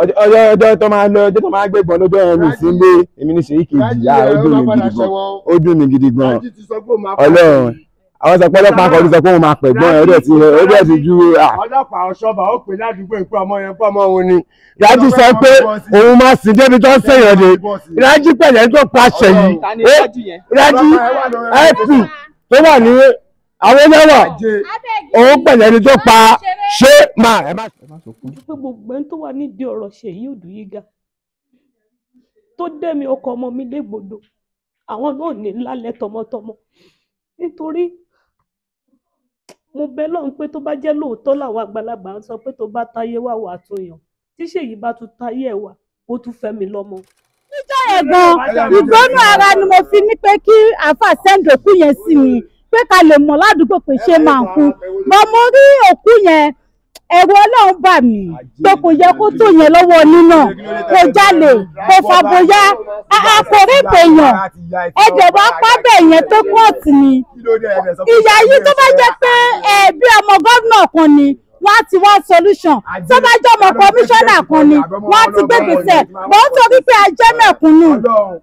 ọjọ́ ọjọ́ tó máa lọ ọjọ́ tó máa gbẹ̀gbọ́n lọ́jọ́ yẹn mi sí lé èmi ní ṣèyí kejì yá ah, ó dùn mí gidi gan ó dùn mí gidi gan ọlọ́run àwọn sọ pé ọlọ́pàá kan ló sọ pé òun máa pẹ̀gbọ́n ẹ̀ ó dẹ̀ ti ó dẹ̀ ti ju à. Ah. ọlọ́pàá ọ̀ṣọ́bà ó pè ládùúgbò ìpè ọmọ yẹn pọ̀ ọmọ òun ni. ìdájí sọ pé òun máa sìn débi tó ń sèyàn dé ìdájí pẹ̀lẹ́ tó paṣẹ yìí ìdájí fp tó wà ní àwọn ẹlẹ́wà òun pẹ̀lẹ́ ni tó pa ṣé máa ẹ má. pé gbogbo ẹni tó wà nídìí ọ̀rọ̀ Ṣèyí Odùyíga tó dẹ́mi ọkọ ọmọ mi légbodò àwọn náà ní lálẹ́ tọmọtọmọ nítorí mo bẹ lọ́run pé tó bá jẹ́ lóòótọ́ làwọn àgbàlagbà ń sọ pé tó bá táyé wà wà tó yàn tí Ṣèyí bá tún táyé ẹ̀ wà ó tún fẹ́ mi lọ́mọ níjọ́ yẹn gan ìgbónú ara ni mo fi ní pé kí àáfà sẹ́ńdòkú yẹn sí mi pé ká lè mọ̀ ládùúgbò pé ṣé máa kú bọ́ mo rí òkú yẹn ẹ̀rù ọlọ́run bà mí pé kò yẹ kó tó yẹn lọ́wọ́ nínà kò jalè kò fàbóyá kò rí ẹ̀jẹ̀ wá pábẹ́ yẹn tó kọ́ọ̀tì ni ìyá tó bá wọ́n á ti wá solution tó bá jọmọ kọmíṣánná kan ni wọ́n á ti gbègbè sẹ̀ bọ́ ń torí pé a jẹ́ mẹ̀kúnnù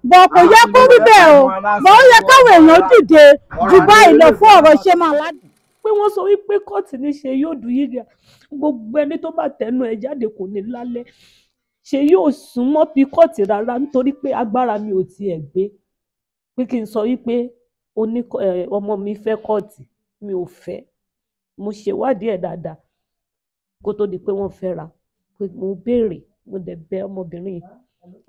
bọ̀ kò yẹ kó rí bẹ́ẹ̀ o bọ̀ ó yẹ káwọn èèyàn dìde jù báyìí lọ fún ọ̀rọ̀ ṣe máa ládùn. pé wọ́n sọ wípé kóòtù ní ṣe yóò dùn yíga gbogbo ẹni tó bá tẹnu ẹ̀ jáde kò ní lálẹ́ ṣe yóò sún mọ́ bí kóòtù rárá nítorí pé agbára mi ò tiẹ̀ gbé pé kí n sọ wípé ọmọ mi fẹ́ kóòtù mi ò fẹ́ mo ṣèwádìí ẹ̀ dáadáa kó tó di pé wọ́n fẹ́ra pé mo béèrè mo dẹ̀ bẹ ọmọbìnrin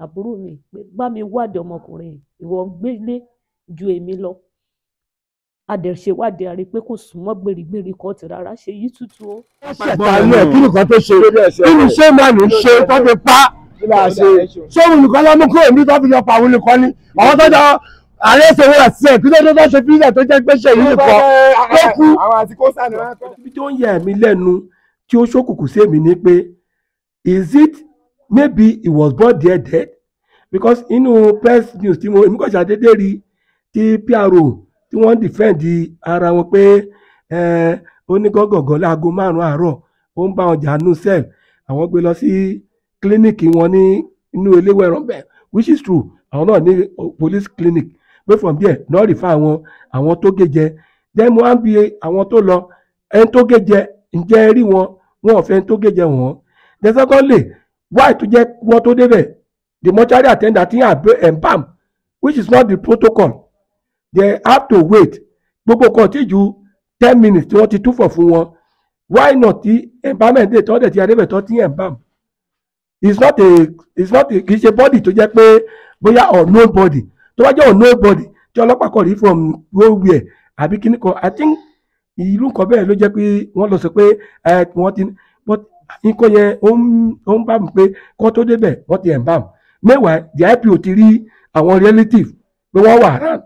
àbúrò mi pé bá mi wádìí ọmọkùnrin ìwọ ń gbélé ju èmi lọ adẹ̀ṣèwádìí àrí pé kò súnmọ́ gbèrígbèrí kan ti rárá ṣe yí tútù ó. ó ṣètàánú ẹ̀ kí nìkan tó ṣe kí ni ṣé máa ní ṣe tó fi pa ṣóòrùn nìkan lọ́mú kúrò ní tó fi lọ pa àwọn olùkọ́ ni àwọn tó jọ ààrẹ ṣòwò rẹ̀ sílẹ̀ kí ló dé tó ṣe fílẹ̀ tó jẹ́ gbéṣẹ́ yìí nìkan tó kú. àwọn àti kó sànù. ibi tó ń yà mí lẹ́nu tí ó ṣókùnkùn sí èmi ni pé is it maybe he was born there dead because inú press news tí mo èmi kàn ṣàdédé rí ti PRO tí wọ́n ń defend ara wọn pé onígọ́gọ̀gàn láago márùn-ún àárọ̀ ó ń bá wọn jà nù sẹ́ẹ̀ àwọn gbé lọ sí kílíníìkì wọn ní inú eléwẹ̀rán bẹ́ẹ̀ which is true àwọn náà ní police clinic pé from there náà rí fún àwọn àwọn tó gé jẹ then mo á bi àwọn tó lọ ẹni tó gé jẹ ǹjẹ́ ẹ rí wọn wọn ò fẹ́ tó gèjẹ wọn. the secondly why tó jẹ́ wọ́n tó débẹ̀ the mortuary attendant ti embalm um, which is not the protocol they have to wait gbogbo kan ti ju ten minutes tí wọ́n ti túfọ̀ fún wọn why not ti embalmment day tọ́ dẹ̀ ti adébẹ̀ tọ́ ti bam. it's not a it's not a kì í ṣe body tó jẹ́ pé bóyá unknown body tó bá jẹ́ unknown body tí ọlọ́pàá kọ̀ rí from nowhere àbí kíní kan i think irú nǹkan bẹ́ẹ̀ ló jẹ́ pé wọ́n lọ sọ pé wọ́n ti nǹkan yẹn ó ń bá mi pé kó tó débẹ̀ wọ́n ti ẹ̀ ń bá mi mẹ́wàá the IPO ti rí àwọn relative pé wọ́n wà rán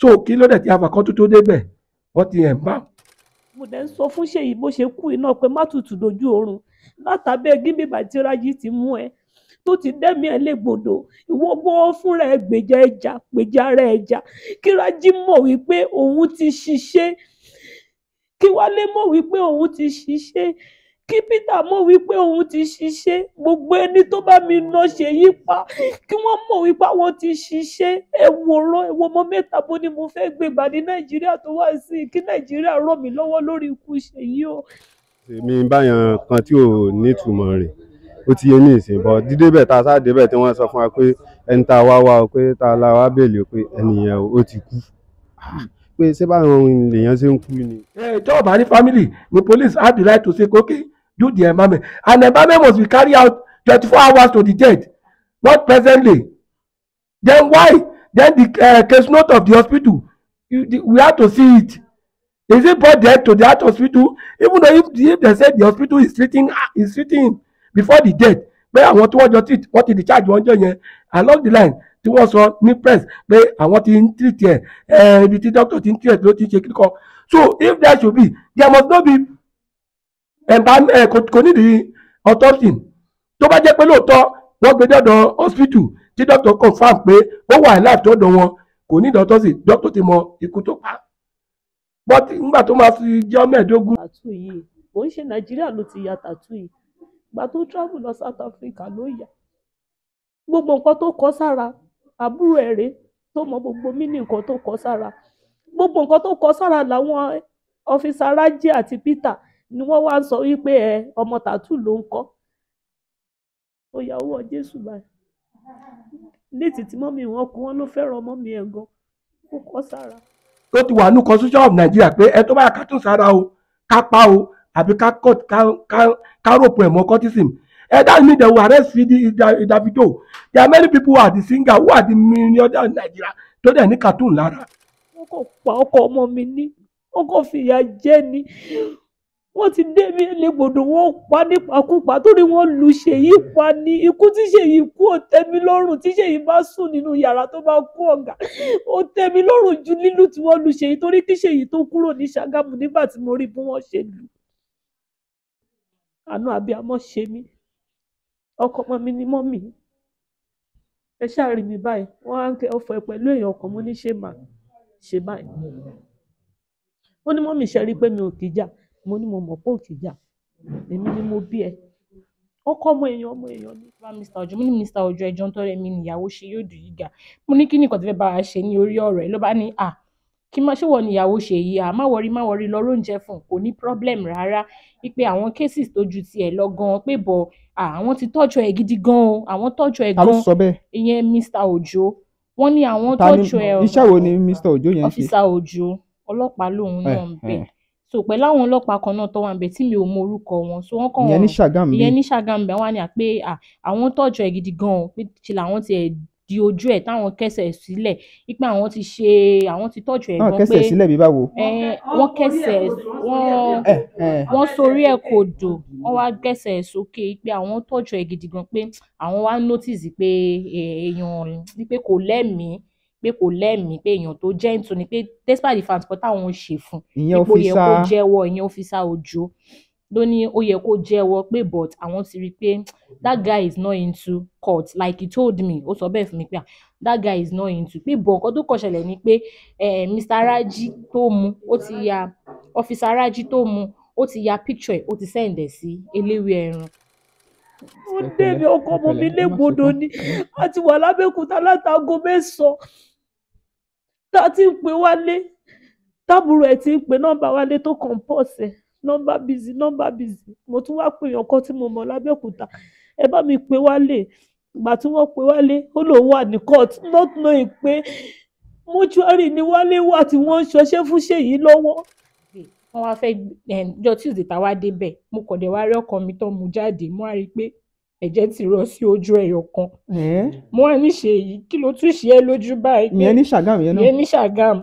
so kí ló dẹ̀ ti àfàkọ́ tó tó débẹ̀ wọ́n ti ẹ̀ ń bá mi. mo dẹ̀ ń sọ fún ṣèyí bó ṣe kú iná pé má tutù dojú oorun látàbẹ́ gímbì bàtírájì ti mú ẹ tó ti dẹ́mi ẹ̀ légbodò ìwọ bọ́ fúnra ẹ gbèjà ẹja gbèjà ara ẹja kíra jí mọ̀ wípé òun ti ṣiṣẹ́ kí Wálé mọ̀ wípé òun ti ṣiṣẹ́ kí Peter mọ̀ wípé òun ti ṣiṣẹ́ gbogbo ẹni tó bá mi ná ṣe yí pa kí wọ́n mọ̀ wípé àwọn ti ṣiṣẹ́ ẹ wòran ẹ wo ọmọ mẹ́ta bó ni mo fẹ́ gbé gbà ní Nàìjíríà tó wà sí i kí Nàìjíríà rọ̀ mí lọ́wọ́ lórí ikú Ṣèyí o. èmi báyọ̀ kan tí ò nítumọ̀ rẹ̀ ó ti yé ní ìsìn bọ́ dídébẹ̀ tá a sá débẹ̀ tí wọ́n sọ fún wa pé ẹni tá a wá wá o pé tá a la wá bèèlè pé ẹnìyẹn ó ti kú ah, pé ṣé báwọn èèyàn ṣe ń kú ni. ìjọba bá ní family the police have the right to say okay do the embalming and the embalming must be carried out twenty four hours to the dead not presently then why then the uh, case note of the hospital you, the, we have to see it is it brought dead to the heart hospital even though if, if they say the hospital is treating is treating before the death pé àwọn tí wọ́n jọ treat wọ́n ti discharge wọn jọ yẹn along the line tí wọ́n sọ ní press pé àwọn ti ń treat ẹ̀ ẹ̀ ibi tí doctor ti ń treat ló ti ṣe kíkọ so if there should be there must not be kò nídìí autopsy tó bá jẹ́ pé lóòótọ́ wọ́n gbé dọ́dọ̀ hospital tí doctor confam pé ó wà láti ọ̀dọ̀ wọn kò ní dọ́tọ́ sí doctor ti mọ ikú tó pa but nígbà tó máa fi jẹ́ mẹ́ẹ̀ẹ́dógún. tàtú yìí kò ń ṣe nàìjíríà ló ti ya tàtú yìí ìgbà tó travel lọ South Africa ló yà gbogbo nǹkan tó kọ sára àbúrò ẹ̀ rèé tó mọ gbogbo mínì nǹkan tó kọ sára gbogbo nǹkan tó kọ sára làwọn ọfíìsà rájí àti Peter ni wọ́n wá ń sọ wípé ẹ ọmọ tàtù ló ń kọ́ ó yà owó Jésù báyìí létí tí mọ́mí wọn kú wọn ló fẹ́ràn mọ́mí ẹ̀ gan ó kọ́ sára. ó ti wà ní constitution of Nigeria pé ẹ tó bá yà ká tún sára o ká pa o àbí ká ròpọ̀ ẹ̀mọ́ cortisone And that means they will arrest Davido. There are many people who are the singer, who are the millionaire in Nigeria. Tó dẹ̀ ní cartoon lára. Wọ́n kò pa ọkọ ọmọ mi ní. Wọ́n kò fìyà jẹ ni. Wọ́n ti dé mi légbodò, wọ́n pa nípakúpa torí wọ́n lu Ṣèyí pa ní ikú tí Ṣèyí kú ò tẹ́mi lọ́rùn tí Ṣèyí bá sùn nínú yàrá tó bá kú ọ̀gá. Ó tẹ́mi lọ́rùn ju lílù tí wọ́n lu Ṣèyí torí kí Ṣèyí tó kúrò ní Ṣàgámù nígbà tí mo rí bí wọ́n ṣe lù. Àánú àbí amọ̀ ṣe mí ọkọ ọmọ mi ni mọ́mì ẹ ṣáà rí mi báyìí wọ́n á ń kẹ ọfọ ẹ pẹ̀lú èèyàn ọkàn mo ní ṣe mà ṣe báyìí ó ní mọ́mì ṣe rí pé mi ò kì í jà mo ní mo mọ̀ pé ò kì í jà èmi ni mo bí ẹ ọkọ ọmọ èèyàn ọmọ èèyàn ni. bá mr ọjọ́ mo ní mr ọjọ́ ẹjọ́ ń tọrẹ mi níyàwó ṣe yóò dùn yíga mo ní kí ni tó bá a ṣe ní orí ọ̀rọ̀ ẹ ló bá ní à kí má ṣe wọ níyàwó ṣèyí à má wọrí má wọrí lọ róúnjẹ fún kò ní problem rárá wípé àwọn cases tó ju tiẹ̀ lọ gan pé bọ̀ àwọn ti tọ́jú ẹ̀ gidi gan o àwọn tọ́jú ẹ̀ gan ìyẹn Mr Ojo wọ́n ní àwọn tọ́jú ẹ̀ ọ̀gá iṣẹ́ ni Mr Ojo yẹn ṣe ọ́fíìsà Ojo ọlọ́pàá lòun náà eh, ń bẹ̀ eh. so pẹ̀lú àwọn ọlọ́pàá kan náà tó wà níbẹ̀ tí mi ò mọ orúkọ wọn so wọ́n kàn wọ́n ìyẹn ní Ṣàgámù ìyẹn ní Ṣàgámù bẹ́ẹ̀ wọ́n á ní à pé àwọn tọ́jú ẹ̀ gidi gan o pé ṣe làwọn ti ẹ̀ di ojú ẹ̀ táwọn kẹsẹ̀ sílẹ̀ wípé àwọn ti ṣe àwọn ti tọ́jú ẹ̀ gan pé wọ́n kẹsẹ̀ sílẹ̀ bí báwo. wọ́n kẹsẹ̀ eh, eh, eh. wọ́n sorí ẹ̀ kò dò wọ́n wá kẹsẹ̀ sókè pé àwọn tọ́jú ẹ̀ gidi gan pé àwọn wá notice pé èèyàn pé kò lẹ́mìí pé kò lẹ́mìí pé èèyàn tó jẹ́ nítorí pé despite the fact pé táwọn ṣe fún ipò yẹ kó jẹ́wọ́ ìyẹn òfìsà òjò ló ní ó yẹ kó jẹ́wọ́ pé but àwọn ti rí i pé that guy is not into court like he told me ó sọ bẹ́ẹ̀ fún mi pé ah, that guy is not into pé but nǹkan tó kàn ṣẹlẹ̀ ni pé eh, Mr. Raji tó mu ó ti ya officer Raji tó mu ó ti ya picture ẹ̀ ó ti send ẹ̀ sí eléwé ẹran ó débi ọkọ ọmọ mi légbodò ni a ti wà lábẹ́kúta látago mẹ́sàn-án tá a ti ń pè wálé tábùrù ẹ̀ ti ń pè nọ́mbà wálé tó kàn pọ̀ sẹ́ẹ̀ nọ́mbà bìzì nọ́mbà bìzì mo tún wá pè yàn kan tí mo mọ̀ lábẹ́òkúta ẹ bá mi pè wálé ìgbà tí wọ́n pè wálé ó lòun wà ní court not knowing pé mọ́ṣúárì ni wálé wà tí wọ́n ń ṣọṣẹ́ fún ṣèyí lọ́wọ́. wọ́n wá fẹ́ eh, jọ tuesday tá a wá débẹ̀ mo kọ̀ dé wá rí ọkàn mi tán mo jáde mo wá rí i pé ẹ̀jẹ̀ ti rọ sí ojú ẹyọ kan eh? mo wá ní ṣèyí kí ló tún ṣe é lójú báyìí. ìyẹn ní ṣàgámù ìyẹn ní ṣàgámù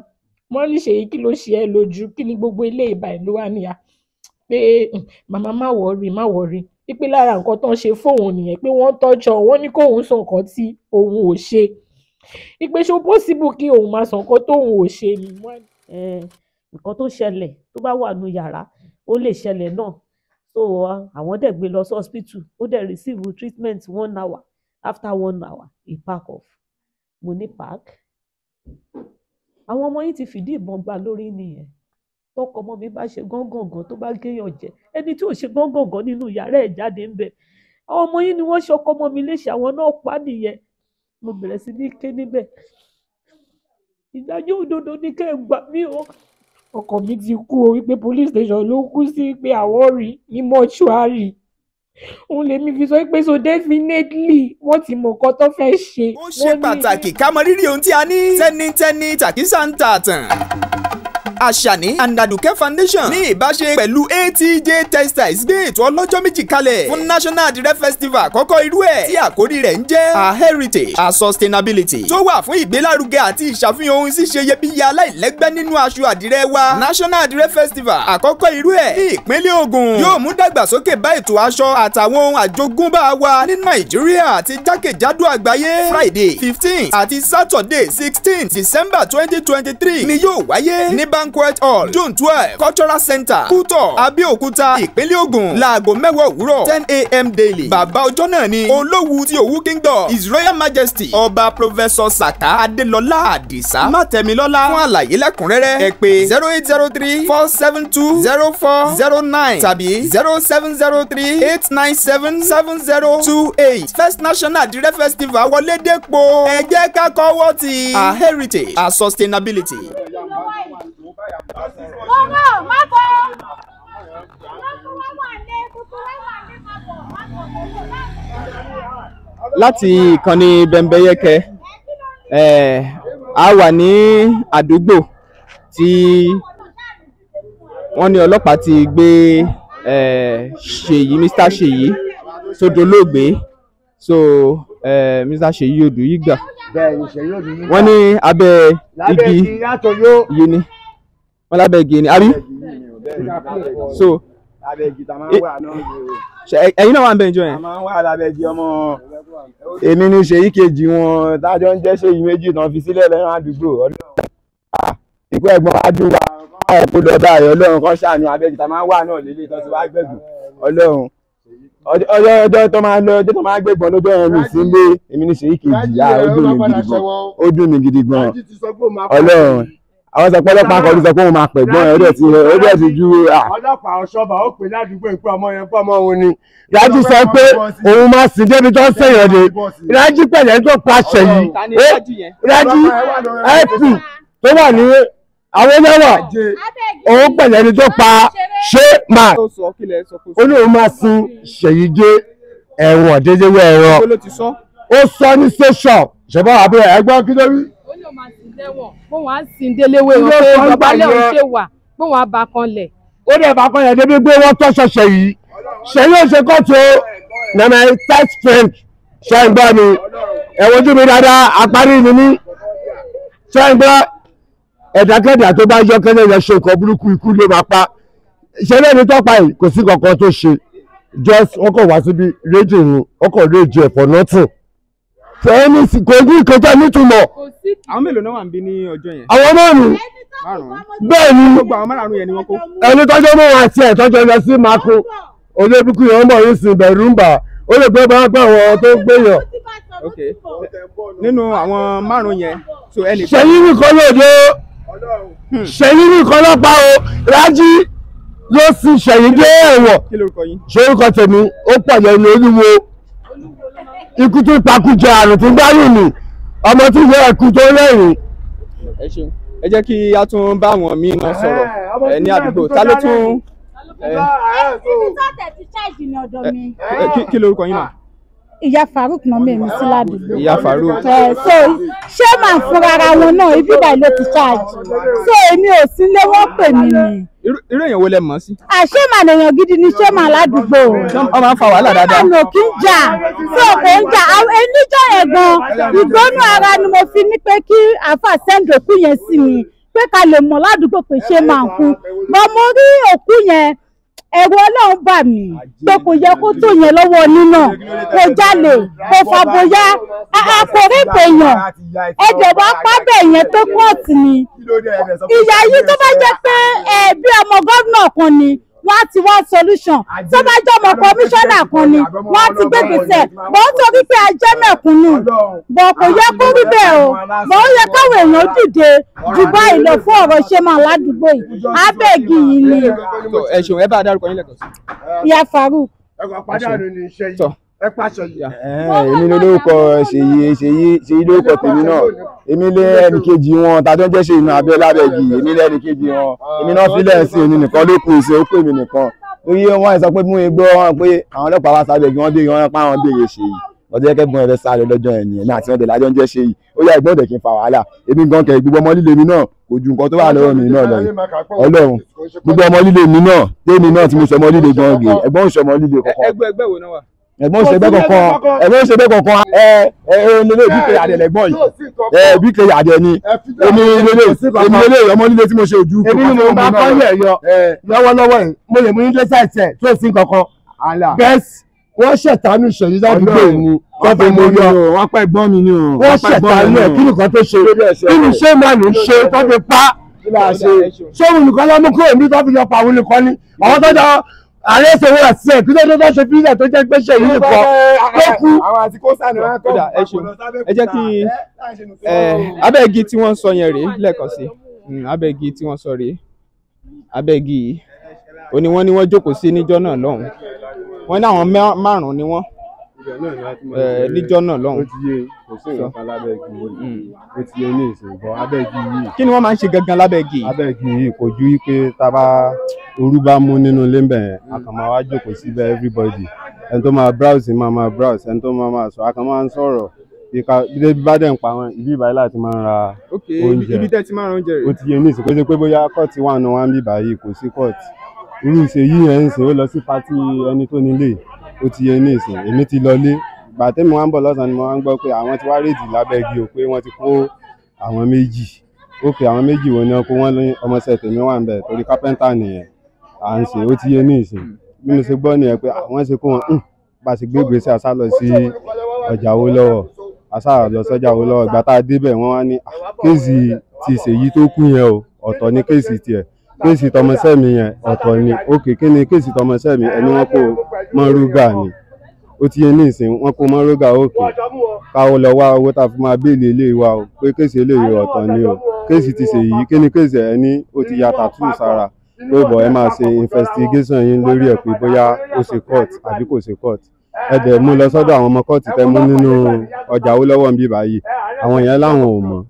mo wá ní ṣèyí kí ló ṣe é lójú kí ni gbogbo ilé ìbàlúwà níyà pé hmm, màmá má wọrí má wọrí pípé lára nǹkan tó ń ṣe fóun nìyẹn pé wọ́n tọ́jọ́ wọ́n ní kóun sọ nǹkan tí òun ò ṣe ìpè ṣó possible kí òun máa sọ nǹkan tóun ò ṣe ni. Eh, nǹkan tó ṣẹlẹ̀ tó bá wà nù yàrá ó lè ṣẹlẹ̀ náà so àwọn dẹ̀ gbé lọ sí hospital ó dẹ̀ receive treatment one hour after one hour he pack off mo ní park àwọn ọmọ yìí ti fìdí ìbọn gba lórí nìyẹn tọkọ ọmọ mi bá ṣe gángangan tó bá géèyàn jẹ ẹni tí ò ṣe gángangan nínú yàrá ẹ̀ jáde ń bẹ̀ àwọn ọmọ yìí ni wọ́n ṣọkọ ọmọ mi léṣe àwọn náà pa nìyẹn mo bẹ̀rẹ̀ sí ní ké níbẹ̀ ìdájọ́ òdodo ní kẹ́ ẹ̀ gbà mí o. ọkọ mi ti kú o wípé police station ló kú sí pé àwọ̀ rí ní mọ́ṣúárì òun lèmi fi sọ pé so definitely wọ́n ti mọ nǹkan tó fẹ́ ṣe. ó ṣe pàtàkì ká mọ rírì ohun tí a ní tẹ́nitẹ́ni tàkísà ń tà tàn àṣàní and àdùkẹ́ foundation ní ìbáṣe pẹ̀lú atj textiles gbé ètò ọlọ́jọ́ méjì kalẹ̀ fún national adire festival àkọ́kọ́ irú ẹ̀ tí àkórí rẹ̀ ń jẹ́ a heritage a sustainability tó wà fún ìgbélárugẹ àti ìṣàfihàn ohun ṣíṣe iyebíye aláìlẹ́gbẹ́ nínú aṣọ àdìrẹ wa national adire festival àkọ́kọ́ irú ẹ̀ ní ìpínlẹ̀ Ògùn yóò mú dàgbàsókè bá ètò aṣọ àtàwọn ohun àjogúnbá wa ní nàìjíríà àti jákèjádò àgbáyé friday fifteen àti saturday sixteen december twenty twenty three ni yóò wáyé ní bá banquet hall june twelve cultural center kútọ̀ abẹ́òkúta ìpínlẹ̀ ògùn láago mẹ́wàá òwúrọ̀ ten a.m. daily bàbá ọjọ́ náà ni olówù ti òwú kingdom his royal majesty ọba professor saka adélọlá àdìsá mátẹ̀mílọ́lá fún àlàyé lẹ́kùnrẹ́rẹ́ ẹ pè zero eight zero three four seven two zero four zero nine tàbí zero seven zero three eight nine seven seven zero two eight first national dire festival wọlé dépò ẹ jẹ́ ká kọ́wọ́ ti a heritage a sustainability. Mọ̀mọ́ mọ́kọ́. Láti ìkànnì Bembeyeke a wà ní àdúgbò tí wọ́n ní ọlọ́pàá ti gbé Ṣèyí Mr Ṣèyí tó dolóògbé so Mr Ṣèyí Odùyígà wọ́n ní abẹ́ igi yìí ni wọn lábẹ́ igi ni àbí so ẹ̀yin náà wà ń bẹ ìjọ yẹn. a máa ń wà lábẹ́ igi ọmọ èmi ní ṣèyí kejì wọn tájọ ń jẹ́ ṣèyí méjì náà fi sílẹ̀ lẹ́yìn àdúgbò ọdún ìpín ẹ̀gbọ́n adùn wa ọ̀pọ̀ lọ́ba rẹ̀ ọlọ́run kan ṣàánú abẹ́jì tá máa ń wà náà lélẹ̀ tó ti wá gbẹ̀gbọ̀n ọlọ́run ọjọ́ ọjọ́ tó máa lọ ọjọ́ tó máa gbẹ̀gbọ̀n lọ́jọ́ yẹn mi sí lé èmi ní ṣèyí kejì yá ó gidi gan ọlọ́run àwọn sọ pé ọlọ́pàá akọ̀ọ́dún sọ pé òun máa pẹ̀gbọ́n ẹ̀ ọdẹ ti ọdẹ ti ju. ọlọ́pàá ọ̀ṣọ́bà ó pè ládùúgbò ìpè ọmọ yẹn pọ̀ ọmọ òun ni. ìdájú sọ pé òun máa sì débi tó ń sèyàn de ìdájú pẹ̀lẹ́ tó paṣẹ yìí ìdájú ip tó wà ní àwọn ẹlẹ́wà òun pẹ̀lẹ́ ni tó pa ṣé máa ó ní òun máa sin ṣèyí dé ẹ̀wọ̀n dédéwé ẹ̀rọ ó sọ ní sẹ́ṣọ̀ ṣẹ̀bọ̀ àbúrò ẹ̀gbọ́n kí ló rí lẹ́wọ̀n bó wọn á sin déléwé o pé bàbá lẹ́wọ̀n ṣe wà bó wọn á bá kan lẹ̀. ó dẹ̀ bá kan yẹn débi pé wọ́n tọ́ ṣọ̀ṣẹ̀ yìí ṣèyí ò ṣe kọ́tù na my tight friend ṣe ń gbọ́ mi ẹ̀wọ̀n ojú mi dáadáa àparí ni mí ṣe ń gbọ́ ẹ̀dákẹ́dà to bá yọ kẹ́lẹ́ yẹn ṣe nǹkan burúkú ikú ló máa pa ìṣẹ̀lẹ̀ ní tọ́pa yìí kò sí kankan tó ṣe just wọ́n kàn wá síbi rédíò yìí wọ́n kàn rédíò ẹ̀fọ́ nothing tẹ́ẹ̀nì sì kò ní ìkọjá nítumọ̀. àwọn mélòó náà wà ń bí ní ọjọ́ yẹn. àwọn náà nù. bẹ́ẹ̀ ni ẹni tọ́jọ́ mọ́ wọn àti ẹ̀tọ́jọ́ lọ sí mako olóbùkú yẹn mọ̀ yín sí bẹ̀rù ń bà ó lè gbé bá gbà wọn tó gbéyàn. nínú àwọn márùn-ún yẹn. ṣẹ́yìn nìkan lòdó ṣẹ́yìn nìkan lọ́pàá o rájí ló sì ṣẹ̀yìn dé ẹ̀wọ̀n ṣorúkọ tèmi ó pọ̀ lẹ́nu olúwo ikú tó takú jẹ àrùn tó gbáyùn ni ọmọ tí ìyá ẹkú tó rẹ́rìn. ẹ ṣeun ẹ jẹ́ kí a tún bá àwọn míì náà sọ̀rọ̀ ẹ ní àdúgbò ta ló tún. ẹ ẹ kí lorúkọ yín náà ìyá Faruk náà mèmí sí ládùúgbò. ìyá Farouk. ẹ eh, so ṣé màá fúnra ara wọn náà ibi báyìí ló ti ṣáàjì so èmi ò sí lé wọ́n pè mí ni. irú èèyàn wo lẹ mọ̀ sí. àṣé ah, màá lèèyàn gidi ni ṣé màá ládùúgbò. wọ́n máa ń fa wàhálà dáadáa. ṣé màá kì í jà so kò ń jà eníjọ́ ẹ̀gbọ́n ìgbónú ara ni mo fi ní pé kí àáfà send òkú yẹn sí mi pé ká lè mọ̀ ládùúgbò pé ṣé màá kú bọ́ mo rí òkú yẹn ẹ̀rù ọlọ́run bà mí pé kò yẹ kó tó yẹn lọ́wọ́ nínà kò jalè kò fàbóyá àkòrí ìpèyàn ẹ̀jẹ̀ wá pábẹ̀ yẹn pé kóòtù ni ìyá yìí tó bá jẹ́ pé ẹ̀ ọmọ gómìnà kan ni wọ́n á ti wá solution tó bá jọmọ kọmíṣánná kan ni wọ́n á ti gbégbèsè bọ́ ó torí pé a jẹ́ mẹ̀kúnnù bọ́ kò yẹ kó rí bẹ́ẹ̀ o bọ́ ó yẹ káwọn èèyàn dìde jù báyìí lọ fún ọ̀rọ̀ ṣe máa ládùúgbò yìí abẹ́ẹ̀gì yìí ni. ẹ ṣeun ẹ bá a dárúkọ yín lẹ́kọ̀ọ́ sí. ìyá Farouk. ẹ kò pàdánù ní iṣẹ́ yìí ẹ pàṣọ eh, yìí. èmi ni lórúkọ ṣèyí ṣèyí ṣèyí lórúkọ tèmi náà èmi lé ẹnì kejì wọn ta tó ń jẹ́ ṣèyí náà abẹ́ lábẹ́gì èmi lé ẹnì kejì wọn èmi náà fílẹ̀ sí èmi nìkan ló kù sí òkú èmi nìkan orí wọn sọ pé mú igbó wọn pé àwọn ọlọ́pàá wa sábẹ́gì wọn béèrè wọn pa àwọn béèrè ṣèyí ọjọ́ yẹ́kẹ́ gbọ́n ẹ̀rẹ́ sáré lọ́jọ́ ẹ̀ nìyẹn náà àti wọn dẹ̀ lájọ́ ń jẹ́ ṣe yìí ó yá ìgbọ́n ọ̀dẹ̀ kí n fa wàhálà èmi gan kẹ̀ gbogbo ọmọ líle mi náà kò ju nǹkan tó wà lọ́wọ́ mi náà lọ ọlọ́run gbogbo ọmọ líle mi náà tèmi náà tí mo sọ ọmọ líle gan gè ẹgbọ́n ò líle kankan. ẹgbẹ́ ẹgbẹ́ wo náà wà ẹ̀gbọ́n ṣe bẹ kankan ẹ̀gbọ́n ṣe bẹ kankan ẹ ẹ onílé bíkẹ àdẹlẹgbọn yìí ẹ bíkẹ àdẹ ni èmi lélẹ èmi lélẹ ọmọ nílé tí mo ṣe ojú kò kàn fún mi náà èmi ni mo bá kọ́ yẹ̀ yọ lọ́wọ́lọ́wọ́ yìí mo lè mú nílé sáìsẹ̀ tó sí kankan bẹ́ẹ̀ wọ́n ṣẹ̀tánú ìṣẹ̀yí láti gbé òun wọ́n fi mo yọ wọ́n pẹ́ gbọ́n mi ni o wọ́n ṣẹ̀tánú ẹ̀ kí nìkan tó ṣe kí ni ṣé máa ló ṣe tó fi pa ṣé olùkọ́ lọ́mú kúrò ní tó fi yọ pa àwọn olùkọ́ ni àwọn tó jọ ààrẹ ṣòwò àti ẹ̀ kúlẹ̀ ló bá ṣe fílẹ̀ tó jẹ́ gbẹ́ṣẹ̀ yìí nìkan tó kú. àwọn àti kó sànù wọn kọ́ ẹ ṣe ẹ jẹ́ kí abẹ́gi tí wọ́n sọ yẹn rèé lẹ́ẹ̀kan sí hmm, abẹ́gi tí wọ́n sọ rèé abẹ́gi yìí ó ní wọ́n ní wọ́n jókòó sí níjọ́ náà lọ́hùn-ún wọ́n ní àwọn márùn-ún ni wọ́n Eh, eh, níjọ́ náà lọ́hùn. ó ti yé kò sí nǹkan kan lábẹ́ igi mm. kí ni wọ́n máa ń ṣe gangan lábẹ́ igi yìí. igi yìí kò ju pé tá a bá ooru bá mú nínú ilé ń bẹ̀ yẹn a kàn máa wá jókòó síbẹ̀ everybody ẹni tó máa browse máa máa browse ẹni tó máa máa sọ a kàn máa ń sọ̀rọ̀ ilé bá dẹ̀ ń pa wọn ibi ìbáyìí láti máa ń ra oúnjẹ ibi tẹ́ ti máa ń ra oúnjẹ rẹ̀. ó ti yé ní ìsìnkú ṣe pé bóyá kọ́ọ̀tì wà nù wá ń bíbáyìí kò sí kọ́ọ̀tì irú ìṣèyí yẹn ń ṣe ó lọ sí pátì ẹni tó nílé ó ti yé ní ìsìn èmi ti lọlé ìgbà tẹ́mi wá ń bọ̀ lọ́sàn-án ni mo wá ń gbọ́ pé àwọn ti wá rèdì lábẹ́ igi ò pé wọ́n ti kó àwọn méjì ó pe àwọn méjì wo ni ọkọ wọn lóyún ọmọọṣẹ́ tèmi wà ń bẹ̀ torí kápẹ́ńtà nìyẹn à ń ṣe ó ti yé ní ìsìn bí mo ṣe gbọ́ nìyẹn pé àwọn ṣe kó wọn bá ṣe gbé gbèsè àṣà lọ sí ọjà owó lọ́wọ́ àṣà lọ sọ́jà owó lọ́wọ́ ìgbà tá a débẹ̀ wọ́n wá ní ah, kéèsì ti ṣèyí tó kù yẹn o ọ̀tọ̀ ní kéèsì tiẹ̀ kéèsì tọmọsẹ́ mi yẹn ọ̀tọ̀ ni òkè kí ni kéèsì tọmọsẹ́ mi ẹni wọ́n kó mọ́rúgà ni ó ti yẹ ní ìsìn wọ́n kó mọ́rúgà òkè káwọ́ lọ wá owó tá a fi máa béèlì eléyìí wa o pé kéèsì eléyìí ọ̀tọ̀ ni o kéèsì ti ṣe yìí kí ni kéèsì ẹ ó ti ya tàtú sára pé bọ̀ ẹ máa ṣe investigation yín lórí ẹ̀ pé bóyá ó ṣe court àbí kò ṣe court ẹ dẹ̀ mú lọ sọ́dọ̀ àwọn ọmọ kọ́ọ̀tì tẹ́ mú nínú ọjà owó lọ́wọ́ ń bí báyìí àwọn yẹn láwọn ò mọ̀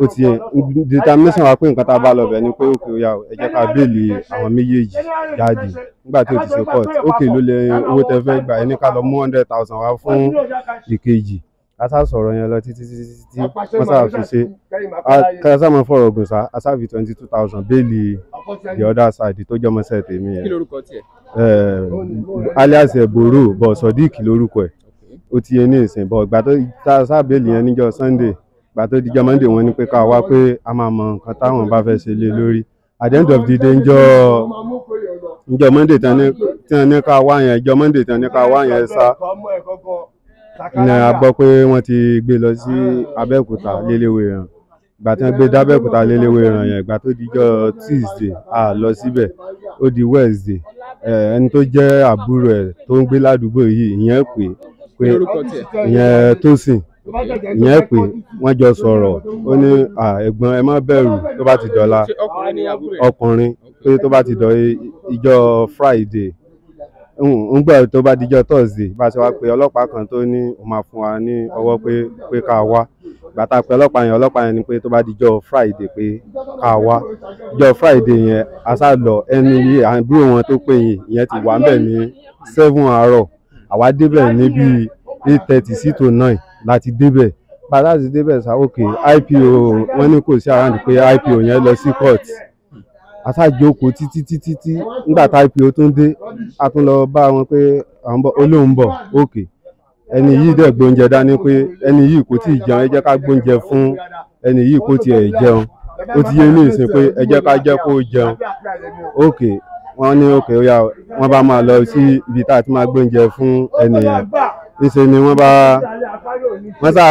ó ti yẹ determination wa pé nǹkan tá a bá lọ bẹ̀ ni pé òkè òyà ẹ jẹ́ ká béèlì àwọn méjèèjì jáde nígbà tí ó ti ṣe court òkè ló lè owó tẹ fẹ́ gbà ẹni ká lọ mú hundred thousand wá fún ìkejì kásá sọ̀rọ̀ yẹn lọ títí títí títí wọ́n sáà fi ṣe kásá máa fọ̀rọ̀ gùn sá kásá fi twenty two thousand béèlì the other side tó jọmọ sẹ́ẹ̀ tèmi yẹn alias ẹ̀bùrú bọ̀ sodiq lórúkọ ẹ̀ ó ti yẹ ní ìsìn bọ̀ ìgbà tó sáà béèlì yẹn níjọ́ sunday ìgbà tó dijọ́ monday wọ́n ní pé ká wá pé a máa mọ nǹkan táwọn bá fẹ́ ṣe lé lórí at the end of the day ńjọ́ ńjọ́ monday tán ní ká wá yẹn ìjọ́ monday tán ní ká wá yẹn sá ni a gbọ́ pé wọ́n ti gbé lọ sí abẹ́òkúta léléwé ràn ìgbà tí wọ́n gbé dábẹ́òkúta léléwé ràn yẹn ìgbà tó dijọ́ tuesday a lọ síbẹ̀ ó di wednesday ẹni tó jẹ́ àbúrò ẹ̀ tó ń gbé ládùúgbò yìí ìyẹn pé pé ìyẹn tó sìn ìyẹn pé wọ́n jọ sọ̀rọ̀ ó ní ẹ̀gbọ́n ẹ má bẹ̀rù tó bá ti dọ̀la ọkùnrin pé tó bá ti dọ̀ ìjọ Friday ń gbọ́ tó bá dijọ́ Thursday bá a ṣe wá pé ọlọ́pàá kan tó ní ó máa fún wa ní ọwọ́ pé pé ká wá gbàtà pé ọlọ́pàá yẹn ọlọ́pàá yẹn ni pé tó bá dijọ́ Friday pé ká wá dijọ́ Friday yẹn aṣá lọ ẹni yìí àbúrò wọn tó pé yìí ìyẹn ti wà ń bẹ̀ ní seven àárọ̀ àwa débẹ̀ ní bíi eight thirty sí to nine láti débẹ̀ bá láti débẹ̀ sá òkè IPO wọ́n ní kò sí around pé IPO yẹn lọ sí court aṣáàjókòó títí títí tí nígbà tá IPO tó ń dé a tún lọ bá wọn pé olóhùn bọ̀ òkè ẹni yìí dẹ̀ gbóúnjẹ dání pé ẹni yìí kò tí ì jẹun ẹ jẹ́ ká gbóúnjẹ fún ẹni yìí kò tí ì jẹun ó ti yé ní ìsìn pé ẹ jẹ́ ká jẹ́ kó jẹun òkè wọ́n ní òkè ó bá máa lọ sí ibi tá a ti máa gbóúnjẹ fún ẹnìyàn níṣe ni wọ́n bá wọ́n sá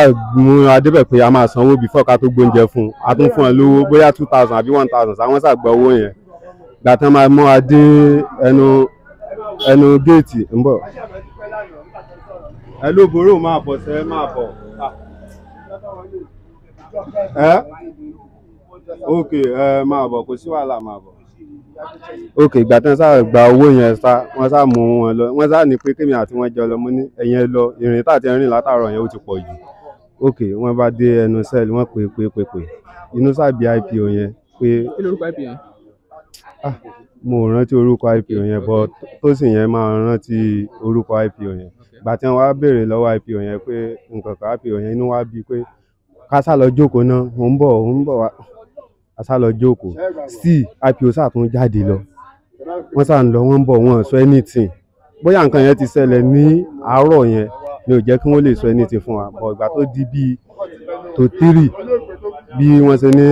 mú adébẹ̀ pé a máa sanwó bífọ̀ ká tó gbóúnjẹ fún un a tún fún ẹ lówó bóyá two thousand àbí one thousand sáwọn sá gba owó yẹn gbà tán máa mú wa dé ẹnu ẹnu géètì ń bọ̀. ẹ ló borò máa bọ̀ sẹ́ máa bọ̀. Ah. ok ẹ máa bọ̀ kò sí wàhálà máa bọ̀ ok ìgbà tán sáà gba owó yẹn sá wọ́n sá mú wọn lọ wọ́n sá ní pé kémi àti wọn jọ lọ mo ní ẹ̀yẹn lọ ìrìn tá àti ẹ̀rìn látàárọ̀ yẹn ó ti pọ̀ jù ok wọ́n bá dé ẹnu sẹ́ẹ̀lì wọ́n pè pè pè pè inú sábì ipo yẹn pé. kí lorúkọ ah mo rántí orúkọ ipo yẹn bọ tó sì yẹn máa rántí orúkọ ipo yẹn ìgbà tí wọ́n wá béèrè lọ́wọ́ ipo yẹn pé nǹkan kan ipo yẹn inú wá bí pé kásá lọ jókòó náà òun bọ̀ òun bọ̀ wá asálọ jókòó sí ipo sáà tún jáde lọ wọ́n sáà ń lọ wọ́n ń bọ̀ wọ́n sọ anything bóyá nǹkan yẹn ti ṣẹlẹ̀ ní àárọ̀ yẹn ni ò jẹ́ kí wọ́n lè sọ anything fún wa bọ̀ ìgbà tó di bíi tó tírì bí wọ́n ṣe ní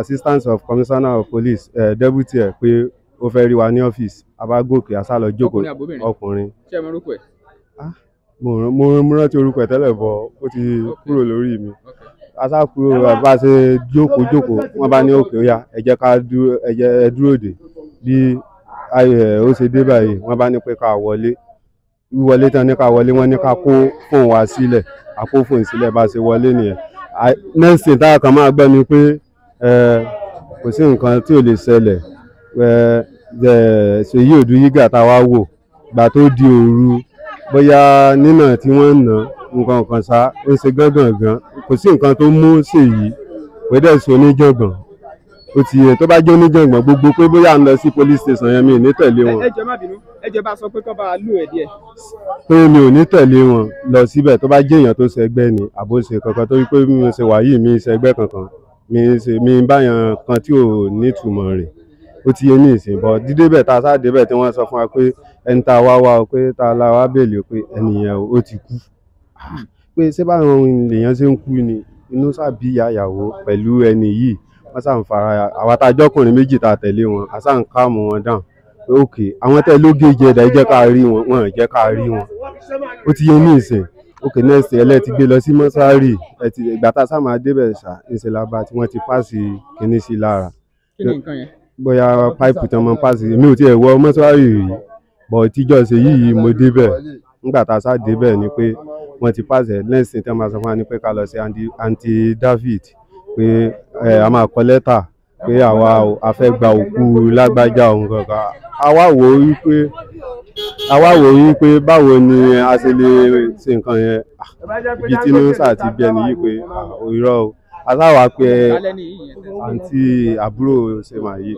assistance of commissioner of police uh, deputy ẹ̀ pé ó fẹ́ rí wa ní ọ́fíìsì abágòkè asálọ jókòó ọkùnrin mo rántí orúkọ ẹ̀ tẹ́lẹ̀ bọ̀ ó ti kúrò lórí mi asákúrò bá ṣe jókòó jókòó wọ́n bá ní òkè ó yá ẹ jẹ́ ká dúró dè bí ó ṣe dé báyìí wọ́n bá ní pé ká wọlé wíwọlé tán ní ká wọlé wọ́n ní ká kó fóun wá sílẹ̀ àkó fóun sílẹ̀ bá ṣe wọlé nìyẹn next táwọn kan máa gbọ́ ni pé kò sí nǹkan tí ò lè ṣẹlẹ̀ Ṣèyí Odùyígà táwa wò gbà tó di òru bóyá nínà tí wọ́n ń ná nǹkan kan ṣá ó ń ṣe gángan gan kò sí nǹkan tó mú ṣèyí kò dẹ̀ sí oníjàngbọ̀n ó ti yẹ tó bá jẹ́ oníjàngbọ̀n gbogbo pé bóyá ń lọ sí police station yẹn mi ò ní tẹ̀lé wọn. ẹ jọ̀ọ́ má bínú ẹ jọ̀ọ́ bá sọ pé kọ́ bá lù ẹ̀ díẹ̀. pé mi ò ní tẹ̀lé wọn lọ síbẹ̀ tó bá jẹ́ èèyàn tó ṣẹgbẹ́ ni àbó ṣe kankan tó wí pé mi ṣe wà yìí mi ṣẹgbẹ́ kankan mi ṣe mi báyàn kan tí ò nítumọ̀ rìn ó ti yé ní ìsìn bọ́ dídébẹ̀ tá a sáà débẹ̀ tí wọ́n sọ fún wa pé ẹni tá a wá wá o pé tá la wá bèèlè pé ẹnìyẹn o ti kú Ah. pé ṣé báwọn èèyàn ṣe ń kú ni inú sábì ìyá ìyàwó pẹ̀lú ẹni yìí wọ́n sàn fara àwọn àtàjọkùnrin méjì tá a tẹ̀lé wọn àsàn káàmù wọn dáhùn pé òkè àwọn tẹ́ ló gé ìjẹ́dá ẹ jẹ́ ká rí wọn wọn ò jẹ́ ká rí wọn ó ti yé ní ìsìn òkè náà ṣe ẹlẹ́ ti gbé lọ sí mọ́ṣáárì ẹ ti ìgbà tá a sá máa débẹ̀ ṣá ńṣe la bá tí wọ́n ti páàsì kínní sí lára bóyá páìpù tí wọ́n máa páàsì mi ò tiẹ̀ wọ mọ́ṣáárì rí bọ̀ tíjọ́ ṣe yìí mo débẹ̀ ńgbà tá a sá débẹ̀ ni pé wọ́n ti pàṣẹ lẹ́sìn tí wọ́n máa sọ fún wa ní pé ká lọ sí anti David pé ẹ a máa kọ lẹ́tà pé àwa a fẹ́ gba òkú lágbájá òun kankan àwa wò ó wípé àwa wò ó wípé báwo ni a ṣe lè ṣe nǹkan yẹn ah, ibi tí nusa ti bí ẹni yìí pé ah, irọ́ o aláwa pé àǹtí àbúrò ṣèmà yìí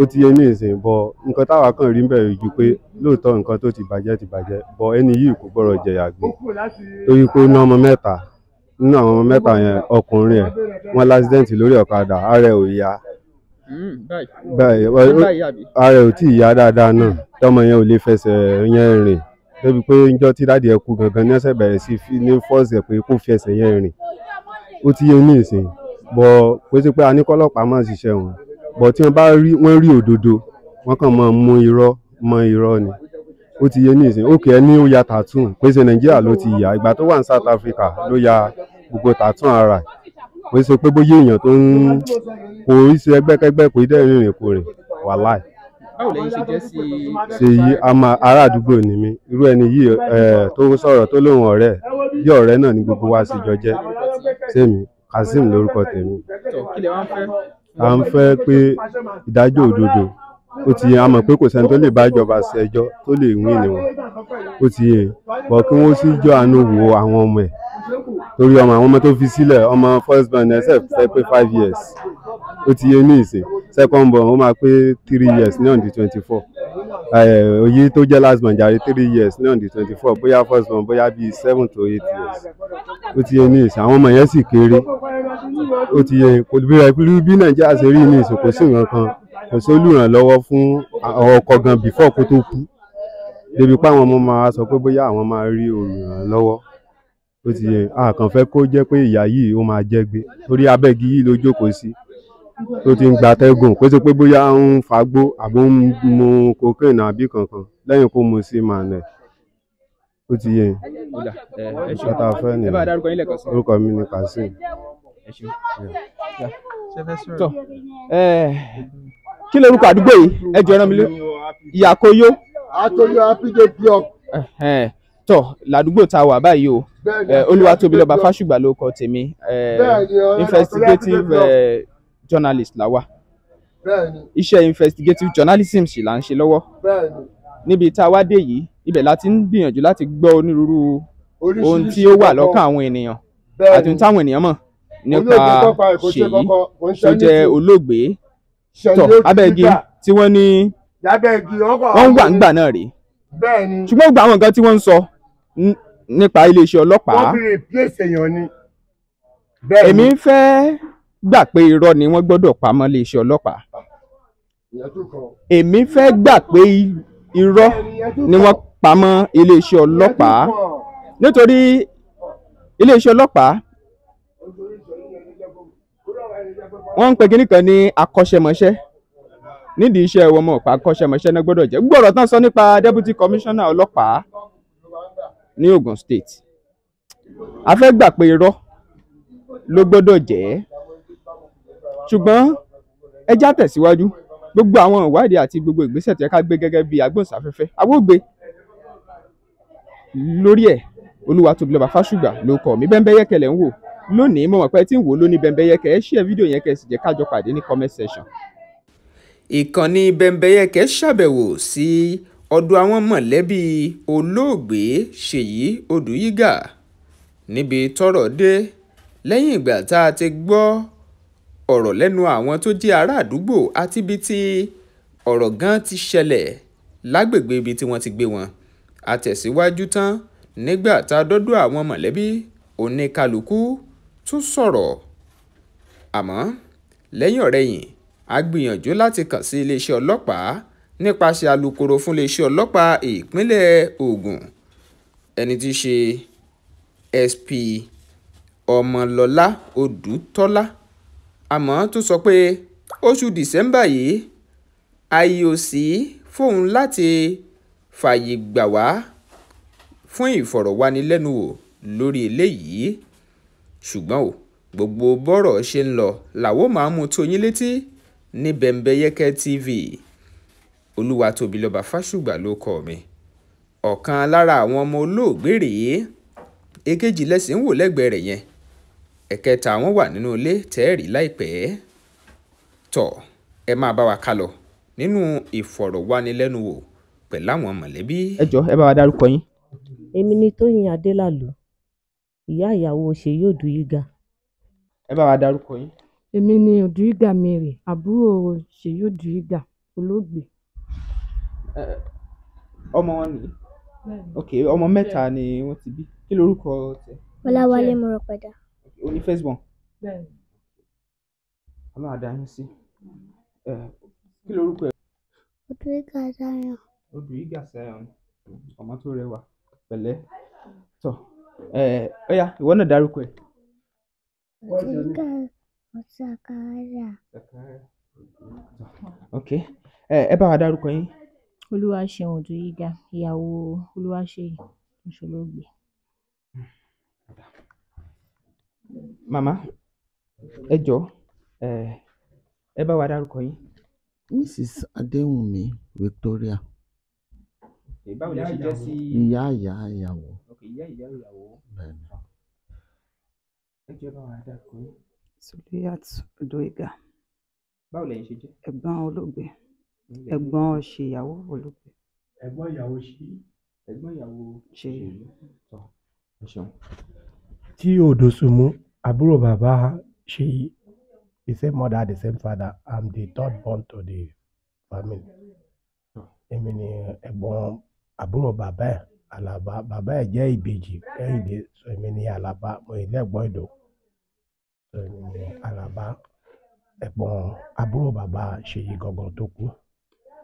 ó ti yé ní ìsìn bọ nǹkan táwa kàn rí bẹ̀rẹ̀ ju pé lóòótọ́ nǹkan tó ti bàjẹ́ ti bàjẹ́ bọ ẹni yìí kò gbọ́dọ̀ jẹ̀yà gbé torí pé ó ná ọmọ mẹ́ta nínú àwọn ọmọ mẹ́ta yẹn ọkùnrin ẹ̀ wọ́n lásìdẹ́ǹtì lórí ọ̀kadà ààrẹ ò yá ààrẹ hmm, ò tí ì yá dáadáa náà tọmọ yẹn ò lè fẹsẹ̀ yẹn rìn débi pé njọ́ tí dáàdì ẹ̀ kú gangan ní ọ̀sẹ̀ bẹ̀rẹ̀ sí ní fọ́ọ̀sì ẹ̀ pé kó fi yẹn rìn ó ti yé ní ìsìn bọ̀ pé sí pé a ní kọ́lọ́pàá máa ṣiṣẹ́ wọn bọ̀ tí wọ́n bá rí wọ́n rí òdodo wọ́n kàn máa mú irọ́ mọ irọ́ ni ó ti yé ní ìsìn òkè ẹni ó ya tàtún pèsè nàìjíríà ló ti yà ìgbà tó wà ní South Africa ló ya gbogbo tàtún ara pèsè pé bóyá èèyàn tó ń kò í ṣe ẹgbẹ́kẹ́gbẹ́ kò í dẹ́rìn ìrìn kò rìn wàláì báwo lẹ́yìn ṣe jẹ́ sí i. ṣèyí àmọ́ ará àdúgbò ni mí irú ẹni yìí tó sọ̀rọ̀ tó lóun ọ̀rẹ́ bí ọ̀rẹ́ náà ni gbogbo wa sì jọ jẹ́ sẹ́mi kazeem lórúkọ tèmi. à ń fẹ́ pé ìdájọ́ òdodo ó ti yẹ a mọ̀ pé kò sẹ́ni tó lè bá ìjọba ṣẹjọ́ tó lè wí ni wọn ó ti yẹ bọ̀ kí wọ́n sì jọ àánú wo àwọn ọmọ ẹ̀ torí ọmọ àwọn ọmọ tó fi sílẹ̀ ọmọ first born ẹsẹ̀ fẹ́ pé five years ó ti yé ní ìsìn second born ó máa pé three years ní on twenty four òye tó jẹ́ last born jàre three years ní on twenty four bóyá first born bóyá bíi seven to eight years ó ti yé ní ìsìn àwọn ọmọ yẹn sì kéré ó ti yé kò bí bí nàìjíríà ṣe rí ní ìsìn kò sí nǹkan kan kò sí olùrànlọ́wọ́ fún ọkọ gan before kó tó kú débi pé àwọn ọmọ máa sọ pé bóyá àwọn máa rí olùrànlọ́wọ́ ó ti yẹ a kàn fẹ́ kó jẹ́ pé ìyá yìí ó máa jẹ́ gbé torí abẹ́gi yìí ló jókòó sí tó ti ń gbatẹ́gùn kó ṣe pé bóyá ń fagbó àbó ń mu cocaine àbí kankan lẹ́yìn kó mu sí màánẹ̀ ó ti yẹ ọ̀tá fẹ́ nìyẹn orúkọ mi ni Kazeem. tọ kí lorúkọ àdúgbò yìí ẹ jọ ẹran mi lé ìyàkóyó. àkóyó happy day tọ ládùúgbò tá a wà báyìí o Olúwatóbilọ́ba Fásùgbà ló kọ tèmi investigative journalist la wà iṣẹ́ investigative journalism sì là ń ṣe lọ́wọ́ níbi tá a wá dé yìí ibẹ̀ láti ń gbìyànjú láti gbọ́ onírúurú ohun tí ó wà lọ́kàn àwọn ènìyàn àti ohun táwọn ènìyàn mọ̀ nípa Ṣèyí tó jẹ́ olóògbé tọ abẹ́gi tí wọ́n ní wọ́n ń gbàǹgbà náà rèé ṣùgbọ́n gbogbo àwọn nǹkan tí wọ́n ń sọ nípa iléeṣẹ́ ọlọ́pàá. wọ́n fi replace èèyàn ni. bẹ́ẹ̀ ni èmi ń fẹ́ gbà pé irọ́ ni wọ́n gbọ́dọ̀ pa mọ́ iléeṣẹ́ ọlọ́pàá. èmi fẹ́ gbà pé irọ́ ni wọ́n pa mọ́ iléeṣẹ́ ọlọ́pàá nítorí iléeṣẹ́ ọlọ́pàá wọ́n ń pe kinní kan ní akọ́ṣẹ́mọṣẹ́ nídìí iṣẹ́ wọn mọ̀ pa akọ́ṣẹ́mọṣẹ́ náà gbọ́dọ̀ jẹ́ gbọ́dọ̀ tán sọ nípa deputy commissioner ọlọ́pàá ní Ogun State a fẹ́ gbà pé irọ́ ló gbọ́dọ̀ jẹ́ ṣùgbọ́n ẹ já tẹ̀síwájú gbogbo àwọn ìwádìí àti gbogbo ìgbésẹ̀ tó yẹ ká gbé gẹ́gẹ́ bí agbóhùnsáfẹ́fẹ́ awógbe lórí ẹ̀ Olúwatóbilọ́ba Fásùgbà ló kọ mí Bẹ́ńbẹ́yẹ́kẹ́ lẹ̀ ń wò lónìí mo mọ̀ pé tí ń wò ó lóní Bẹ́ńbẹ́yẹ́kẹ́ ẹ ṣí ẹ fídíò yẹn kẹ́ ẹ sì jẹ́ kájọ pàdé ní comment section. ìkànnì Bẹ́ńbẹ́yẹ́kẹ́ ṣàbẹ̀wò sí ọ̀dọ̀ àwọn mọ̀lẹ́bí olóògbé ṣèyí ọdùyígà níbi tọ́rọ̀ dé lẹ́yìn ìgbà tá a ti gbọ́ ọ̀rọ̀ lẹ́nu àwọn tó jẹ́ ará àdúgbò àti ibi tí ọ̀rọ̀ gan ti ṣẹlẹ̀ lágbègbè ibi tí wọ́n ti gbé wọn àtẹ̀síwájú tán nígbà tá a dọ́dọ̀ àwọn mọ̀lẹ́bí oníkálukú tún sọ̀rọ̀ àmọ́ lẹ́yìn ọ̀rẹyìn a gbìyànjú láti kàn sí iléeṣẹ́ ọlọ́pàá nípasẹ̀ alūkkóró fúnléeṣẹ́ ọlọ́pàá ìpínlẹ̀ Ògùn ẹni tí í ṣe SP Ọmọlọ́lá Odùtọ́lá àmọ́ tó sọ pé oṣù Dìsẹ́mbà yìí IEOC fóun láti fààyè gbà wá fún ìfọ̀rọ̀wánilẹ́nuwò lórí eléyìí ṣùgbọ́n o gbogbo bọ́rọ̀ ṣe ń lọ làwọn máa mú tó yín létí ní Bẹ̀ǹbẹ̀yẹkẹ TV olúwatóbilọ́ba fásùgbà ló kọ mi ọ̀kan lára àwọn ọmọ olóògbé rèé èkejì lẹ́sìn ń wò lẹ́gbẹ̀ẹ́ rẹ̀ yẹn ẹ̀kẹta àwọn wà nínú ilé tẹ́ẹ̀rí láìpẹ́ tọ̀ ẹ máa bá wa ká lọ nínú ìfọ̀rọ̀wánilẹ́nuwò pẹ̀lú àwọn mọ̀lẹ́bí. ẹ jọ ẹ bá wa dárúkọ yín. èmi ni tóyìn adélàlú ìyá ìyàwó ṣèyí òdùyíga. ẹ bá wa dárúkọ yín. èmi ni òdùyíga mary àbúrò ṣèyí òdùyíga olóògbé. Eh, ọmọ wọn ok ọmọ mẹta ni wọn ti bi kí lorúkọ tẹ. ọláwálé mọ̀rọ̀pẹ̀dà. o ní first born. ọlọ́run àdáyín sí eh, kí lorúkọ ẹ. odùrígà sáyọn. sáyọn ọmọ tó rẹwà pẹ̀lẹ́ tọ eh, ọyà ìwọ náà dárúkọ ẹ. ok ẹ bá wa dárúkọ yín. olùwàṣẹun ọdọyígá ìyàwó olùwàṣẹyí òṣòlógbè màmá ẹ jọ̀ọ́ um ẹ bá wa dárúkọ yín. mrs adéwùnmí victoria báwo lè ṣe jẹ́ sí. ìyá ìyá ìyàwó. ok ìyá ìyá ìyàwó. bẹ́ẹ̀ni. Ah. ẹ jẹ́ báwo la dá kọ́. suliyat odoiga. báwo lẹ́yìn ṣe jẹ́. ẹ̀gbọ́n olóògbé ẹ̀gbọ́n ṣe ìyàwó olùgbé. ẹ̀gbọ́n ìyàwó ṣe ẹ̀gbọ́n ìyàwó ṣe ìlú. tí odò sùnmù àbúrò bàbá ṣe the same mother the same father i'm the third born to the family. èmi ni ẹ̀gbọ́n àbúrò bàbá ẹ̀ alaba bàbá ẹ̀ jẹ́ ìbejì kẹ́hìndé sọ èmi ni alaba mo ilé ẹ̀gbọ́n ìdò sọ èmi ni alaba ẹ̀gbọ́n àbúrò bàbá ṣèyí gangan tó kú.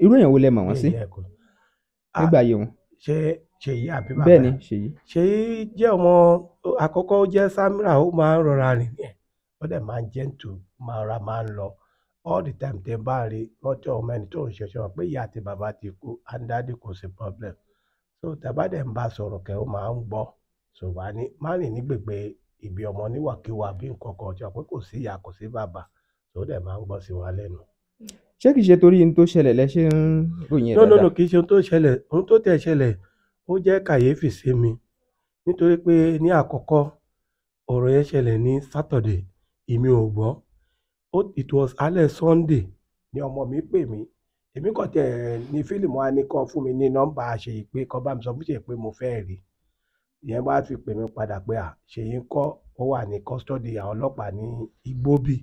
irú èèyàn wo lẹ mọ wọ́n sí ah, nígbà yìí wọn. ṣé ṣèyí àbí bẹ́ẹ̀ ni ṣèyí. jẹ́ ọmọ àkọ́kọ́ jẹ́ samira ó máa ń rọra rìn yẹn ó dẹ̀ máa ń jẹ́ǹtù máa ra máa ń lọ all the time tẹ́ bá rí lọ́jọ́ ọmọ ẹni tó ń ṣẹ̀ṣẹ̀ wọn pé ìyá ti kú andadi kò sí problem so tàbá dẹ̀ ń bá sọ̀rọ̀ kẹ́ ó máa ń gbọ́ ní má rìn ní gbègbè ìbí ọmọ níwàkiwà bí nǹkan kan ọjọ́ pé kò sí ìyá kò sí bàbá ṣé kìí ṣe torí ohun tó ṣẹlẹ̀ lẹ ṣe ń ròyìn ẹ̀ dáadáa. nọ́nà kìí ṣe ohun tó ṣẹlẹ̀ ohun tó tẹ̀ ṣẹlẹ̀ ó jẹ́ kàyéfì sí mi nítorí pé ní àkọ́kọ́ ọ̀rọ̀ yẹn ṣẹlẹ̀ ní sátọ̀dẹ̀ èmi ò gbọ́ it was alẹ́ sunday ni ọmọ mi pè mí èmi kàn tẹ̀ ní fílìmù wa ní kan fún mi ní nọ́mbà ṣèyí pé kan bá mi sọ fún ṣèyí pé mo fẹ́ rí ìyẹn bá fi pè mí padà pé à ṣèyí ń ó wà ní custody àwọn ọlọ́pàá ní igbóbi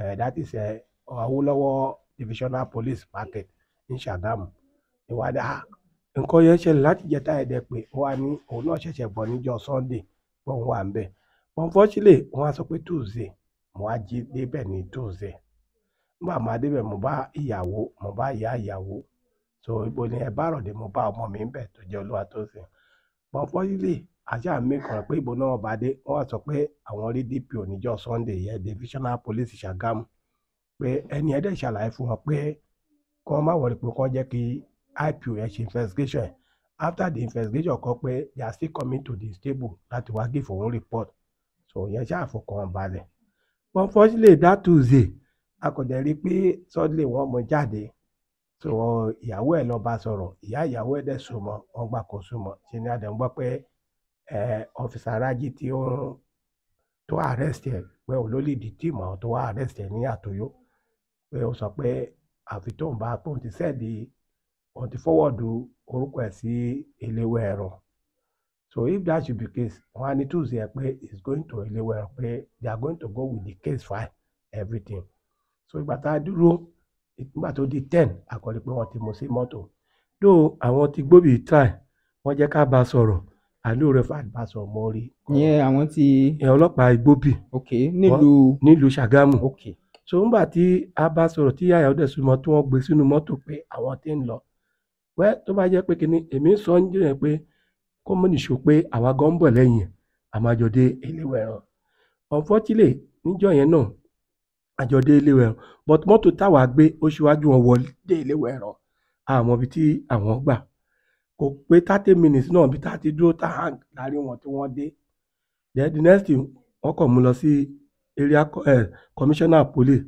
eh, that is eh, Awólọ́wọ̀ divisional police market ní Ṣàgámù ìwádìí ah nǹkan yẹn ṣẹlẹ̀ láti jẹta ẹ̀dẹ̀ pé ó wà ní òun náà ṣẹ̀ṣẹ̀ bọ̀ níjọ́ Sunday bóun wà ń bẹ̀ unfortunately wọ́n á sọ pé Tuesday mo á jí débẹ̀ ní Tuesday nígbà máa débẹ̀ mo bá ìyàwó mo bá ìyá ìyàwó so ibo ni ẹ bá rọ̀dé mo bá ọmọ mi ń bẹ̀ tó jẹ́ olúwa tó sìn unfortunately àṣà mi kàn pé ibo náà bá dé wọ́n á sọ pé àwọn rí DPO níjọ́ Sunday yẹn divisional police Ṣàgámù pé ẹni ẹ̀dẹ̀ ṣàlàyé fún wọn pé kí wọ́n má wọlé pé kán jẹ́ kí IPO yẹn ṣe investigation after the investigation kan pé they are still coming to the table láti wá give òun report so yẹn ṣàfọkàn balẹ̀ unfortunately that Tuesday a kò dẹ̀ rí i pé suddenly wọ́n mọ jáde so ìyàwó ẹ̀ lọ́ọ́ bá sọ̀rọ̀ ìyá ìyàwó ẹ̀ dẹ̀ sùn mọ́ wọ́n gbà kó sùn mọ́ ṣe ni adẹ̀ ń gbọ́ pé ọ̀fíìsà rájí tí ó tó arrest ẹ̀ pé òun ló lè di tíìmù àwọn tó wá arrest ẹ̀ ní àtòyó pé ó sọ pé àfi tóun bá pòun ti sẹ́ẹ̀dì òun ti fọwọ́dù orúkọ ẹ̀ sí eléwé ẹ̀rọ so if that should be case wọn á ní tuesday ẹ pé it's going to eléwé ẹ̀rọ pé they are going to go with the case file everything so ìgbà tá a dúró ìgbà tó di ten àkọ́lé pé wọ́n ti mú sí mọ́tò dó àwọn ti gbóbi try wọ́n jẹ́ ká bá a sọ̀rọ̀ àlọ́ rẹ̀ fà bá a sọ̀rọ̀ mọ́ rí. ìyẹn àwọn ti. ìyẹn ọlọ́pàá igbóbi. ok nílùú. nílùú Ṣàgámù. ok so ńgbà tí a bá sọ̀rọ̀ tí yàyà ọdẹ súnmọ́ tí wọ́n gbé sínú mọ́tò pé àwọn tí ń lọ wẹ́ tó bá jẹ́ pé kíní èmi sọ ń jẹ́ pé kó mọ̀ nìṣó pé àwa gan ń bọ̀ lẹ́yìn àmàjọ̀dé Eléwẹ̀ràn unfortunately níjọ́ yẹn náà àjọ̀dé Eléwẹ̀ràn but mọ́tò táwa gbé ó ṣíwájú wọn wọlé dé Eléwẹ̀ràn ibi tí àwọn gbà kò pé thirty minutes náà bí tá a ti dúró tá a hang láàrin wọn tí wọ́n dé then the next thing wọ́n area um eh, commissioner poli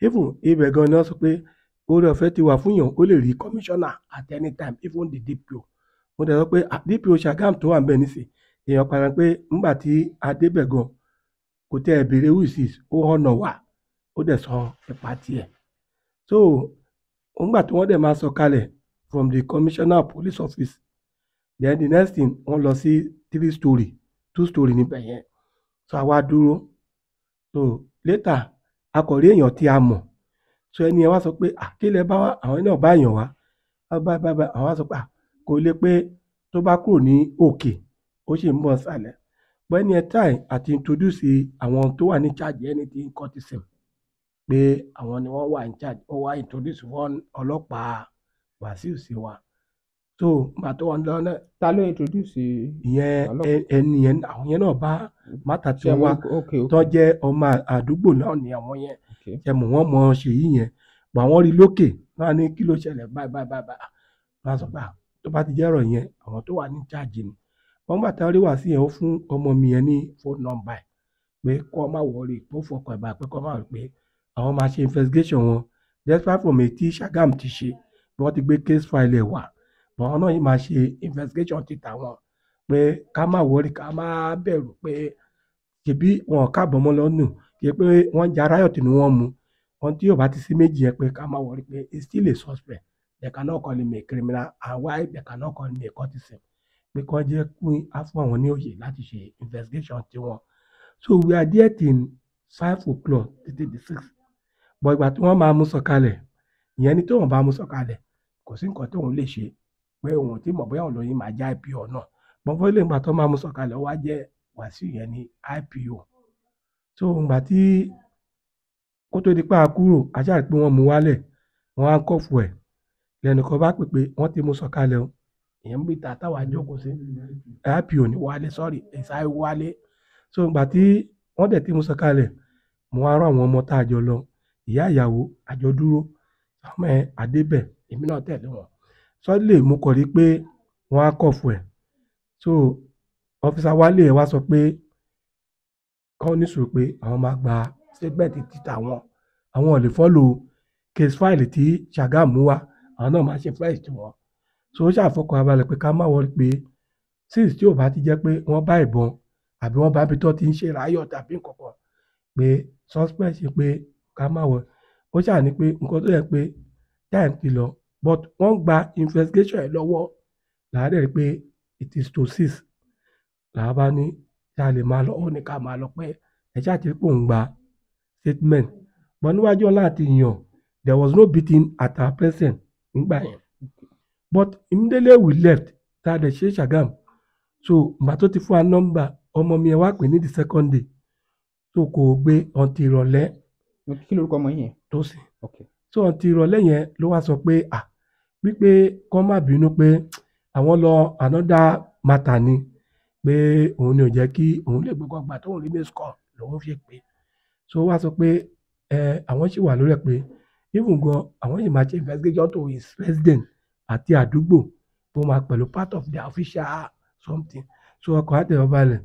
even ibẹ̀ gan ni wọ́n sọ pé oore ti at any time even the DPO mo dẹ̀ sọ pé ah, DPO Sagamu tó wà ń bẹ̀ nísìn èèyàn padà pé ńgbà tí who is this ó hànà wà ó so ńgbà tí wọ́n dẹ̀ máa sọ from the commissioner police office then the next thing three story two story so so later a kàn rí èèyàn tí a mọ̀ so ẹni yẹn wá sọ pé à kí lẹ bá wá àwọn náà bá èèyàn wá bá bá bá àwọn wá sọ pé à kò le pé tó bá kúrò ní òkè ó sì ń bọ̀ sàlẹ̀ but ẹni yẹn try àti introduce àwọn tó wà ní charge ẹni tí cortisem pé àwọn ni wọ́n wà ní charge ó wá introduce one ọlọ́pàá Wàsíù sí wa so gbàtọ́ wọn lọ náà. ta ló introduce. ìyẹn ẹni yẹn àwọn yẹn náà bá mata tí wa tó jẹ́ ọmọ àdúgbò náà ni àwọn yẹn ṣe mọ̀ wọ́n mọ̀ ṣe yí yẹn gbà wọ́n rí lókè náà ní kí ló ṣẹlẹ̀ báyìí báyìí báyìí máa sọ pé tó bá ti jẹ́rọ̀ yẹn àwọn tó wà ní chájì ni wọ́n gbà tá a rí wá sí yẹn ó fún ọmọ mi yẹn ní fóònù nọ́mbà ẹ̀ pé kọ́ má wọrí kó fọkàn ìbá pé kọ́ má rí pé àwọn máa ṣe investigation wọn despite from èyí tí Sàgámù ti ṣe bí ti gbé case file ẹ̀ wá àwọn náà yìí máa ṣe investigation ti tàwọn pé ká má wọrí ká má bẹ̀rù pé ṣèbí wọn káàbọ̀ mọ́ lọ́nù kì í pé wọ́n ja riot ni wọ́n mu ohun tí yóò bá ti sí méjì yẹn pé ká má wọrí pé it's still a suspect they cannot call him a criminal and why they cannot call him a courtesan pé kọ́ jẹ́ kí á fún àwọn ní òye láti ṣe investigation tiwọn so we are there till five o'clock títí di six but ìgbà tí wọ́n máa mú sọ̀kalẹ̀ ìyẹn ni tóun bá mú sọ̀kalẹ̀ kò sí nǹkan tóun lè ṣe pé òun tí mọ̀ bóyá olóyin máa jẹ́ IPO náà bọ́fọ́ ilé ìgbà tó máa mú sọ̀kalẹ̀ wá jẹ́ Wàsíù yẹn ní IPO so ìgbà tí kó tó di pa kúrò aṣáà pé wọ́n mú wálẹ̀ wọ́n á kọ́ fún ẹ̀ lẹ́nu kan bá pè pé wọ́n ti mú sọ̀kalẹ̀ o èèyàn ń bí ta táwa jókòó sí IPO ní wálé sorry ẹ̀sà wálé so ìgbà tí wọ́n dẹ̀ ti mú sọ̀kalẹ̀ mo wá rán àwọn ọmọ tá a jọ lọ ìyá ìyàwó àjọ dúró ọmọ ẹ adébẹ̀ èmi náà tẹ̀lé wọn Sunday mo kàn rí i pé wọ́n handcuff ẹ̀. So ọ́físà Wálé yẹn wá sọ pé kán ní sùúrù pé àwọn máa gba statement ti tàwọn. Àwọn ò lè follow case file tí Sagamu mú wá. Àwọn náà máa ṣe fresh tiwọn. So ó ṣàfọkàn abalẹ̀ pé ká má worry pé since tí ò bá ti jẹ́ pé wọ́n bá ìbọn àbí wọ́n bá ibi tó ti ń ṣe riot tàbí nǹkan kan pé suspect pé ká má worry. Ó ṣáà pé nǹkan tó yẹ pé time ti lọ but wọ́n gba investigation ẹ̀ lọ́wọ́ làá pé it is ptosis làá bá ní ṣá lè máa lọ ó ní ká máa lọ pé ẹ̀ ṣáà ti rí gba statement but níwájú ọ̀la àti ìyàn there was no beating at our present nígbà yẹn but immediately we left tá a dẹ̀ ṣe Ṣàgámù so ìgbà tó ti fún wa nọ́mbà ọmọ mi ẹ wá pè ní the second day so kò gbé ọtí ìrọ̀lẹ́. kí lorúkọ ọmọ yẹn. tó sì so ọtí ìrọ̀lẹ́ yẹn ló wá sọ pé ah wípé kán má bínú pé àwọn lọ another matter ni pé òun ni ò jẹ́ kí òun lè gbogbo ọgbà tóun rí miss call lòun fi pè so wá sọ pé ẹ àwọn sì wà lórí ẹ pé even gan àwọn sì máa ṣe investigation to his president. àti àdúgbò tó máa pẹ̀lú part of their official something so ọkọ̀ àtẹ̀wọ́ balẹ̀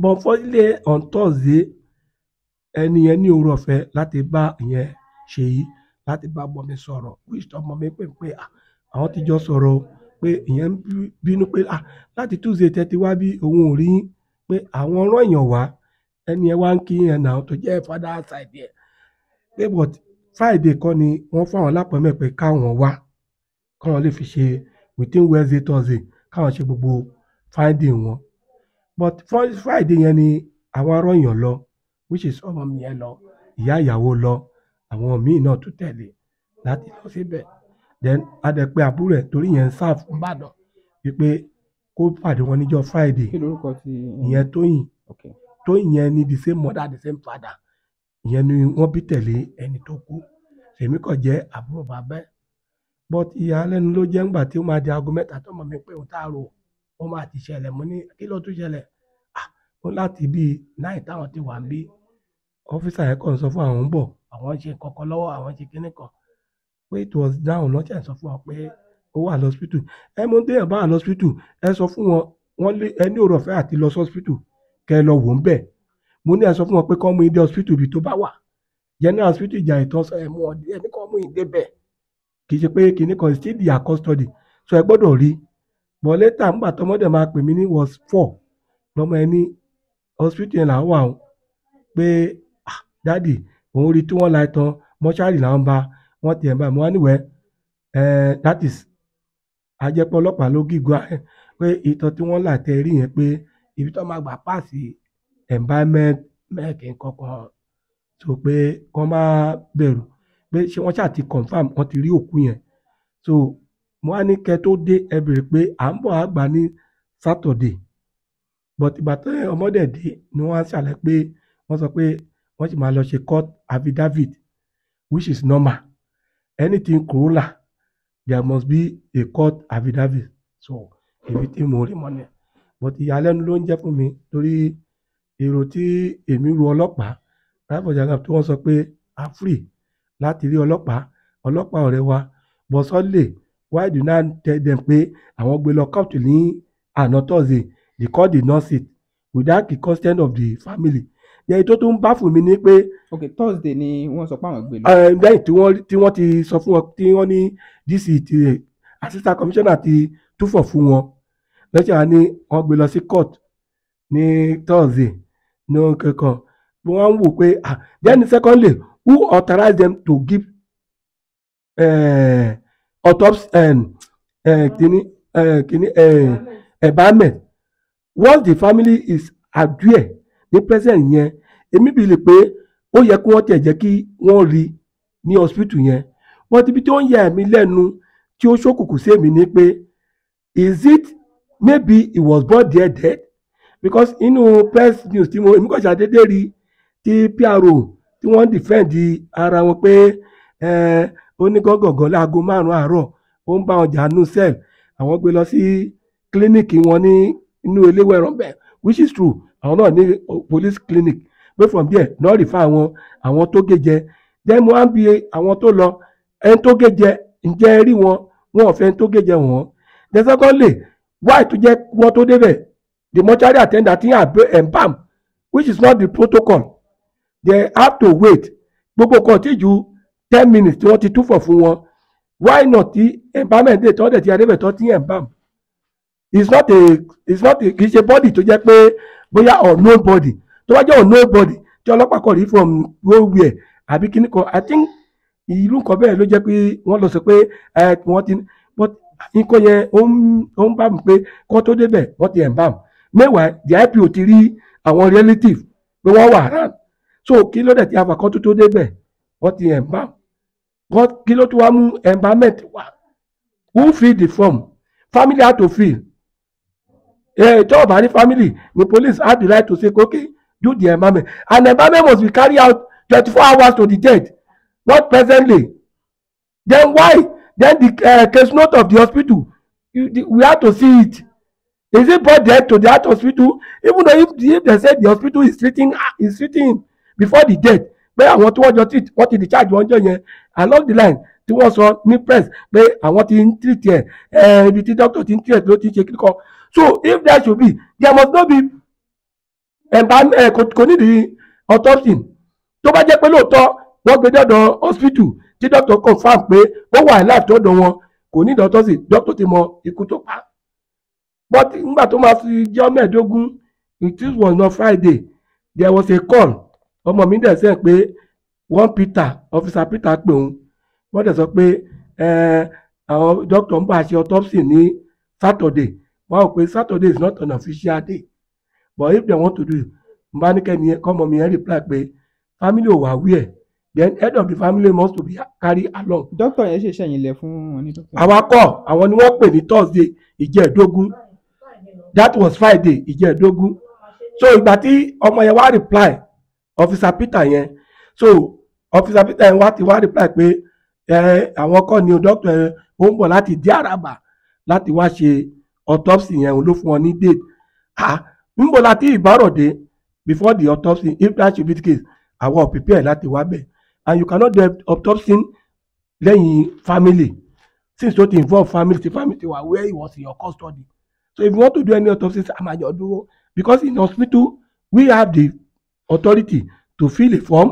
but unfortunately on Thursday ẹni yẹn ní òru ọ̀fẹ́ láti bá ìyẹn ṣèyí láti bá ọmọ mi sọ̀rọ̀ which ọmọ mi pè pé ah, àwọn ti jọ sọ̀rọ̀ pé ìyẹn ń bínú pé ah, láti tuesday tẹ́tí wá bí òun ò rí pé àwọn ọ̀rọ̀ èèyàn wá ẹni ẹ wá ń kí yẹn náà tó jẹ́ father side yẹn pé but friday kọ́ ni wọ́n fáwọn lápẹ̀mẹ́ pé káwọn wá káwọn lè fi ṣe within wednesday thursday káwọn ṣe gbogbo finding wọn but friday yẹn ni àwọn arọ́yàn lọ which is ọmọ mi yẹn lọ ìyá ìyàwó lọ àwọn míì náà tún tẹ̀lé láti lọ síbẹ̀ then adẹ̀pẹ́ àbúrò ẹ̀ torí yẹn ń sá fún Ìbàdàn wípé kó pàdé wọn níjọ́ Friday ìyẹn Tóyìn Tóyìn yẹn ní the same mother the same father ìyẹn ni wọ́n bí tẹ̀lé ẹni tó kú èmi kàn jẹ́ àbúrò bàbá ẹ̀ but ìyàlẹ́nu ló jẹ́ ńgbà tí ó máa di aago mẹ́ta tó mọ̀ mí pé òun tá a rò ó máa ti ṣẹlẹ̀ mo ní kí ló tún ṣẹlẹ̀ ah láti bíi náì táwọn ti wà ń bí ọ́fíìsà yẹn kàn sọ fún àwọn ń bọ̀ àwọn ṣe nǹkan kan lọ́wọ́ àwọn ṣe kíní kan pé it was down lọ́jà sọ fún wọn pé ó wà lọ́sítítù ẹ mú déyàn bá wà lọ́sítítù ẹ sọ fún wọn wọn lé ẹ ní òrò ọ̀fẹ́ àti lọ sọ́sítítù kẹ ẹ lọ wò ń bẹ̀ mo ní ẹ sọ fún wọn pé kọ́ mú ìdí ọ̀sítítù ibi tó bá wà general hospital ìjà ìtàn sọ ẹ mú ọ ẹ ní kọ́ mú ìdí bẹ̀ kì í ṣe pé kíní kan still di our custody so ẹ gbọ́dọ̀ rí but later nígbà tọmọdé máa pè mí ní was four lọmọ ẹ ní hospital yẹn là ń wà ó pé ah dádì òun rí tí wọ́n la ìtàn mọ́ṣárì làwọn bá wọ́n tiẹ̀ bá wọn níwẹ̀ ẹ̀ that is ajẹ́pọ̀ ọlọ́pàá ló gígùn ẹ̀ pé ìtàn tí wọ́n là tẹ rí yẹn pé ibi tó máa gbà páàsì environment mẹ́ẹ̀kì kankan so pé kọ́ má bẹ̀rù pé ṣé wọ́n ṣáà ti confam wọ́n ti rí òkú yẹn so mo á ní kẹ tó dé ẹ bèrè pé à ń bọ̀ àgbà ní Saturday but ìgbà tó ọmọdé dé ni wọ́n á ṣàlẹ̀ pé wọ́n sọ pé wọ́n sì máa lọ ṣe court affidavit which is normal anything corolla there must be a court affidavit so èmi tí mo rí mọ́ ni but ìyàlẹ́nu ló ń jẹ́ fún mi torí èrò tí èmi ru ọlọ́pàá ráìfọ̀ jagab tí wọ́n sọ pé a free láti rí ọlọ́pàá ọlọ́pàá ọ̀rẹ́ wa but Sunday why do not tell them pé àwọn gbé lọ court ní àná thursday the court did not sit without the consent of the family yẹn tó tún bá fún mi ni pé. ok thursday ni wọ́n sọ pé àwọn gbé lọ. Eh, lẹ́yìn tí wọ́n tí wọ́n ti sọ fún wọn tí wọ́n ní dc ti assistant commissioner ti túfọ̀ fún wọn lọ́sẹ̀ wa ni wọ́n gbé lọ sí court ní thursday ní wọn kankan bí wọ́n wò pé ah then secondly who authorized them to give eh, autopsy um, uh, kini uh, kini uh, once the family is adhere ní present yẹn èmi bi lè pé ó yẹ kí wọ́n tiẹ̀ jẹ́ kí wọ́n rí ní hospital yẹn but ibi tí ó ń yà mí lẹ́nu tí ó ṣókùnkùn sí èmi ni pé is it maybe he was born there dead because inú press news tí mo èmi kàn ṣàdédé rí tí PRO tí wọ́n defend ara wọn pé onígọ́gọ̀gọ́ láago márùn-ún àárọ̀ ó ń bá wọn jà nù cell àwọn gbé lọ sí kílíníìkì wọn ní inú eléwẹ̀rọ̀ bẹ́ẹ̀ which is true àwọn náà ní oh, police clinic pé from there náà rìfà àwọn àwọn tó gé jẹ then mo á bi àwọn tó lọ ẹni tó gé jẹ ǹjẹ́ ẹ rí wọn wọn ò fẹ́ ẹni tó gé jẹ wọ́n then secondly why tó jẹ́ wọ́n tó débẹ̀ the mortuary attendant ti hàn embalm eh, which is not the protocol they have to wait gbogbo kan tí ju ten minutes tí wọ́n ti túfọ̀ fún wọn why not the embalmment dey tọ́ dẹ̀ ti adébẹ̀tọ́ ti embalm it's not a it's not a kì í ṣe body tó jẹ́ pé bóyá no body tó wá jẹ́ no body tí ọlọ́pàá kọ̀ rí from nowhere àbí kíní kan i think ìlú nǹkan bẹ́ẹ̀ ló jẹ́ pé wọ́n lọ sọ pé wọ́n ti but nǹkan yẹn ó ń bá mi pé kọ́ tó débẹ̀ wọ́n ti ẹ̀ ń bá mi meanwhile the ipo ti rí àwọn relative pé wọ́n wà around so kí ló dẹ̀ ti àfàkọ́ tó tó débẹ̀ wọ́n ti ẹ̀ ń bá mi kí ló tó wá mú environment wá who fill the form family how to fill tó bá ní family the police have the right to say okay do the embalming and embalming must be carried out 24 hours to the dead not presently then why then the uh, case note of the hospital you, the, we have to see it is it brought dead to the hospital even though if, if they said the hospital is treating ah, is treating before the dead. But I want to watch your treat wọ́n ti discharge wọ́n jọ yẹn along the line tí wọ́n sọ ní press But I want to treat here. Eh, ibi tí doctor ti ń treat ló ti ń ṣe so if that should be there must not be eh, kò nídìí autopsy tó bá jẹ́ pé lóòótọ́ wọ́n gbé dọ́dọ̀ hospital tí doctor confam pé ó wà láti ọ̀dọ̀ wọn kò nídìí autopsy doctor ti mọ ikú tó pa but nígbà tó máa fi jẹ́ mẹ́ẹ̀ẹ́dógún it was on Friday there was a call ọmọ mi dẹ̀ sẹ́yìn pé one Peter officer Peter pè òun wọ́n dẹ̀ sọ pé eh, àwọn doctor ń bá a ṣe autopsy ní Saturday wọ́n á pè Saturday is not an official day but if they want to do it bá ní kẹ́ni mi yẹn reply pé family ò wá wí then head of the family must to be carry along. doctor yẹn ṣe ṣẹyìn ilẹ̀ fún wọn ní doctor. àwa kọ àwọn ni wọ́n pè ní Thursday ìjẹ́ẹ̀dógún that was Friday ìjẹ́ẹ̀dógún so ìgbà tí ọmọ yẹn wá reply officer Peter yẹn so officer Peter yẹn wá ti wá reply pé àwọn kọ́ ni doctor yẹn ó ń bọ̀ láti dí àràbà láti wá ṣe autopsy yẹn ló fún ọ ní date ah níbo la ti ìbárọ̀ dé before the autopsy if that should be the case àwa ò prepare láti wá bẹ̀ and you cannot do autopsy lẹ́yìn family since tó ti involve family ti family ti wà where he was in your custody so if you want to do any autopsy àmàjọ dúró because in hospital we have the authority to fill a form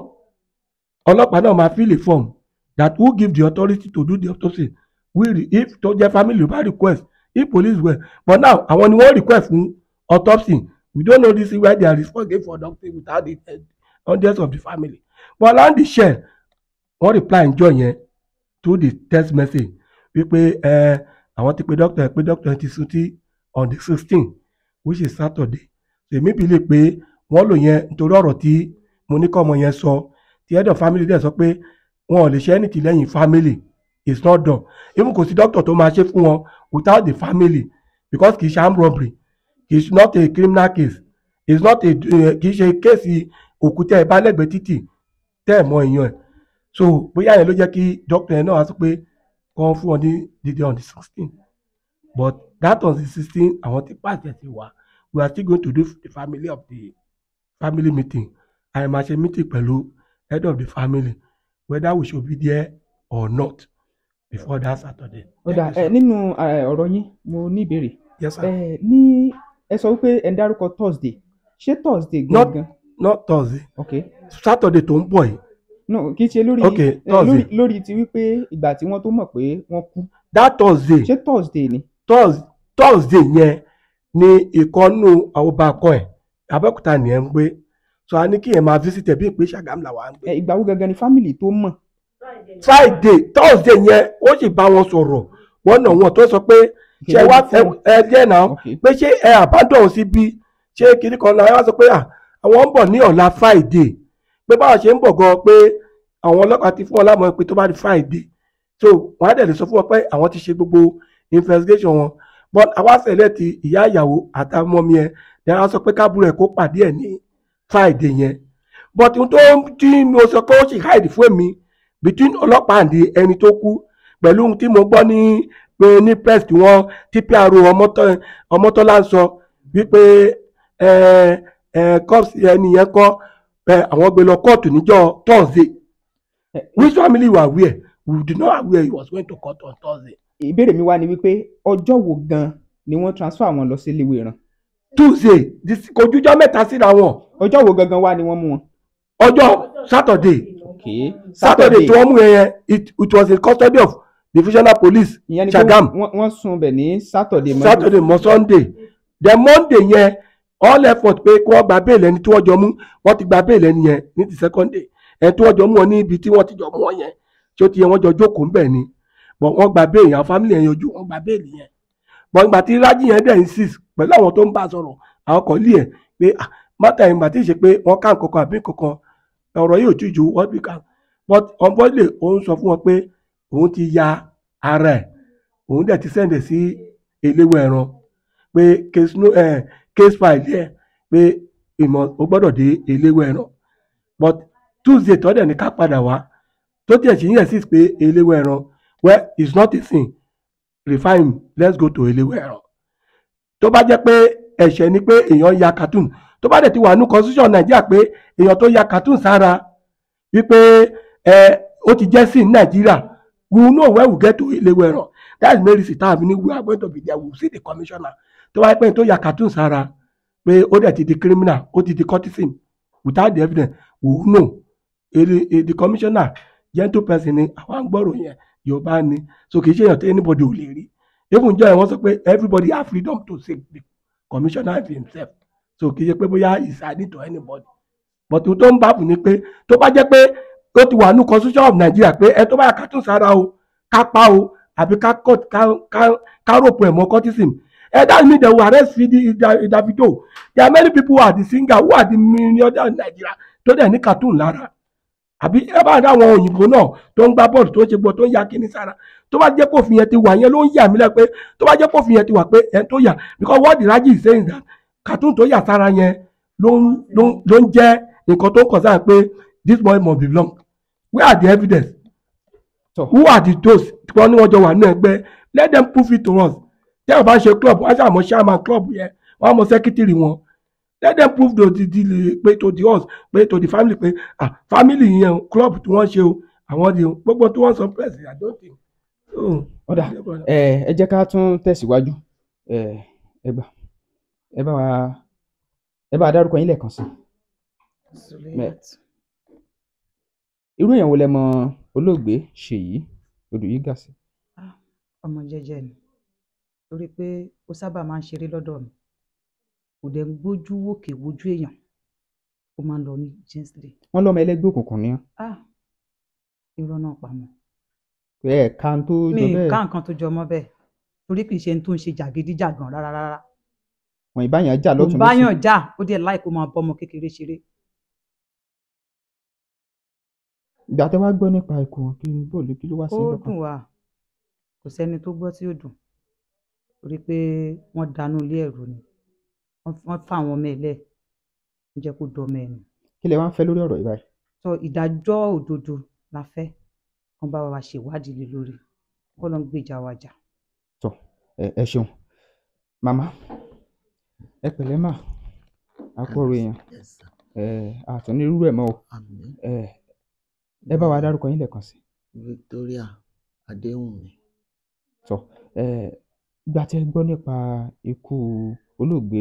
ọlọ́pàá náà máa fill a form that who give the authority to do the autopsy will if tó jẹ́ family bá request if police were but now àwọn ni wọ́n request fún autopsy we don't know this why their response dey for doctor without the hundreds of the family but land shell wọ́n reply njọ́ yẹn through the text message wípé ẹ àwọn ti pe doctor pe doctor ti sùtì on the sixteen which is saturday èmi believe pé wọ́n lò yẹn nítorí ọ̀rọ̀ tí mo ní kọ́ ọmọ yẹn sọ tí head of family there sọ pé wọn ò lè ṣe anything lẹ́yìn family it's not done even kò sí doctor tó máa ṣe fún wọn without the family because kì í ṣe robbery kì í not a criminal case it's not a eh, kì í ṣe kéèsì òkúta ẹ̀ bá lẹ́gbẹ̀ẹ́ títì tẹ́ ẹ̀ so bóyá yẹn ló jẹ́ kí doctor yẹn náà wá sọ pé wọ́n fún wọn ní on the sixteen but that on the sixteen àwọn tí pàṣẹ ti wà we are still going to do the family of the family meeting àyè máa ṣe meeting pẹ̀lú head of the family whether we should be there or not before that Saturday. ọ̀dà eh, nínú eh, ọ̀rọ̀ yín mo ní ìbéèrè. yes sir. Eh, ní ẹ sọ wípé ẹ ń dárúkọ Thursday ṣé Thursday gangan. not not Thursday. okay. Saturday tó ń bọ̀ yìí. no kì í ṣe lórí okay Thursday lórí ti wípé ìgbà tí wọ́n tó mọ̀ pé wọ́n kú. that Thursday. ṣé Thursday ni. Thursday yẹn ni ìkọ́nù àwọn ọba akọ ẹ̀ Abẹ́òkúta nìyẹn ń gbé so a ní kí yẹn máa visit ẹ̀ bí ìpè Ṣàgámù làwọn á ń gbé. ìgbà wo gangan ni fámìlì tó mọ̀ friday thursday yẹn ó sì bá wọn sọ̀rọ̀ wọ́n nà wọ́n tó sọ pé ṣe wá ẹ díẹ̀ náà pé ṣé ẹ àbádọ́n sí bí ṣé kiri kan náà ẹ wá sọ pé àwọn ń bọ̀ ní ọ̀la friday pé báwọn ṣe ń bọ̀ gan pé àwọn ọlọ́pàá ti fún wọn lámọ̀ pé tó bá di friday so wọ́n á dẹ̀ lè sọ fún wọn pé àwọn ti ṣe gbogbo investigation wọn but àwa sẹ̀lẹ̀ ti ìyá ìyàwó àtàwọn ọmọ yẹn ni a sọ pé kábùrẹ̀ kó pàdé ẹ̀ ní friday yẹn but ohun tó ń tí mo sọ pé ó sì hide fún mi between ọlọ́pàá and ẹni tó kú pẹ̀lú ohun tí mo gbọ́ ní pé ní press tí wọ́n tí PRO Ọmọ́tọ́lá ń sọ wípé cops ẹnìyẹn kọ́ àwọn gbé lọ kóòtù níjọ́ Thursday which family were aware we did not aware he was going to court on Thursday. ìbéèrè mi wá ni wípé ọjọ́ wo gan-an ni wọ́n transfer àwọn lọ sí iléèwé Tuesday kò jújọ́ mẹ́ta síra wọn. ọjọ́ wo gangan wá ni wọ́n mú wọn. ọjọ́ Saturday okay saturday tí wọ́n mú yẹn yẹn it was in custody of divisional police Ṣàgámù. wọ́n sùn bẹ̀ ní saturday mọ́ saturday mọ́ sunday the monday yẹn all effort pé kí wọ́n gba bẹ́ẹ̀lì ẹni tí wọ́n jọ mú wọ́n ti gba bẹ́ẹ̀lì ẹni yẹn ní ti second day ẹni tí wọ́n jọ mú ọ ní ibi tí wọ́n ti jọ mú ọ yẹn tí ó ti yẹ wọ́n jọ jókòó ń bẹ̀ ni but wọ́n gba bẹ́ẹ̀lì àwọn family yẹn yọjú wọ́n gba bẹ́ẹ̀lì yẹn but ìgbà tí rájí yẹn dẹ̀ insist pẹ̀lú àwọn tó ń bá a sọ̀rọ̀ àwọn kọ̀ọ̀lì yẹn pé ah, mọ́tà ìgbà tí ì ṣe pé wọ́n ká nǹkan kan àbí nǹkan kan ọ̀rọ̀ yìí ò tí ju wọ́n bí kan but ọ̀nbọ́lẹ̀ um, òun sọ fún wọn pé òun ti ya ara ẹ̀ òun dẹ̀ ti sẹ́ǹdẹ̀ sí eléwé ẹran pé case no eh, case file yẹ pé ìmọ̀ ó gbọ́dọ̀ dé eléwé ẹran but tuesday tọ́dẹ̀ ní ká padà wá tó tiẹ̀ sì ń yẹ̀ sí pé eléwé ẹran well it's not a sin refine let's go to eléwé ẹran tó bá jẹ́ pé ẹ̀ṣẹ̀ ni pé èèyàn ya cartoon tó bá dẹ̀ ti wà ní constitution nàìjíríà pé èèyàn tó ya cartoon sára wípé ẹ ó ti jẹ́ sí nàìjíríà we know where we get to Iléwẹ̀ràn that's mary sitaami ni we are going to be there we will see the commissioner tó bá yẹ pé tó ya cartoon sára pé ó dẹ̀ ti di criminal ó ti di courtesan without the evidence we will know the commissioner gentle person ni àwọn àgbọ̀rò yẹn yorùbá ni so kì í ṣe èèyàn tí anybody ò lè rí even jọ ẹ wọn sọ pé everybody have freedom to save the commissioner himself so kì í ṣe pé bóyá is added to anybody but ohun tó ń bá bù ni pé tó bá jẹ́ pé ó ti wà ní constitution of Nigeria pé ẹ tó bá yà ká tún sára o ká pa o àbí ká cut ká rope ẹ̀ mọ́ cultism ẹ dá mi dẹ̀ wò arrest fi di Davido there are many people who are the singer who are the millionaire in Nigeria tó dẹ̀ ní cartoon lára àbí ẹ bá dá àwọn òyìnbó náà tó ń gbá bọ́ọ̀lù tó ń ṣe gbọ́ tó ń ya kíní sára tó bá jẹ́ pòfin yẹn ti wà yẹn ló ń yà mí lẹ́ pé tó bá jẹ́ pòfin yẹn ti wà pé ẹ̀ tó yà because what the raji is saying that cartoon tó yà sára yẹn ló ń ló ń jẹ́ nǹkan tó ń kàn sáà pé this boy must be belong where are the evidence so. who are the those tí wọ́n ní wọ́n jọ wà ní ẹgbẹ́ let them prove it to us tí wọ́n bá ṣe club wọ́n ṣàmọ́ chairman club yẹn wọ́n á mọ secretary wọn let them prove to the, the pe to the us pe to the family pe ah family yẹn club tí wọ́n ṣe o àwọn di gbogbo tí wọ́n sọ press i don't think. ọ̀dà ẹ jẹ́ ká tún tẹ̀síwájú ẹ gbà ẹ bá wa ẹ bá dárúkọ yín lẹ́ẹ̀kan sí irú èèyàn wo lẹ mọ olóògbé Ṣèyí Odùyígà sí. Ah, ọmọ jẹ́jẹ́ ni torí pé ó sábà máa ń ṣeré lọ́dọ̀ mi kò dẹ̀ ń gbójú wòkè wojú èèyàn ó máa ń lọ ní jíǹsìlẹ̀. wọ́n lọ́mọ ẹlẹ́gbẹ́ òkùnkùn ni. Ah, irọ́ náà pa mọ́. ẹ tó jọ bẹ́ẹ̀. mi ká nǹkan tó jọ mọ́ bẹ́ẹ̀ torí kì í ṣe n tó ń ṣe jàgídíjàgan rárá wọn ìbáyàn já lọ́tún lọ́sùn. ìbáyàn jà ó díẹ̀ láì kó máa bọ́ ọmọ kékeré ṣeré. ìgbà tẹ wá gbọ́ nípa ikú wọn kí ni bóòlù kí ló wá sí lọ́kàn. ó dùn wá kò sẹ́ni tó gbọ́ tí ó dùn torí pé wọ́n dànù ilé ẹ̀rọ ni wọ́n fà wọn mẹ́lẹ̀ ń jẹ́ kó dọ́ mẹ́rin. kí lẹ wá ń fẹ́ lórí ọ̀rọ̀ ìbáyìí. sọ ìdájọ́ òdodo la fẹ́ kán bá wa ṣèwádìí lé lórí kọ́ ló gbèjà wa jà. tọ ẹ ṣeun màmá ẹ pẹ̀lẹ́ mà á kú ọ̀rọ̀ èèyàn àtún ní irú ẹ̀ mọ́ o ẹ bá wa dárúkọ yín lẹ́ẹ̀kan sí. Victoria Adéwùnmí. sọ gba tí ẹ gbọ́ nípa ikú olóògbé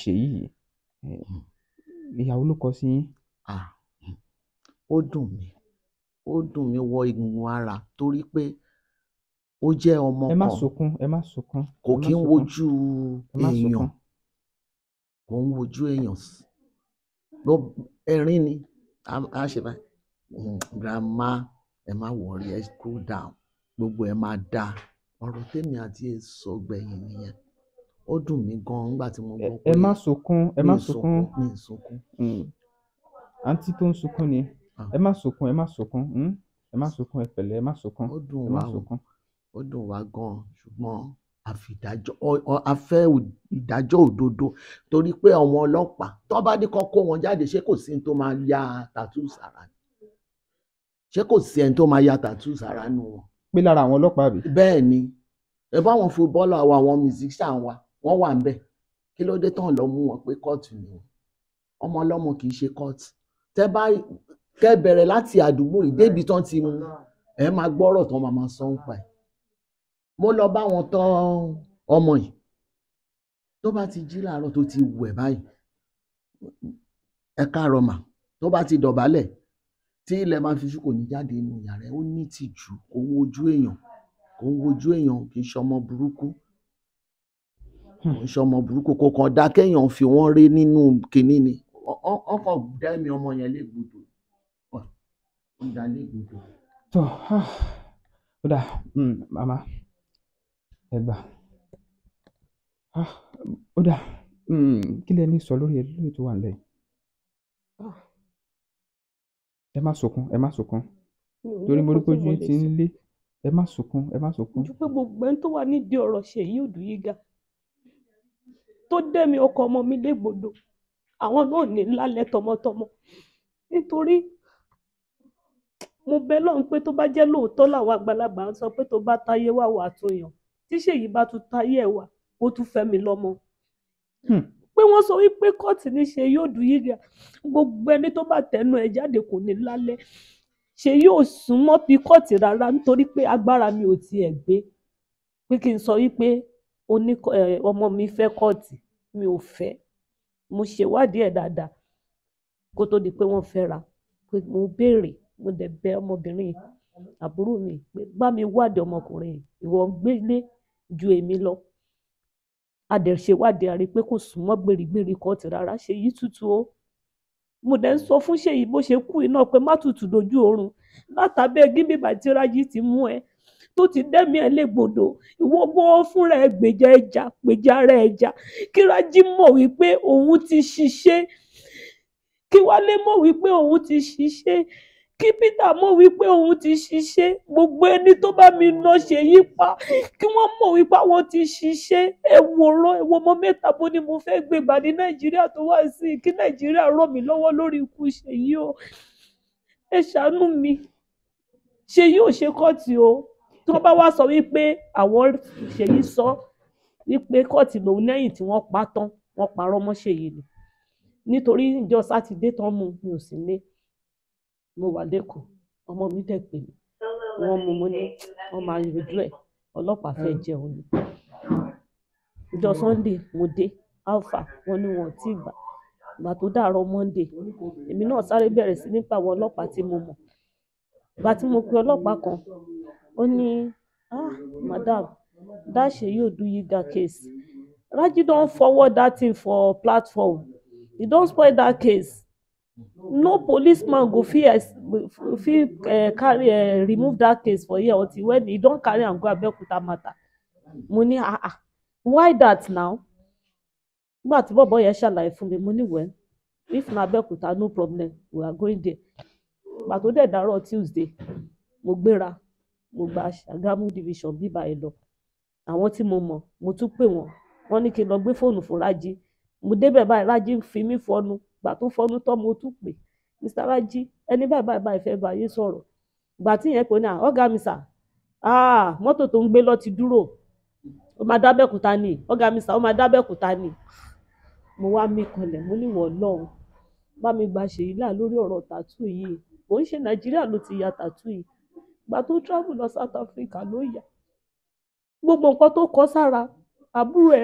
Ṣèyí yìí hmm. ìyàwó ló kọ sí yín. Hmm. ó dùn mí ó dùn mí wọ egungun ara torí pé ó jẹ́ ọmọ kan ẹ má sunkún ẹ má sunkún kò kí ń wojú èèyàn kò ń wojú èèyàn ló ẹ̀rín ni a ṣe báyìí hmm, grandma ẹ má wọrí ẹ cool down gbogbo ẹ máa da ọ̀rọ̀ tèmi àti èso gbẹ̀yìn nìyẹn ó dùn mí gan nígbà tí mo gbọ́ pé hmm. ah. ẹ má sunkún ẹ má sunkún mi ì sunkún. àǹtí tó ń sunkún ni ẹ má sunkún ẹ má sunkún ẹ má sunkún ẹ pẹ̀lẹ́ ẹ má sunkún ẹ má sunkún. ó dùn wá gan ṣùgbọ́n àfìdájọ́ afẹ́ ìdájọ́ òdodo torí pé àwọn ọlọ́pàá tó bá ní kó kó wọn jáde ṣé kò sí ẹni tó máa ya tàtú sára ni ṣé kò sí ẹni tó máa ya tàtú sára nu wọn. pé lára àwọn ọlọ́pàá bí. bẹ́ẹ̀ ni ẹ bá àwọn fúbọ́ọ̀lù àwọn àwọn musician wa wọ́n wà ń bẹ̀ kí ló dé tán lọ mú wọn pé kóòtù ni wọn ọmọ ọlọ́mọ kì í ṣe kóòtù tẹ bá kẹ bẹ̀rẹ̀ láti àdúgbò ìdébi ti mú ẹ máa gbọ́rọ̀ tán máa máa sọ ń pa ẹ̀ mo lọ bá wọn tọ́ ọmọ yìí tó bá ti jí láàárọ̀ tó ti wẹ̀ báyìí ẹ káàárọ̀ mà tó bá ti dọ̀bálẹ̀ tí ilẹ̀ máa fi ṣú kò ní jáde inú yàrá ẹ̀ ó ní tìjú kò ń wojú èèyàn kò ń wojú èèyàn kì í ṣọmọ burúkú kò ń ṣọmọ burúkú kò kàn dá kéèyàn fi wọ́n rí nínú kinní ni ọkọ̀ dẹ́mi ọmọ yẹn légbodò ọ̀dà légbodò. tó ah, ó dà hmm, màmá ẹ̀bà. Ah! Ó dáa. Hmm, kí lẹ ní sọ lórí ẹ lórí tó wà nílẹ̀ yìí? Ah! Ẹ má sunkún, ẹ má sunkún. Mi ò ní torí mo rí nǹkan pé tí ojú mo yín lè ti ń sọ. lé. Ẹ má sunkún, ẹ má sunkún. Ju pé gbogbo ẹni tó wà nídìí ọ̀rọ̀ Ṣèyí Òdùyíga tó dẹ́mi ọkọ ọmọ mi légbodò. Àwọn náà ní lálẹ́ tọmọtọmọ. Nítorí mo bẹ Ọlọ́run pé tó bá jẹ́ lóòótọ́ làwọn àgbàlagbà ń sọ pé tó bá táyé wá wà á yàn tí ṣèyí bá tún táyé ẹ̀ wá ó tún fẹ́ mi lọ́mọ. Hmm. pé wọ́n sọ wípé kóòtù ní ṣe yóò dùn yíga gbogbo ẹni tó bá tẹnu ẹ̀ jáde kò ní lálẹ́ ṣe yóò sún mọ́ bí kóòtù rárá nítorí pé agbára mi ò tiẹ̀ gbé pé kí n sọ wípé ọmọ mi fẹ́ kóòtù mi ò fẹ́ mo ṣèwádìí ẹ̀ dáadáa kó tó di pé wọ́n fẹ́ra pé mo béèrè mo dẹ̀ bẹ̀ ọmọbìnrin àbúrò mi pé mi wádìí ọmọkùnrin ìwọ gbélé ju èmi lọ a dẹ̀ ṣèwádìí a rí i pé kò súnmọ́ gbèrígbèrí kan ti rárá ṣèyí tútù o mo dẹ̀ ń sọ fún ṣèyí bó ṣe kú iná pé má tutù dojú oorun látàbẹ́ gímí bàtírá yìí ti mú ẹ tó ti dẹ́mi ẹ̀ légbodò ìwọ bó fúnra ẹ gbèjà ẹja gbèjà ara ẹja kírájí mọ̀ wípé òun ti ṣiṣẹ́ kí wálé mọ̀ wípé òun ti ṣiṣẹ́ kí Peter mọ̀ wípé òun ti ṣiṣẹ́ gbogbo ẹni tó bá mi ná ṣe yí pa kí wọ́n mọ̀ wípé àwọn ti ṣiṣẹ́ ẹ̀wòrán ẹ̀wọ̀n ọmọ mẹ́ta bó ni mo fẹ́ gbé gbà ní Nàìjíríà tó wà sí kí Nàìjíríà ràn mí lọ́wọ́ lórí ikú Ṣèyí o ẹ ṣàánú mi Ṣèyí ò ṣe kọ́ọ̀tì o tí wọ́n bá wá sọ wípé àwọn Ṣèyí sọ wípé kọ́ọ̀tì lòun lẹ́yìn tí wọ́n pa tán wọ́n parọ́ mọ́ Ṣèyí ni nítorí ìjọ sátidé tán mú mi ò sí lé mo wà lẹ́kọ̀ọ́ ọmọ mi dẹ̀ pè mí wọ́n mú mo ní wọ́n máa yanjú ẹ̀ ọlọ́pàá fẹ́ ah. jẹun ni ìjọ sunday mo dé alpha wọn ni wọn ti gbà gbà tó dàárọ̀ monday èmi náà sáré bẹ̀rẹ̀ sí nípa àwọn ọlọ́pàá tí mo mọ̀ gbà tí mo pe ọlọ́pàá kan ó ní ah madam that Seyi Oduyiga case Raji don forward that thing for platform he don spoil that case no policeman go fit fit eh, carry eh, remove that case for here until when he don carry am go abeokuta matter mo ní ah ah why that now nígbà tí bọ̀bọ̀ yẹn ṣàlàyé fún mi mo ní well if na abeokuta no problem we are going there ìgbà tó dẹ̀ dárọ̀ tuesday mo gbéra mo gba Ṣàgámù division bíbá ẹ lọ àwọn tí mo mọ̀ mo tún pè wọ́n wọ́n ní kí n lọ gbé fóònù fún Rájí mo débẹ̀ báyìí Rájí fi mí fọnu gbà tó fọnú tọ́ o tún pè mr raji ẹni báyìí báyìí báyìí fẹ́ báyé sọ̀rọ̀ gbà tí yẹn pè ní mi sà mọ́tò tó ń gbé lọ ti dúró ó máa dábẹ́kúta ni ọ̀gá mi sà ó máa ni mo wá mo bá mi ṣèyí là lórí tàtú yìí ti ya tàtú yìí gbà tó south africa ló yà gbogbo nǹkan tó kọ sára àbúrò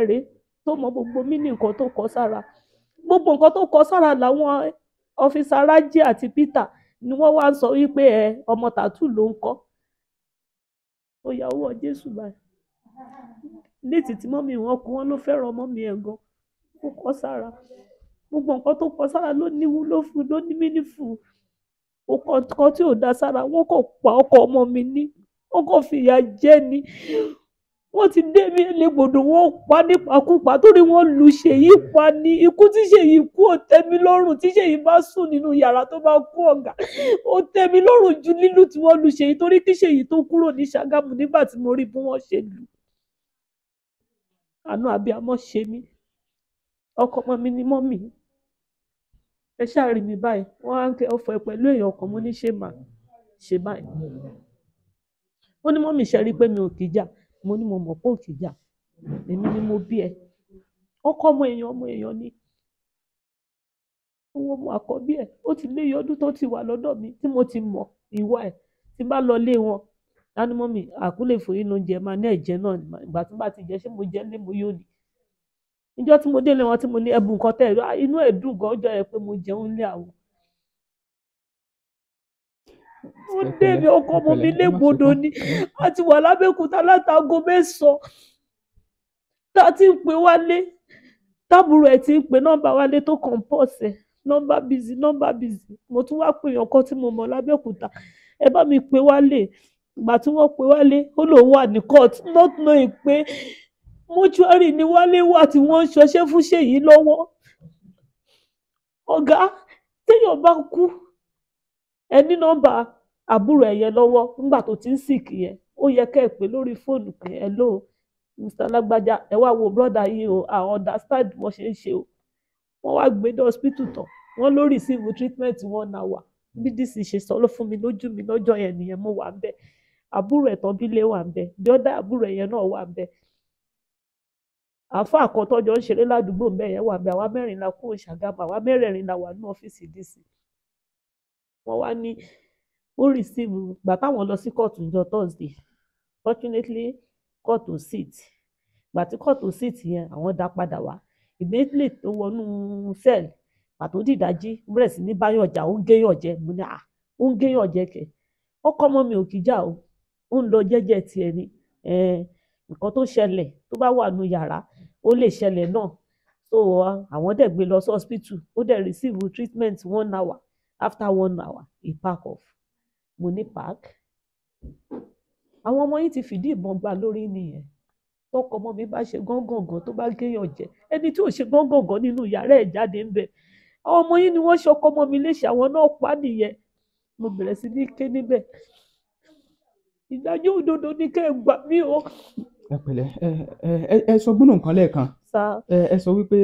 mọ gbogbo mí ní nǹkan tó gbogbo nǹkan tó kọ sára làwọn ọfíìsà rájí àti peter ni wọ́n wá ń sọ wípé ẹ ọmọ tàtù ló ń kọ́ ó yà owó jésù báyìí ní títí mọ́mí wọn kú wọn ló fẹ́ràn mọ́mí ẹ̀ gan ó kọ sára gbogbo nǹkan tó kọ sára ló níwú ló fún ló ní mínífù nǹkan tí ò da sára wọn kò pa ọkọ ọmọ mi ní wọn kò fìyà jẹ ni wọ́n ti dé bí elégbòdò wọ́n pa nípakúpa torí wọ́n lu ṣèyí pa ní ikú tí ṣèyí kú ó tẹ́mi lọ́rùn tí ṣèyí bá sùn nínú yàrá tó bá kú ọ̀gá ó tẹ́mi lọ́rùn ju lílù tí wọ́n lu ṣèyí torí kí ṣèyí tó kúrò ní Ṣàgámù nígbà tí mo rí bí wọ́n ṣe lù àánú abiyamọ ṣe mí ọkọ ọmọ mi ni mọ mi ẹ ṣáà rí mi báyìí wọ́n á kẹ ọfọ ẹ pẹ̀lú èèyàn ọkàn mo ní ṣe mà ṣe báyìí ó ní mọ mi ṣe rí pé mi ò kìí jà mo ní mo mọ̀ pé òkè jà èmi ni mo bí ẹ ọkọ ọmọ èèyàn ọmọ èèyàn ni owó ọmọ àkọ́bí ẹ̀ ó ti lé ọdún tó ti wà lọ́dọ̀ mi tí mo ti mọ̀ ìwà ẹ̀ tí bá lọ lé wọn dánimọ́ mi àkúlè fún yín lóúnjẹ máa ní ẹ̀jẹ̀ náà ìgbà tí bá ti jẹ ṣé mo jẹ lé mo yóò ní ìjọ́ tí mo délé wọn tí mo ní ẹbùn nǹkan tẹ̀ inú ẹ̀ dùn gan ọjọ́ yẹn pé mo jẹun lé àwọn ó débi ọkọ ọmọ mi légbodò ni a ti wà lábẹ́kúta látago mẹ́sàn-án tá a ti ń pè wálé táàbùrù ẹ̀ ti ń pè nọ́mbà wálé tó kàn pọ̀ sẹ̀ nọ́mbà bìzì nọ́mbà bìzì mo tún wá pè yàn kan tí mo mọ̀ lábẹ́kúta ẹ bá mi pè wálé ìgbà tí wọ́n pè wálé ó lòun wà ní court not knowing pé mọ́ṣúárì ni wálé wà tí wọ́n ń ṣọṣẹ́ fún ṣèyí lọ́wọ́ ọ̀gá téèyàn bá kú ẹní nọ́mbà àbúrò ẹ̀ lọwọ nígbà tó ti ń sick yẹn ó yẹ kẹ́ ẹ pè lórí fóònù mr lágbájá ẹ wo brọ́dà yìí o i understand wọ́n ṣe ń ṣe o wọn wá gbé dé hospital tán wọn ló receive treatment wọn na bí dc ṣe sọ ló fún mi lójú mi yẹn nìyẹn mo wà ń àbúrò náà wà ń ń ṣeré ládùúgbò ń yẹn wà ń àwa dc wọ́n wá ní ó receive gbà táwọn lọ sí kóòtù ìjọ thursday fortunately kóòtù sit gbà tí kóòtù sit yẹn àwọn dá padà wá ìgbésílẹ̀ tó wọnú sẹ́ẹ̀lì pàtó dìdájí bẹ̀rẹ̀ sí ní báyọ̀jà ó ń géyọ̀jẹ́ mo ní à ó ń géyọ̀jẹ́ kẹ̀ ó kọ́ mọ́ mi ò kíjà o ó ń lọ jẹ́jẹ́ tiẹ̀ ni nǹkan tó ṣẹlẹ̀ tó bá wà nù yàrá ó lè ṣẹlẹ̀ náà so àwọn dẹ̀ gbé lọ sí hospital ó dẹ̀ receive treatment one hour after one hour he pack off mo ní park àwọn ọmọ yìí ti fìdí ìbọn gba lórí nìyẹn tọkọ ọmọ mi bá ṣe gángangan tó bá géèyàn jẹ ẹni tí ò ṣe gángangan nínú yàrá ẹ̀ jáde ń bẹ àwọn ọmọ yìí ni wọ́n ṣe ọkọ ọmọ mi léṣe àwọn náà pa nìyẹn mo bẹ̀rẹ̀ sí ní ké níbẹ̀ ìdájọ́ òdodo ní kẹ́ ẹ gbà mí o. ẹ pẹ̀lẹ́ ẹ ẹ ẹ sọ gbólóhùn kan lẹ́ẹ̀kan sá. ẹ ẹ sọ wípé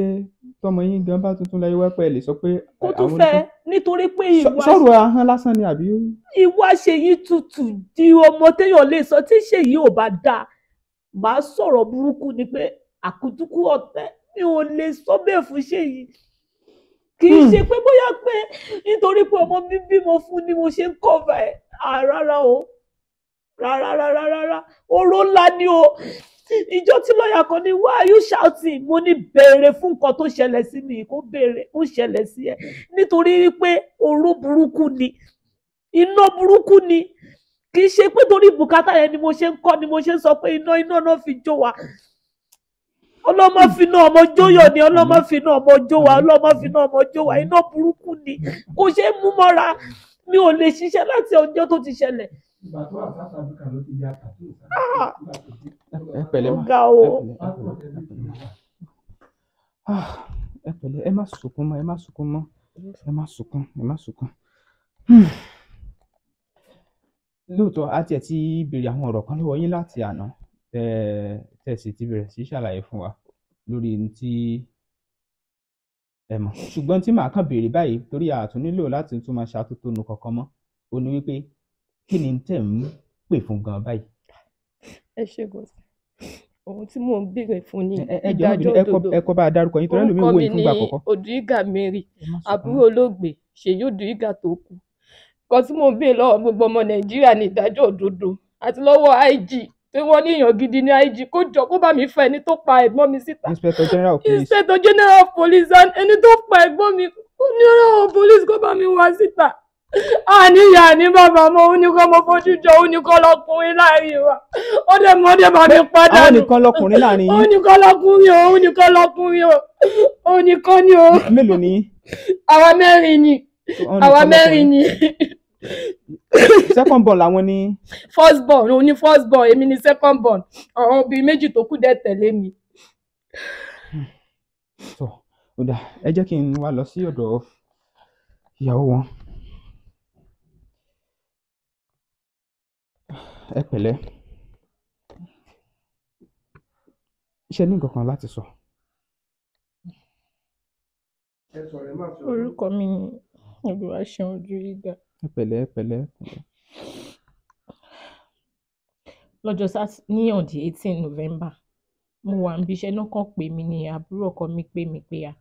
tọmọ yín gan bá tuntun láyé wá pẹ́ lè sọ pé. kó tún fẹ́ nítorí pé ìwà sọ̀rọ̀ ahọ́n lásán ni àbí. ìwà ṣèyí tutù di ọmọ téèyàn lè sọ tí ṣèyí ò bá dáa màá sọ̀rọ̀ burúkú ni pé àkútúkú ọ̀tẹ̀ mi ò lè sọ bẹ́ẹ̀ fún ṣèyí kì í hmm. ṣe pé bóyá pé nítorí pé ọmọ bíbí mo fún ni mo ṣe ń kọ̀ọ̀fà ẹ̀ ah, rárá o rárá rárá rárá oró ńlá ni o ìjọ tí lọ́ọ̀yà kan ní why are you shouting mo ní béèrè fún nǹkan tó ṣẹlẹ̀ sí mi kó béèrè kó ṣẹlẹ̀ sí ẹ nítorí wípé oró burúkú ni iná burúkú ni kì í ṣe pé torí bùkátà yẹn ni mo ṣe ń kọ́ ni mo ṣe ń sọ pé iná iná náà fi jó wa ọlọ́mọ fi náà ọmọ jóyọ̀ ni ọlọ́mọ fi ọmọ jó wa ọlọ́mọ fi náà ọmọ jó wa iná burúkú ni kò ṣe é mú mọ́ra mi ò lè ṣiṣẹ́ láti ọjọ́ tó ti ṣẹlẹ̀ ìgbà tó wà south africa ló ti ya tàtó ah! ẹ pẹ̀lẹ́ ma ah! ẹ pẹ̀lẹ́ ẹ má sunkún mọ́ ẹ má sunkún mọ́ ẹ má sunkún hmm. lóòótọ́ a tiẹ̀ ti béèrè àwọn ọ̀rọ̀ kan lọ́wọ́ yín láti àná tẹ̀sí ti bẹ̀rẹ̀ sí ṣàlàyé fún wa lórí ti ẹ mọ̀ ṣùgbọ́n tí màá kàn béèrè báyìí torí a tún nílò láti tún máa ṣàtúntò nù kankan mọ́ ó ní wípé kí ni tẹ̀ ń pè fún gan báyìí. ẹ ṣe kò sí ohun tí mò ń béèrè fún ni ìdájọ́ òdodo ẹkọ bá a dárúkọ yín torí ẹlòmíín wo ìfúngbà àkọ́kọ́. orúkọ mi ni Odùyígà Mary àbúrò olóògbé Ṣèyí Odùyígà tó kù kan tí mò ń béèrè lọ́wọ́ gbogbo ọmọ Nàìjíríà ní ìdájọ́ òdodo àti lọ́wọ́ IG pé wọ́n ní èèyàn gidi ní IG kó jọ kó bá mi fa ẹni tó pa ẹ̀gbọ́n mi síta Inspector General of Police Inspector General of Police ẹni tó pa ẹ̀gbọ́n mi kó ní ọlọ́wọ́ police kó bá mi wá síta àníyàn ní bàbá mọ òun nìkan mo fojú jọ òun nìkan lọkùnrin láàrin wa ó dẹ mọ dé bàbá padà nù àwọn nìkan lọkùnrin láàrin yín òun nìkan lọkùnrin o òun nìkan lọkùnrin o òun nìkan ni o. mélòó ni. àwa mẹ́rin ni àwa mẹ́rin ni. second born làwọn ni. first born òun ni first born èmi ni second born àwọn obìnrin méjì tó kù dẹ̀ tẹ̀lé mi. Hmm. ẹ jẹ́ kí n wá lọ sí ọ̀dọ̀ ìyàwó wọn. ẹ pẹ̀lẹ́ ṣe ní nǹkan kan láti sọ. orúkọ mi ni olùwàṣẹ ojú yíga. ẹ pẹ̀lẹ́ lọ́jọ́ sátì ní on the november mo wà níbi iṣẹ́ náà kàn pè mí ní àbúrò ọkọ mi pè mí pé à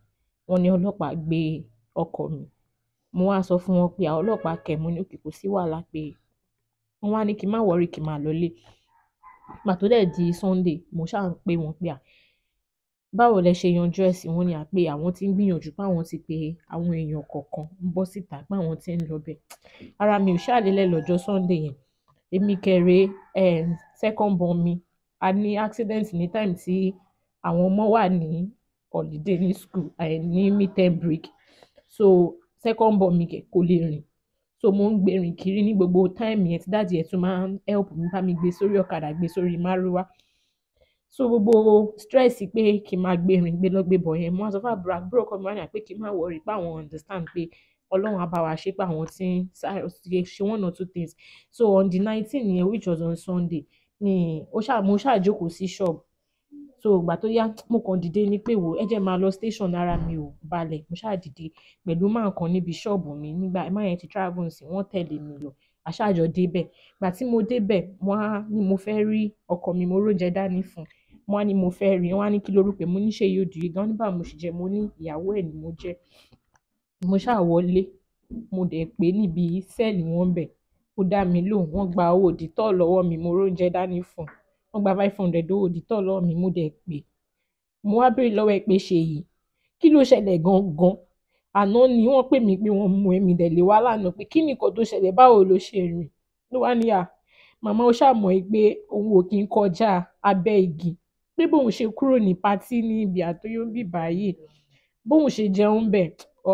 wọ́n ní ọlọ́pàá gbé ọkọ mi mo wá sọ fún wọn pé àwọn ọlọ́pàá kẹ̀ mú ní òkè kò sí wàhálà pé wọ́n wá ní kí n má wọrí kí n má lọlé ìgbà tó dẹ̀ di Sunday mo ṣáà ń pè wọ́n pé à báwo lẹ ṣe yanjú ẹ̀ sí wọ́n ní à pé àwọn tí ń gbìyànjú pé àwọn ti pe àwọn èèyàn kọ̀ọ̀kan ń bọ́ síta pé ti ń lọ ara mi ò ṣàlélẹ̀ lọ́jọ́ Sunday yẹn èmi kẹrẹ ẹ second born mi a ní accident ní time tí àwọn ọmọ wà ní holiday ní school ẹ ní midterm break so second born mi kẹ kò lè rìn so mo ń gbèrín kiri ní gbogbo time yẹn tí dáàdì ẹ̀ tún máa ń help mi bá mi gbé sórí ọ̀kadà gbé sórí márúwá so gbogbo stress pé kí n máa gbèrín gbé lọ gbé bọ̀ yẹn mo wá sọ fún àbúrò àbúrò kan mi wá ní pé kí n máa worry pé àwọn understand pé ọlọ́run á bá wa ṣe pé àwọn tí ń ṣe one or two things so on the nineteen yẹn which was on Sunday ni ó ṣáà mo ṣáà jókòó sí ṣọ́ọ̀bù so ìgbà tó yá mo kàn dìde ní pé wò ẹ jẹ́ máa lọ station ara mi ò balẹ̀ mo ṣáà dìde pẹ̀lú máa kan níbi ṣọ́ọ̀bù mi nígbà ẹ̀ máa yẹn ti travel sí wọ́n tẹ̀lé mi lọ àṣàjọ débẹ̀ gbà tí mo débẹ̀ wọ́n á ní mo fẹ́ rí ọkọ mi mo róúnjẹ dání fún un á ní mo fẹ́ rí wọ́n á ní kí lorúkọ mo ní ṣe yóò dìrí gan nígbà mo sì jẹ mo ní ìyàwó ẹ̀ ni mo jẹ́ mo ṣáà wọlé mo dẹ̀ pé níbi sẹ́ẹ̀lì wọn bẹ̀ ó dá mi lóhùn wọ́n gba owó òdìtọ́ lọ́wọ́ mi mo róúnjẹ dání fún un wọ́n gba five hundred owó oh, òdìtọ́ lọ́wọ́ mi mo dẹ̀ pé mo wá béèrè lọ́wọ́ ẹ pé ṣe yìí kí ló ṣẹlẹ̀ gangan àná ni wọ́n pè mí pé wọ́n mú ẹ̀mí dẹ̀lé wá lánàá pé kí nìkan tó ṣẹlẹ̀ báwo ló ṣe rìn ló wá ní màmá ó ṣàmọ̀ ẹ pé òun ò kí ń kọjá abẹ́ igi pé bóun ṣe kúrò ní patí ní ibi àtóyó bì báyìí bóun ṣe jẹun bẹ̀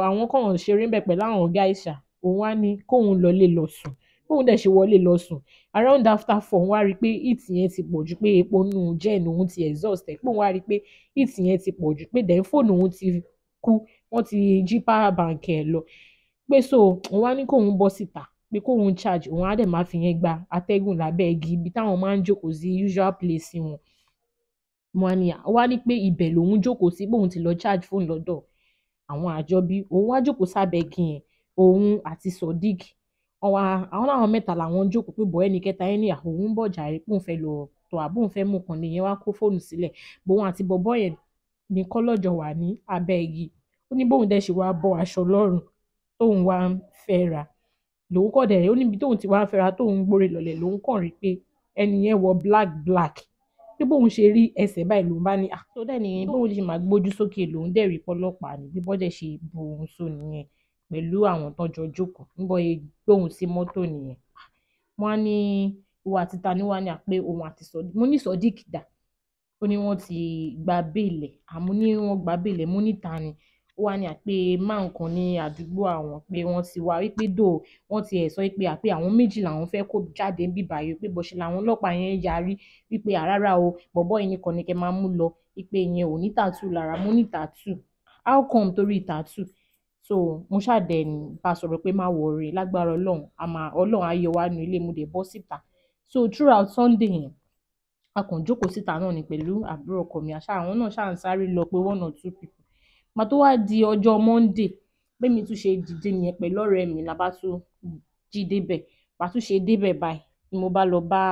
àwọn kan ṣeré bẹ̀ pẹ̀lú àwọn ọ̀gá ìṣà òun wá ní kóun lọlé lọ sùn bóun dẹ̀ ṣe wọlé lọ sùn around after four òun wá rí i pé heat yẹn ti pọ̀ jù pé epo nù jẹ́ẹ̀nù òun ti exhaust ẹ̀ pé òun wá rí i pé heat yẹn ti pọ̀ pé then phone òun ti kú wọ́n ti jí power bank ẹ̀ lọ pé so òun wá ní kóun bọ́ síta pé kóun charge òun á dẹ̀ máa fi yẹn gba atẹ́gùn lábẹ́ igi ibi táwọn máa ń jókòó sí usual place wọn wọn ni wá ní pé ibẹ̀ lòun jókòó sí bóun ti lọ charge fóònù lọ́dọ̀ àwọn àjọbí òun wá jókòó sábẹ́ igi yẹn òun àti Sodiq ọwọ́ àwọn àwọn mẹ́ta làwọn jókòó pé bọ́ ẹnì kẹta yẹn ní àwọn ń bọ̀ jàre pé òun fẹ́ lọ tọ̀ àbóun fẹ́ mú ọkàn nìyẹn wá kó fóònù sílẹ̀ bóun àti bọ̀bọ́ yẹn ní kọ́lọ́jọ wà ní abẹ́ igi ó ní bóun dẹ̀ ṣe wá bọ aṣọ lọ́rùn tóun wá ń fẹ́ ra lòun kọ̀ dẹ̀ ó níbi tóun ti wá ń fẹ́ ra tóun gbóre lọ̀lẹ̀ lòun kàn rí pé ẹni yẹn wọ black black pé bóun ṣe rí ẹsẹ̀ báyìí lòun bá ní àtọ́dẹ̀ ah, nìyẹn bóun ṣe máa gbójú sókè lòun dẹ̀ rí pọ́lọ́pàá ní bí bọ́dẹ̀ ṣe bu òun sóun nìyẹn pẹ̀lú àwọn tó jọ jókòó níbo gbóhùn sí mọ́tò nìyẹn wọ́n á ní ìwà títa ni wọ́n á ní àpé òun àti sọ́dí mo ní sọ́díkì dà ó ní wọ́n ti gba béèlẹ̀ àmọ́ ní wọ́n gba béèlẹ̀ mo níta ni ó wá ní àpé máa ń kan ní àdúgbò àwọn pé wọ́n ti wá wípé dò wọ́n ti ẹ̀ sọ pé àpé àwọn méjì làwọn fẹ́ kó jáde ń bíbá yìí pé bọ̀ṣẹ̀ làwọn ọlọ́pàá yẹn yarí wípé àràrà o bọ̀bọ̀ yìí nìkan ni kẹ́ máa mú lọ wípé ìyẹn ò ní tàtú lára mo ní tàtú how come torí tàtú so mo ṣàdẹ ní bá a sọ̀rọ̀ pé má wọrí lágbára ọlọ́run àmà ọlọ́run ayọ̀ wa nu ilé mo dẹ̀ bọ́ síta so throughout sunday yẹn a kàn jókòó síta náà ni pẹ̀lú àbúrò ọkọ mi àṣà àwọn náà ṣáà ń sáré lọ pé one or two people mà tó wá di ọjọ́ monday pé mi tún ṣe dìde nìyẹn pẹ̀lú ọ̀rẹ́ mi la bá tún jí débẹ̀ bá tún ṣe débẹ̀ báyìí ni mo bá lọ bá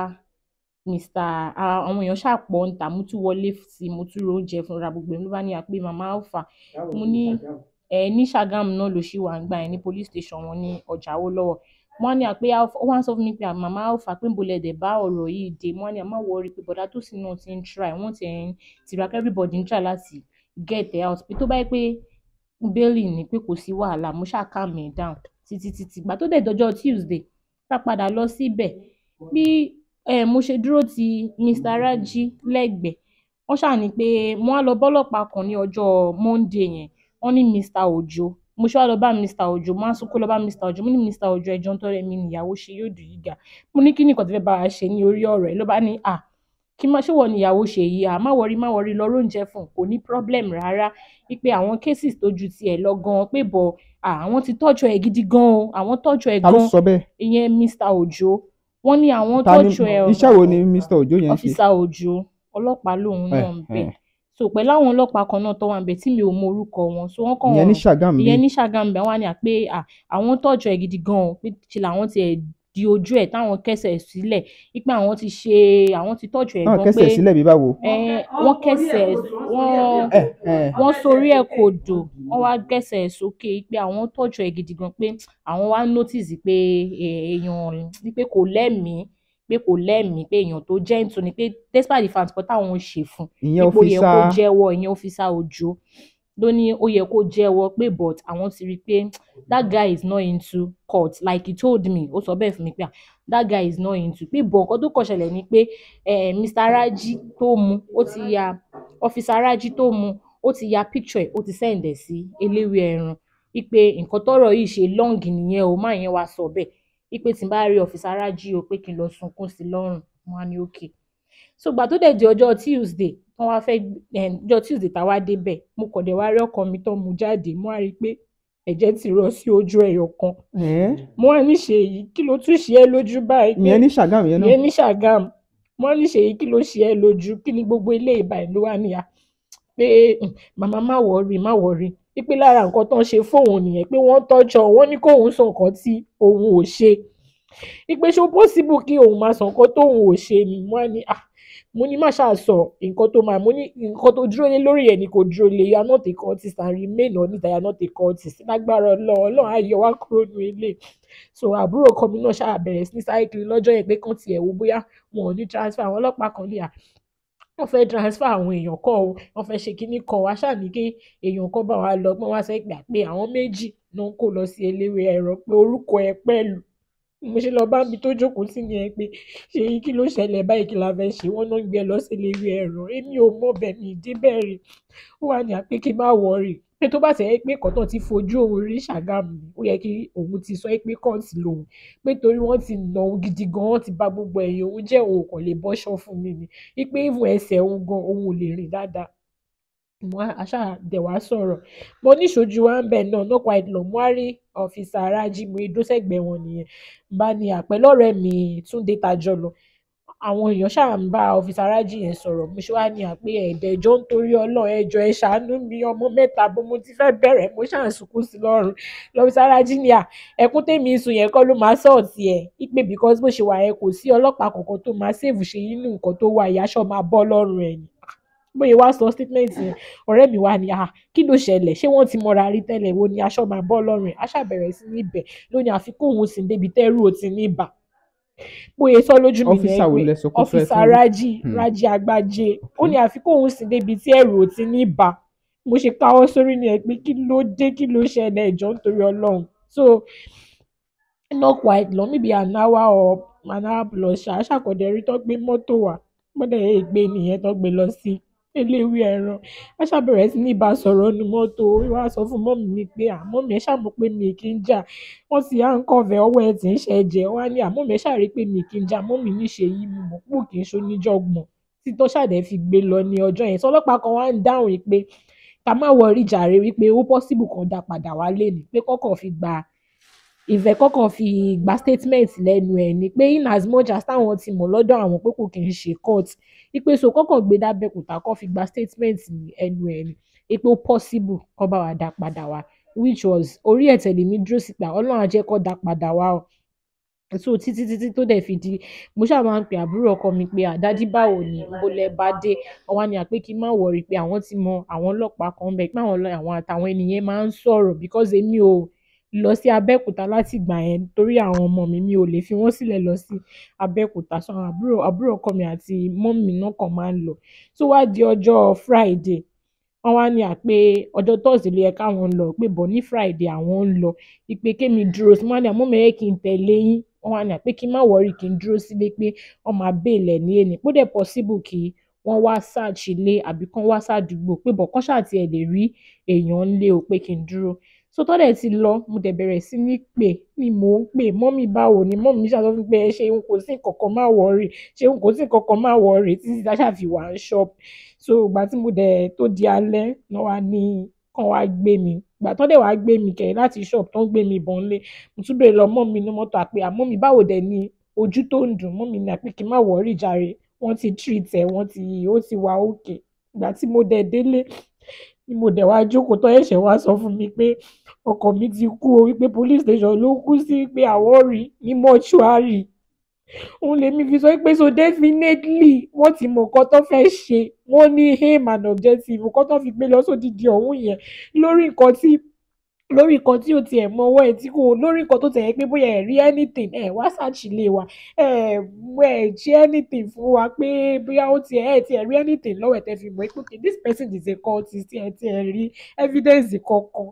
mr àwọn èèyàn ṣàpọ̀ ń tà mo tún wọlé sí mo tún ro oúnjẹ fúnra gbogbo ẹ̀ ló bá ní àpè màmá alfa mo ní ẹ ní Ṣàgámù náà ló ṣì wà nígbà yẹn ní police station wọn ní ọjà Awólọ́wọ̀ wọ́n ní pé ó wá ń sọ fún mi pé màmá Alfa pé níbo lẹ̀ dẹ̀ bá ọ̀rọ̀ yìí dé wọ́n ní àmọ́ wọ́ọ́rí pé bọ̀dá tó sì náà ti ń try wọ́n ti ń tiraka everybody ń try láti get out pé tó bá yẹ pé bẹ́ẹ̀lì ni pé kò sí wàhálà mo ṣáà calm me down títí títí gbà tó dẹ̀ dọjọ́ Tuesday tá padà lọ síbẹ̀ bí mo ṣe dúró ti Mr. Raji lẹ́gbẹ̀ẹ́ wọ́n ṣáà ní pé mo á lọ bọ́lọ́pàá kan ní ọjọ́ Monday yẹn wọ́n ní Mr. Ojo, mo ṣe wá lọ bá Mr. Ojo, mo á sunkún lọ bá Mr. Ojo, mo ní Mr. Ojo ẹjọ́ ń tọrẹ mi níyàwó ṣe yóò dùn yíga mo ní kí ni nǹkan tó fẹ́ bá a ṣe ní orí ọ̀rọ̀ ẹ̀ ló bá ní à kí má ṣe wọ níyàwó ṣe yìí à má wọrí má wọrí lọ róúnjẹ fún kò ní problem rárá wípé àwọn cases tó ju tiẹ̀ lọ gan pé bọ̀ àwọn ti tọ́jú ẹ̀ gidi gan o àwọn tọ́jú ẹ̀ gan ìyẹn Mr. Ojo, wọ́n ní àwọn tọ́jú ẹ̀ ọ̀gá iṣẹ́ wo ni Mr. lòun náà ń bẹ̀ eh, eh so pẹ̀lú àwọn ọlọ́pàá kan náà tó wà níbẹ̀ tí mi ò mọ orúkọ wọn so wọ́n kàn wọ́n ìyẹn ní Ṣàgámù ìyẹn ní Ṣàgámù bẹ́ẹ̀ wọ́n á ní à pé àwọn tọ́jú ẹ̀ gidi gan-an pé ṣe làwọn ti ẹ̀ di ojú ẹ̀ táwọn kẹsẹ̀ sílẹ̀ wípé àwọn ti ṣe àwọn ti tọ́jú ẹ̀ gan pé àwọn kẹsẹ̀ sílẹ̀ bí báwo. wọ́n kẹsẹ̀ eh, wọ́n sorí ẹ̀ kò dò eh, eh. wọ́n wá kẹsẹ̀ sókè pé àwọn tọ́jú ẹ̀ gidi gan pé àwọn wá notice pé èèyàn pé kò lẹ́mìí pé kò lẹ́mìí pé èèyàn tó gentle ni pé despite the fact pé táwọn ṣe fún ipò yẹ kó jẹ́wọ́ ìyẹn ọ́físà òjò ló ní ó yẹ kó jẹ́wọ́ pé but àwọn ti rí i pé that guy is not into court like he told me ó sọ bẹ́ẹ̀ fún mi pé ah, that guy is not into pé bọ̀ nǹkan tó kàn ṣẹlẹ̀ ni pé eh, Mr. Raji tó mu ó ti ya Officer Raji tó mu ó ti ya picture ẹ̀ ó ti send ẹ̀ sí eléwé ẹran wípé nǹkan tọ́rọ̀ yìí ṣe long nìyẹn o má yẹn wá sọ bẹ́ẹ̀ wípé tí n bá rí ọ̀fíìsì arájí o pé kí n lọ sunkún sí lọ́rùn wọn á ní òkè so gbà tó dẹ̀ di ọjọ́ Tuesday wọ́n wá fẹ́ eh, ọjọ́ Tuesday tá a wá débẹ̀ mo kọ̀ dẹ̀ wá rí ọkọ mi tó mu jáde mo á rí i pé ẹ̀jẹ̀ ti rọ sí ojú ẹyọ kan eh? mo á ní ṣe èyí kí ló tún ṣe é lójú báyìí ìyẹn ní Ṣàgám yẹn náà ìyẹn ní Ṣàgám mo á ní ṣe èyí kí ló ṣe é lójú kí ni gbogbo ilé ìbàyìn ló wà níyà ah, pé hmm, màmá má wọrí má wọrí wípé lára nǹkan tó ń ṣe fóun nìyẹn pé wọ́n tọ́jọ́ wọ́n ní kóun sọ nǹkan tí òun ò ṣe wípé ṣó possible kí òun máa sọ nǹkan tóun ò ṣe ni mo ní à ah, mo ní má ṣáà sọ nǹkan tó máa mo ní nǹkan tó dúró lé lórí ẹ̀ kò dúró lé you are not a cultist and remain on it you are not a cultist lágbára ọlọ́run ọlọ́run á yọ wá kúrò ní ilé so àbúrò kan mi náà ṣáà bẹ̀rẹ̀ sí ní sáyẹ́kiri lọ́jọ́ yẹn pé kàn tiẹ̀ wo bóyá wọn ò ní transfer àwọn ọlọ́pàá kan lè à ah, wọ́n fẹ́ transfer àwọn èèyàn kọ́ o wọ́n fẹ́ ṣe kínní kọ́ wa ṣáàní kí èèyàn kọ́ bá wa lọ pé wọ́n á sẹ́ gbà pé àwọn méjì ló ń kó lọ sí eléwé ẹ̀rọ pé orúkọ ẹ pẹ̀lú mo ṣe lọ bá mi tó jókòó sí ni ẹ pé ṣe kí ló ṣẹlẹ̀ báyìí kí la fẹ́ ṣe wọ́n náà ń gbé lọ sí eléwé ẹ̀rọ èmi ò mọ̀ bẹ́ẹ̀ mi ìdí bẹ́ẹ̀ rè ó wà ní àpé má wọ̀ pé tó bá tẹ̀ ẹ́ pé kọ́tọ̀ ti fojú òun rí ṣàgámù ni ó yẹ kí òun ti sọ pé kọ́ọ̀tì lòun pé torí wọ́n ti nà òun gidi gan wọ́n ti ba gbogbo ẹ̀yìn òun jẹ́ òun kò lè bọ́ṣọ fún mi ni wípé ìwọ̀n ẹsẹ̀ òun gan òun ò lè rìn dáadáa mo àṣà dẹ̀wá sọ̀rọ̀ mo níṣojú wa ń bẹ̀ náà no quite long mo á rí ọ̀fíìsà arájí mo idó sẹ́gbẹ̀ẹ́ wọn nìyẹn bá ní àpẹ́lọ́rẹ́ mi Túndé tajọ lọ àwọn èèyàn ṣáà ń bá ọ́fíìsì arájì yẹn sọ̀rọ̀ mo ṣe wá ní àpé ẹ̀ẹ́dẹ̀jọ́ nítorí ọlọ́run ẹjọ́ ẹ ṣàánú mi ọmọ mẹ́ta bó mo ti fẹ́ bẹ̀rẹ̀ mo ṣáà ń sunkún sí lọ́rùn lọ́fíìsì arájì ni à ẹkún tèmi sùn yẹn kọ́ ló máa sọ̀ọ̀tì ẹ̀ ìpè because bó ṣe wà yẹn kò sí ọlọ́pàá kankan tó máa ṣèwù ṣe nínú nǹkan tó wà ìyáṣọ́ máa bọ́ lọ́rùn ẹ̀ ni ah, bóyá wá sọ statement yẹn ọ̀rẹ́ mi wá ní ah kí ló ṣẹlẹ̀ ṣé wọ́n ti mọra rí tẹ́lẹ̀ wo ni aṣọ máa bọ́ lọ́rùn ẹ̀ aṣàbẹ̀rẹ̀ sí níbẹ̀ lónìí àfikún òun sì débi tẹ́rù ó ti ní ibà bóyá sọ lójú mi hmm. hmm. ní ẹgbẹ́ ọfíìsà Raji Rájí Àgbájé ó ní àfikún òun sì débi tí ẹ̀rù ò ti ní bà mo ṣe káwọ́ sórí ni ẹ pé kí ló dé kí ló ṣẹlẹ̀ ìjọ nítorí Ọlọ́run so not quite long maybe an hour or an hour plus ṣáà ṣàkọ̀dẹ̀ rí tó gbé mọ́tò wá gbọ́dọ̀ yẹ ìgbé nìyẹn tó gbé lọ sí eléwé ẹran a ṣáà bẹ̀rẹ̀ sí ní bá sọ̀rọ̀ nu mọ́tò wá sọ fún mọ́mì mi pé àmọ́mì ẹ ṣáà mọ̀ pé mi kì í jà wọ́n ti à ń kọ̀fẹ́ ọwọ́ ẹ ti ń ṣẹ̀jẹ̀ wá ní àmọ́mì ẹ ṣáà rí pé mi kì í jà mọ́mì níṣe yìí mo mọ̀ pò kì í ṣoníjọ́gbọ̀n tí tó ṣàdẹ̀ fi gbé lọ ní ọjọ́ yẹn sọlọ́pàá kan wá ń dáhùn yìí pé ká má wọrí jàre wípé ó pọ́sibù kan dá padà wálé ni pé kọ́kọ́ fi gba ìfẹ́ kọ́kọ́ fi gba statement lẹ́nu ẹ̀ ni pé in as much as táwọn ti mọ̀ lọ́dọ̀ àwọn pé kò kì í ṣe court ipe so kọ́kàn gbé dábẹ́kúta kọ́ fi gba statement ẹnu ẹ̀ ipe ó possible kọ́ bá wa dá padà wá which was orí ẹ̀tẹ̀ lèmi dúró síta ọlọ́run á jẹ́ kó dá padà wá o so títí títí tó dẹ̀ fi di mo ṣáà máa ń pe àbúrò ọkọ mi pé àdájí báwo ni bó lẹ bá dé ọwọ́ ni àpé kí n má wọrí pé àwọn ti mọ àwọn ọlọ́pàá kan bẹ̀ pé àwọn àtàwọn ènìyàn máa ń sọ̀rọ̀ because èmi ò lọ sí Abẹ́òkúta láti ìgbà yẹn torí àwọn ọmọ mi, mi ò lè fi wọ́n sílẹ̀ lọ sí Abẹ́òkúta. So àwọn àbúrò, àbúrò ọkọ mi àti mọ́mì náà kan máa ń lọ. Tó wá di ọjọ́ Friday, wọ́n wá ní à ọjọ́ Thursday ló yẹ ká wọn lọ pé bọ̀ ní Friday àwọn ń lọ. Wípé kí èmi dúró, mo wá ní à mummy kí n tẹ̀lé yín. Wọ́n wá ní à kí n má worry kí n dúró sílé pé wọ́n máa bail ní èní. Pé dẹ̀ possible kí wọ́n wá search ilé àbí kí wọ́n wá s'àdúgbò pé bọ̀ kọ́ ṣáà tí lè rí èèyàn ńlé o pé kí n dúró so tó dẹ̀ ti lọ mo dẹ̀ bẹ̀rẹ̀ sí ní pè ni mò ń pè mọ́mì báwo ni mọ́mì mi ṣàtọ́ fún pé ẹ ṣe n kò sí kankan má wọ̀ọ́rì ṣe n kò sí kankan má wọ̀ọ́rì títí tá ṣàfi wà ń ṣọ́ọ̀bù so ìgbà tí mo dẹ̀ tó di alẹ́ náà wá ní kàn wá gbé mi ìgbà tó dẹ̀ wá gbé mi kẹ̀ láti ṣọ́ọ̀bù tó ń gbé mi bọ̀ ńlé mo tún bèrè lọ mọ́mì ní mọ́tò àpè àmọ́mì báwo dẹ̀ ni ojú tó ń dùn mọ́mì ní àpè kí má wọ̀ọ́rì jàre wọ́n ti treat ẹ̀ wọ́n ti ó ti wà òkè ìgbà tí mo dẹ̀ délé ni mo dẹ̀ wá jókòó tó ẹ̀ṣẹ̀ wá sọ fún mi pé ọkọ mi ti kú o wípé police station ló kú sí pé àwọn rí ní mọ́ṣúárì òun lèmi fi sọ pé so definitely wọ́n ti mọ nǹkan tó fẹ́ ṣe wọ́n ní aim and objective nǹkan tó fi gbé lọ sódìdí ọ̀hún yẹn lórí nǹkan tí lórí kan tí o tiẹ̀ mọ ọwọ́ ẹ tí kò lórí kan tó tẹ̀yẹ pé bóyá ẹ rí anything ẹ wá ṣàṣìlè wa ẹ ẹ ṣe anything fún wa pé bóyá ó tiẹ̀ ẹ tiẹ̀ rí anything lọ́wọ́ ẹ tẹ́ fi mọ̀ ẹ pé this person is a cultist ẹ tiẹ̀ rí evidence kankan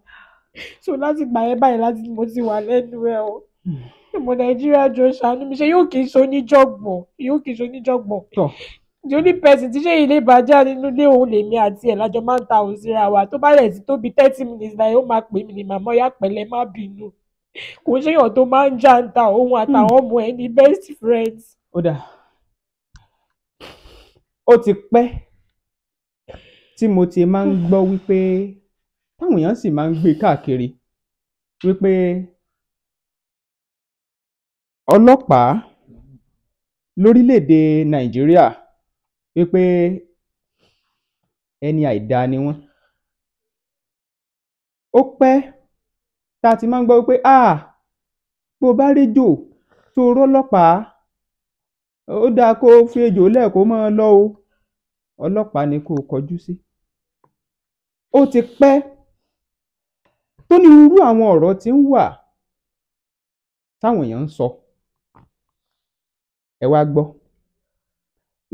so láti gbà yẹn báyìí láti mo ti wà lẹ́nu ẹ o ìmọ̀ hmm. nàìjíríà jọ ṣàánú mi ṣe yóò kì í ṣoníjọ̀gbọ̀n yóò kì í ṣoníjọ̀gbọ̀n. di only person tí ṣé ilé ìbàjá nínú ilé òun lèmi àti ẹ̀ lájọ máa ń ta òun síra wa tó bá rẹ̀ sí thirty minutes náà ó máa pè mí ní màmá ọ̀yá pẹ̀lẹ́ má bínú kò ṣèyàn tó máa ń já ń ta òun àtàwọn ọmọ ẹ̀ ní best friends. ó ti pẹ́ tí mo ti máa ń gbọ́ wípé táwọn èèyàn sì máa ń gbé káàkiri wípé wípé ẹni àìda ni wọ́n ó pẹ́ tá a ti máa ń gbọ́ wípé ah bó o bá réjò tó o rọ́lọ́pàá ó dáa kó o fi ejò lẹ̀ kó máa lọ o ọlọ́pàá ni kó o kọjú sí ó ti pẹ́ tó ní irú àwọn ọ̀rọ̀ tí ń wà táwọn èèyàn ń sọ ẹ wá gbọ́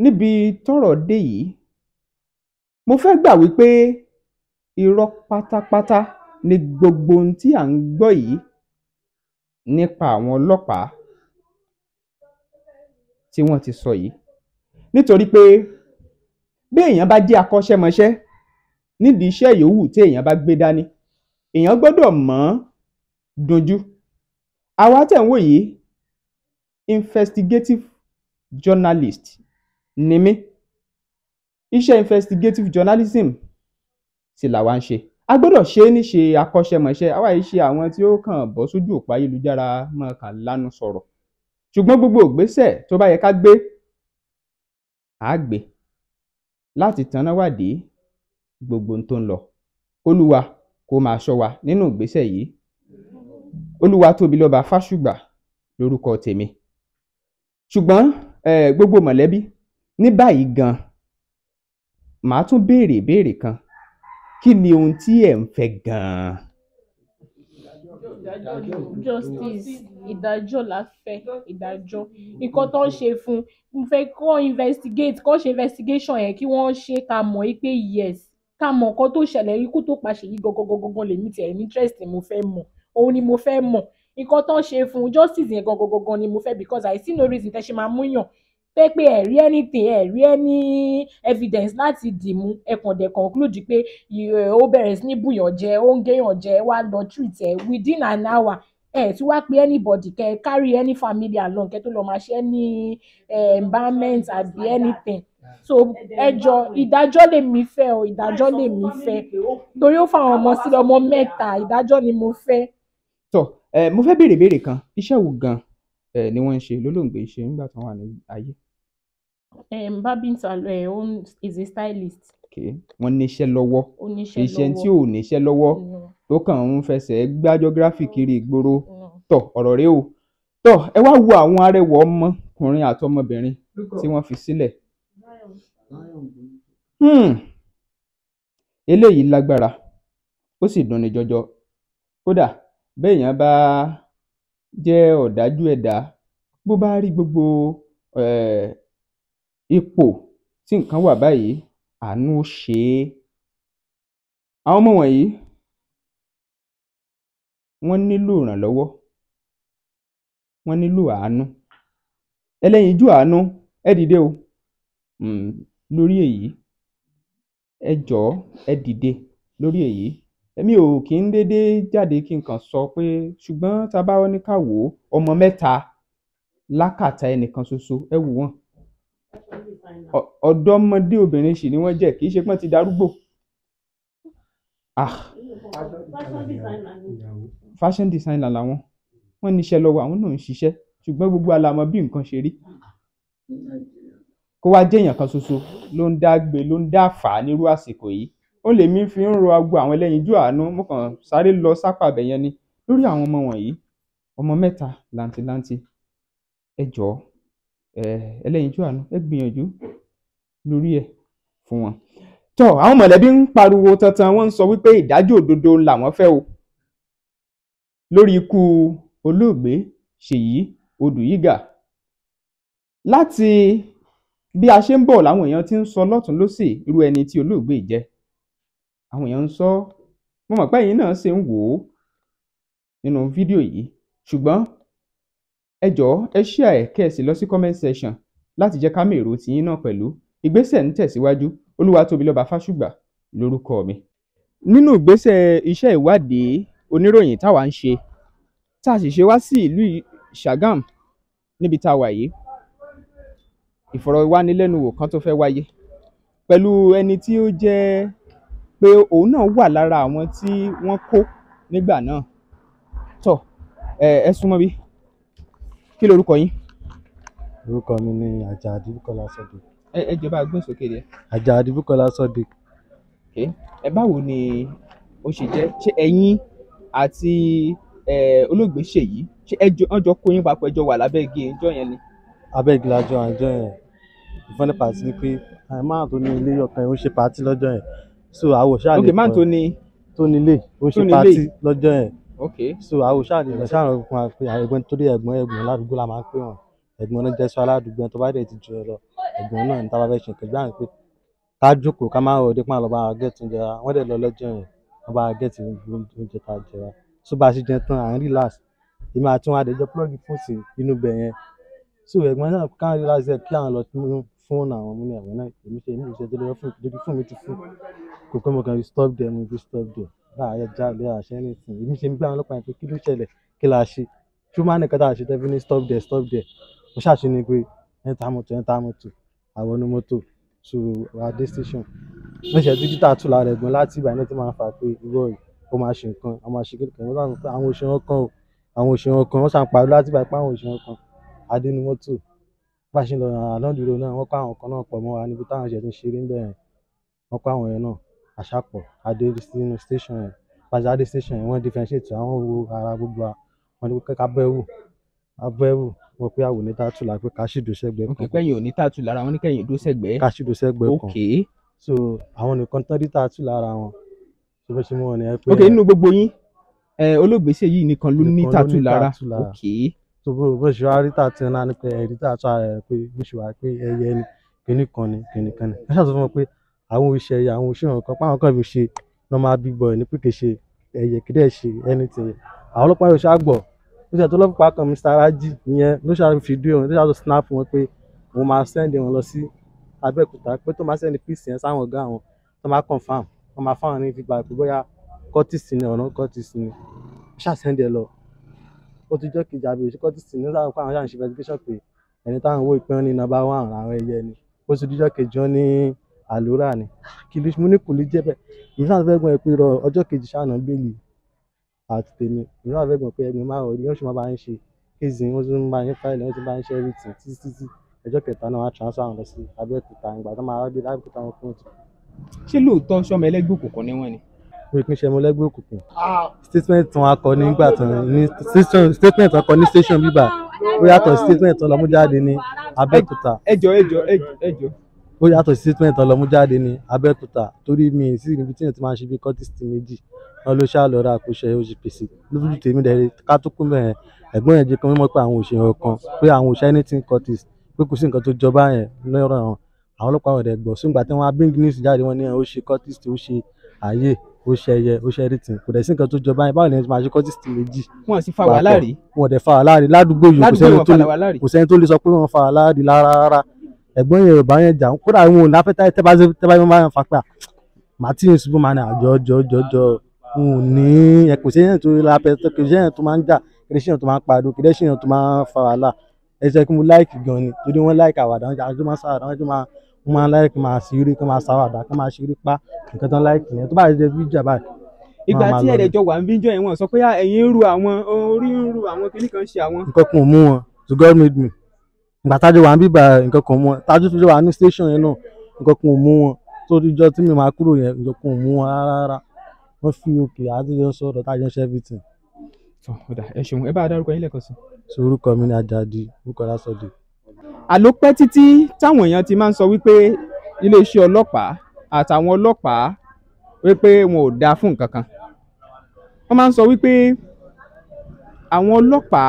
níbi tọ́rọ̀ dé yìí mo fẹ́ gbà wípé irọ́ pátápátá ni gbogbo ohun tí à ń gbọ́ yìí nípa àwọn ọlọ́pàá tí wọ́n ti sọ yìí nítorí pé bí èèyàn bá jẹ́ akọ́ṣẹ́mọṣẹ́ nídìí iṣẹ́ yòówù tí èèyàn bá gbé dání èèyàn gbọ́dọ̀ mọ̀ ọ́n dunjú àwa tẹ̀ ń wò yìí investigative journalist ni mí iṣẹ́ investigative journalism sì làwa ń ṣe a gbọ́dọ̀ ṣe é níṣe akọ́ṣẹ́mọṣẹ́ àwa yìí ṣe àwọn tí ó kàn bọ́ sójú òpó ayélujára máa kàn lánú sọ̀rọ̀ ṣùgbọ́n gbogbo ìgbésẹ̀ tó bá yẹ ká gbé á gbé láti tanná wádìí gbogbo ohun tó ń lọ olúwa kó máa ṣọ́ wa nínú ìgbésẹ̀ yìí olúwa tóbi lọ́ba fáṣùgbà lórúkọ tèmi ṣùgbọ́n eh, gbogbo mọ̀lẹ́bí ní báyìí gan màá tún béèrè ìbéèrè kan kí ni ohun tí ẹ ń fẹ́ gan-an. justice ìdájọ́ la fẹ́ ìdájọ́ nǹkan tó ń ṣe fún un fẹ́ kó investigate kó ṣe investigation yẹn kí wọ́n ṣe ká mọ̀ pé yes ká mọ̀ nǹkan tó ṣẹlẹ̀ ikú tó pa Ṣèyí gangan lèmi tiẹ̀ ní interest ni mo fẹ́ mọ̀ òun ni mo fẹ́ mọ̀ nǹkan tó ń ṣe fún un justice yẹn gangan ni mo fẹ́ because I see no reason tẹ́ ṣe máa mú yàn pé pé ẹ rí anything ẹ rí any evidence láti dìmú ẹkàn dẹ̀ conclude pé ó bẹ̀rẹ̀ sí ní bùyàn jẹ ó ń géyàn jẹ wá lọ treat ẹ within an hour ẹ tí wàá pe anybody kẹ carry any family along kẹ tó lọ máa ṣe any environment àbí anything so ẹjọ́ ìdájọ́ lèmi fẹ́ o ìdájọ́ lèmi fẹ́ torí ó fáwọn ọmọ sí ọmọ mẹ́ta ìdájọ́ ni mo fẹ́. tọ ẹ mo fẹ́ béèrè béèrè kan iṣẹ́ wo gan-an ni wọ́n ń ṣe lólóǹgbé ṣe nígbà tí wọ́n wà ní ayé. Babington eh, own is a stylist. wọ́n níṣẹ́ lọ́wọ́ iṣẹ́ tí ò níṣẹ́ lọ́wọ́ mm-hmm. tó kàn ń fẹsẹ̀ gbájọ́ gíráfì kiri mm-hmm. ìgboro mm-hmm. tọ̀ ọ̀rọ̀ rẹ o tọ̀ ẹ wá wo àwọn arẹwà ọmọkùnrin àtọmọbìnrin tí wọ́n fi sílẹ̀. Hmm. eléyìí lágbára ó sì dùn jọjọ kódà béèyàn bá. Ba jẹ́ ọ̀dájú ẹ̀dá bó bá rí gbogbo um ipò tí nǹkan wà báyìí àánú ó ṣe é. Àwọn ọmọ wọ̀nyí wọ́n nílò ìrànlọ́wọ́, wọ́n nílò àánú. Ẹlẹ́yinjú àánú ẹ dìde o hmm, lórí èyí, ẹ jọ̀ọ́ ẹ dìde lórí èyí. èmi ò kí ń dédé jáde kí n kàn sọ pé ṣùgbọ́n tá a bá ní ká wò ó ọmọ mẹ́ta lákàtà ẹnìkan ṣoṣo ẹ wò wọ́n ọ̀dọ́mọdé obìnrin sì ni wọ́n jẹ́ kì í ṣe pé ti darúgbò ah. fashion designer làwọn wọ́n níṣẹ́ lọ́wọ́ àwọn náà ń ṣiṣẹ́ ṣùgbọ́n gbogbo àlàmọ́ bí nǹkan ṣe rí kó wá jẹ́ èèyàn kan ṣoṣo ló ń dá gbé ló ń dá fà á nírú àsìkò yìí ó lèmi fi ń ro agbo àwọn ẹlẹ́yinjú àánú mo kàn sáré lọ sápà bẹ̀ yẹn ni lórí àwọn ọmọ wọ̀nyí ọmọ mẹ́ta làǹtìlanti ẹ jọ̀ọ́ ẹlẹ́yinjú àánú ẹ gbìyànjú lórí ẹ̀ fún wọn. tọ́ àwọn mọ̀lẹ́bí ń pariwo tantan wọ́n ń sọ wípé ìdájọ́ òdodo làwọn fẹ́ o lórí ikú olóògbé Ṣèyí Odùyígà láti bí a ṣe ń bọ̀ làwọn èèyàn ti ń sọ lọ́tún lọ́sì irú ẹni tí olóògbé jẹ́ àwọn èèyàn ń sọ mo mọ̀ pé ẹ̀yin náà ṣe ń wò ó nínú fídíò yìí ṣùgbọ́n ẹ jọ̀ọ́ ẹ share ẹ̀ kẹ́ ẹ sì lọ sí comment section láti jẹ́ ká mèrò tiyín náà pẹ̀lú ìgbésẹ̀ ń tẹ̀síwájú Olúwatóbilọ́ba Fásùgbà lórúkọ mi. nínú ìgbésẹ̀ iṣẹ́ ìwádìí oníròyìn táwa ń ṣe tá a sì ṣe wá sí ìlú Ṣàgám níbi tá a wà yìí ìfọ̀rọ̀wánilẹ́nuwò kan tó fẹ́ wáyé pẹ̀lú ẹni tí ó jẹ́ pé òun náà wà lára àwọn tí wọ́n kó nígbà náà tọ ẹ súnmọ́ bí kí lorúkọ yín. orúkọ mi ni Àjàdí Bùkọ́lá Sodiq. ẹ ẹ jọba gbọ́n sókè rẹ. Àjàdí Bùkọ́lá Sodiq. ẹ báwo ni ó ṣe jẹ́ ṣé ẹ̀yin àti olóògbé Ṣèyí ṣé ẹ jọ kó yín papọ̀ ẹ jọ wà lábẹ́ igi ẹjọ́ yẹn ni. abẹ́ igi la jọ àjọ yẹn ìfọ́nipàtì ni pé àìmáà tó ní ilé ọkàn yẹn ó ṣe pàtì lọ́jọ́ yẹn so àwòṣà lè ok man Tony. Tony Lee, ni lè ó ṣe pàtí lọ́jọ́ yẹn ok so àwòṣà lè lọ ṣàrọ̀ fún ẹ̀gbọ́n torí ẹ̀gbọ́n ẹ̀gbọ́n ládùúgbò la máa ń pè wọ́n ẹ̀gbọ́n náà jẹ́sọ́ aládùúgbò tó bá dẹ̀ ti jù ẹ lọ ẹ̀gbọ́n náà níta bá fẹ́ ṣe ìkẹgbẹ́ àwọn pé ká jókòó ká má wọlé pọ́n àlọ́ bá wa gẹ̀ẹ́tì oúnjẹ wa wọ́n dẹ̀ lọ lọ́jọ́ yẹn wọ́n bá wa gẹ̀ẹ́tì oúnjẹ ta jẹ wa so bá a ṣe jẹ tán à ń relax èmi àti wọn àdéjọ plug fóònù inú bẹ̀ yẹn so ẹ̀gbọ́n náà ká relax ẹ̀ kí àwọn lọ fóònù àwọn ọmọ ní àwọn náà èmi ṣe èmi ṣe jẹjẹrẹ fún ìdílé fún mi ti fún kò pẹ́ mo kàn rí stop there mo rí stop there láàyè jáde àṣẹ nìsín èmi ṣe ń gbé àwọn ọlọ́pàá yẹn pé kí ló ṣẹlẹ̀ kí la ṣe ṣùgbọ́n nìkan tá a ṣe tẹ́bí ní stop there stop there mo ṣàṣe ni pé enter motor enter motor àwọn ní mọ́tò to our day station mo ṣe dígítà tù lára ẹ̀gbọ́n láti ìgbà náà tí máa ń fà pé irọ́ yìí ó máa ṣe nǹkan a máa ṣe kékeré wọn sàn pé àwọn òṣèré kan àwọn òṣèré kan wọn sàn pariwo láti ìgbà pé àwọn òṣèré kan adé ní mọ́tò bá ṣe lọ àlọ́dúró náà wọ́n kó àwọn kan náà pọ̀ mọ́ wa níbi táwọn ṣe ti ń ṣeré níbẹ̀ yẹn wọ́n kó àwọn yẹn náà àṣàpọ̀ adé sínú station yẹn pàṣẹ adé station yẹn wọ́n differentiate àwọn wo ara gbogbo wa wọ́n ní kẹ́kẹ́ abẹ́wò abẹ́wò wọ́n pé àwò ní tátù la pé káṣí dò sẹ́gbẹ́ kan. òkè pẹ́yìn ò ní tátù lára wọn ní kẹ́yìn dó sẹ́gbẹ́. káṣí dò sẹ́gbẹ́ kan ok so àwọn nìkan tán dí tátù lára wọn ṣe bó ṣe mú wọn ni ẹ pé. ok nínú gbogbo yín olóògbésè yìí nìkan ló ní tátù lára ok tó bó ṣe wá rí tàtí ńlá ní pé ẹ̀rí tàtí ara rẹ̀ pé bó ṣe wá pé ẹyẹ ni kìnnì kan ni kìnnì kan ni wọ́n ṣàtúntò fún wọn pé àwọn oṣù ẹ̀yà àwọn oṣù ìrànkan páwọn kan fi ṣe normal big boy ní pípé ṣe ẹ̀yẹ kìdẹ̀ ṣe anything àwọn ọlọ́pàá yóò ṣàgbọ̀ ó ṣe tó lọ́pàá kan Mr. Raji ìyẹn ló ṣàtúntò fídíò ló ṣàtúntò snap wọn pé òun máa send wọn lọ sí Abẹ́òkúta pé tó máa send peace yẹn sáwọn ọ̀gá àwọn tó máa confam wọ́n máa fáwọn ní feedback bóyá Curtis ni ọ̀nà Curtis ni ṣàṣẹ́ndẹ̀ lọ ó ti jọ́ kejì àbí òṣìkọ́ ti sì ní sáà fún àwọn ṣàǹṣe investigation pé ẹni táwọn owó ìpín ní nọ́mbà one àwọn ẹyẹ ni ó ti dijọ́ kejì wọn ní àlùrà ni kìlì mo ní kùlì jẹ́ bẹ́ẹ̀ ìṣáà fẹ́ gbọ́n ẹ pé ọjọ́ kejì ṣáànà bíìlì àti tèmi ìṣáà fẹ́ gbọ́n pé ẹgbẹ́ márùn ní oṣù máa bá ń ṣe kéèzì wọn tún bá ń fáìlì wọn tún bá ń ṣe everything títí títí ẹjọ́ kẹta náà wọ́n transfer àwọn lọ sí Abẹ́òkúta ìgbà tó máa wá dé lábẹ́òkúta wọn fún un. ṣé lóòótọ́ sọ́mọ ẹlẹ́gbẹ́ òkùnkùn ni wọ́n ni? mi kì í ṣe ọmọlẹ́gbẹ́ òkùnkùn ah. statement tán akọ nígbà tán ní statement akọ ní station bíbà ó yàtọ̀ statement tán lọ́mújáde ní Abẹ́òkúta. ẹjọ ẹjọ ẹjọ. ó yàtọ̀ statement tán lọ́mújáde ní Abẹ́òkúta torí mi sí ibi tí èèyàn ti máa ń ṣe bí kọ́tìsì méjì wọn ló ṣáà lọ́ọ́ ra àkóṣe OGPC lójú tèmi dẹ̀ ká tó kú mẹ́rin ẹ̀gbọ́n yẹn jẹ́ kan mímọ́ pé àwọn òṣèré kan pé àwọn òṣèré anything cortis pé kò sí nǹkan tó jọba yẹn lọ́rọ̀ àwọn àwọn ọlọ́pàá ọ̀dẹ̀ gbọ̀ sóńgbà tí wọ́n á bring news jáde wọ́n ní ó ṣe cortis tí ó ṣe ààyè ó ṣe ẹyẹ ó ṣe everything kò dẹ̀ sí nǹkan tó jọba yẹn báwo ni ẹ máa ṣe kọ́tìsì méjì. wọn sì fa wàhálà rí. wọn dẹ̀ fa wàhálà rí ládùúgbò yìí kò sẹ́ni tó lè sọ pé wọ́n fa wàhálà rí rárá ẹ̀gbọ́n yẹn yorùbá yẹn jà kódà wọn ò láfẹ́tà tẹ́ bá yẹn bá yẹn fa pé à ah, màtí yẹn ṣubú máa ní àjọ ah, jọjọjọ n ò ní ẹ kò sẹ́yìn tó láfẹ́tà kò sẹ́yìn tó máa ń jà kìrìsìyàn tó máa ń pariwo kìrìsìyàn tó máa ń fa wàhálà ẹ ṣe kí mo láìkì gan ni torí wọ́n láìkì àwàdà wọn jà àwọn tó máa ń sáwàdà wọn tó máa ń wọ́n máa ń láì kí máa ṣeré kí máa ṣàwàdà kí máa ṣeré pa nǹkan tán láì kì yẹn tó bá ṣe fi jà báyìí. ìgbà tí ẹ̀rẹ̀ jọ wà ń bí jọ yẹn wọ́n sọ pé ah, ẹ̀yin ń ru àwọn orí ń ru àwọn kìnnì kan ṣe àwọn. nǹkan kan ò mú wọn to God made me ìgbà tájú wà ń bíbà nǹkan kan ò mú wọn tájú tó jọ wà ní station yẹn náà nǹkan kan ò mú wọn tó dijọ́ tí mi máa kúrò yẹn nǹkan kan ò mú wọn rárá wọ́n fi òkè àtijọ́ sọ̀rọ̀ tájú ń ṣe everything. ọ̀dà ẹ ṣeun ẹ bá a dárúkọ yín lẹ́ẹ̀kan sí. so orúkọ mi ni Ajadi orúkọ lásọdẹ àló pẹ́ títí táwọn èèyàn ti máa ń sọ wípé iléeṣẹ́ ọlọ́pàá àtàwọn ọlọ́pàá wípé wọn ò dáa fún nǹkan kan wọ́n máa ń sọ wípé àwọn ọlọ́pàá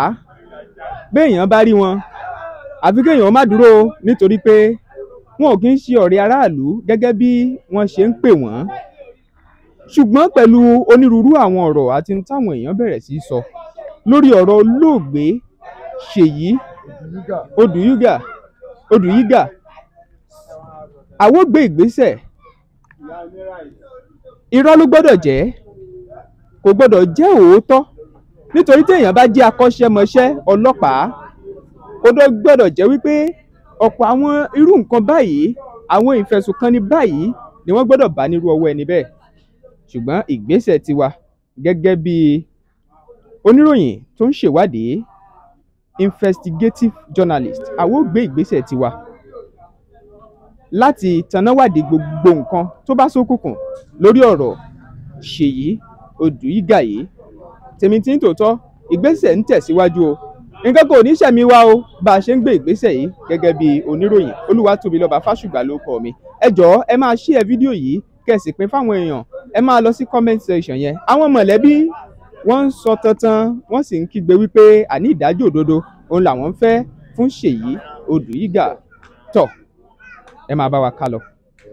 béèyàn bá rí wọn àfi kéèyàn má dúró nítorí pé wọn ò kí ń ṣe ọ̀rẹ́ aráàlú gẹ́gẹ́ bí wọ́n ṣe ń pè wọ́n ṣùgbọ́n pẹ̀lú onírúurú àwọn ọ̀rọ̀ àti táwọn èèyàn bẹ̀rẹ̀ sí í sọ lórí ọ̀rọ̀ olóògbé Ṣèyí Odùyígà Odùyígà àwo gbé ìgbésẹ̀ irọ́ ló gbọ́dọ̀ jẹ́ kò gbọ́dọ̀ jẹ́ òótọ́ nítorí téèyàn bá jẹ́ akọ́ṣẹ́mọṣẹ́ ọlọ́pàá kò gbọ́dọ̀ jẹ́ wípé ọ̀pọ̀ àwọn irú nǹkan báyìí àwọn ìfẹ̀sùnkanni báyìí ni wọ́n gbọ́dọ̀ bá nírú ọwọ́ ẹni bẹ́ẹ̀ ṣùgbọ́n ìgbésẹ̀ tiwa gẹ́gẹ́ bí oníròyìn tó ń ṣèwádìí investigative journalist àwa ó gbé ìgbésẹ̀ tiwa láti tanáwádìí gbogbo nǹkan tó bá ṣókùnkùn lórí ọ̀rọ̀ Ṣèyí Odùyígàyé tèmi tí ń tòótọ́ ìgbésẹ̀ ń tẹ̀síwájú o nǹkan kò ní sẹ̀mí wa o bá a ṣe ń gbé ìgbésẹ̀ yìí gẹ́gẹ́ bí oníròyìn Olúwatóbilọ́ba Fásùgbà ló kọ mi ẹ jọ̀ọ́ ẹ máa share fídíò yìí kẹ́ ẹ sì pín fáwọn èèyàn ẹ máa lọ sí comment section yẹn àwọn mọ̀lẹ́bí wọ́n ń sọ tantan wọ́n sì ń kígbe wípé àní ìdájọ́ òdodo òun làwọn ń fẹ́ fún Ṣèyí Odùyígà tọ̀ ẹ máa bá wa ká lọ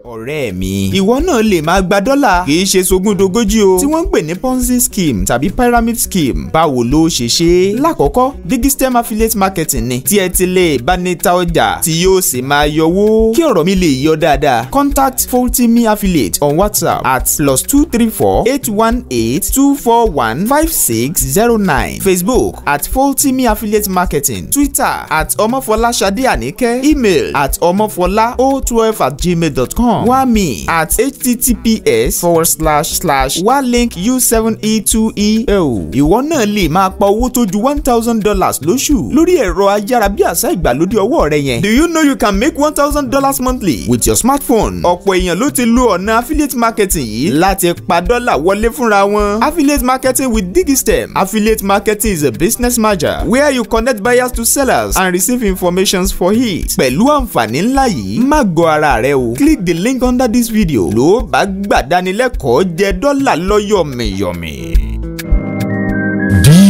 ọ̀rẹ́ mi. ìwọ náà lè máa gba dọ́là kì í ṣe sogúndogójì o tí wọ́n ń pè ní ponzi scheme tàbí pyramid scheme báwo ló ṣe ṣe é. lákọ̀ọ́kọ́ digistem affiliate marketing ni tí ẹ ti lè bá ní ta ọjà tí yóò sì máa yọwó. kí ọ̀rọ̀ mi lè yọ dáadáa contact Foltimi affiliate on WhatsApp at plus two three four eight one eight two four one five six zero nine Facebook at Foltimi affiliate marketing Twitter at ọmọfọlá ṣadé àníkẹ́ email at ọmọfọlá o twelve at gmail dot com hàn wami at https forward slash slash walink u seven e two e l ìwọ náà lè máa pa owó tó ju one thousand dollars lóṣù lórí ẹ̀rọ ayárabíàṣá ìgbàlódé ọwọ́ rẹ yẹn do you know you can make one thousand dollars monthly with your smartphone ọ̀pọ̀ èèyàn ló ti lo ọ̀nà affiliate marketing yìí láti pa dọ́là wọlé fúnra wọn affiliate marketing with digistem affiliate marketing is a business merger where you connect buyers to sellers and receive informations for it pẹ̀lú àǹfààní ńlá yìí má gọ ara rẹ o click the link under this video ló bá gbàdánilẹ́kọ̀ọ́ jẹ dọ́là lọ́yọ̀mìyọ̀mì.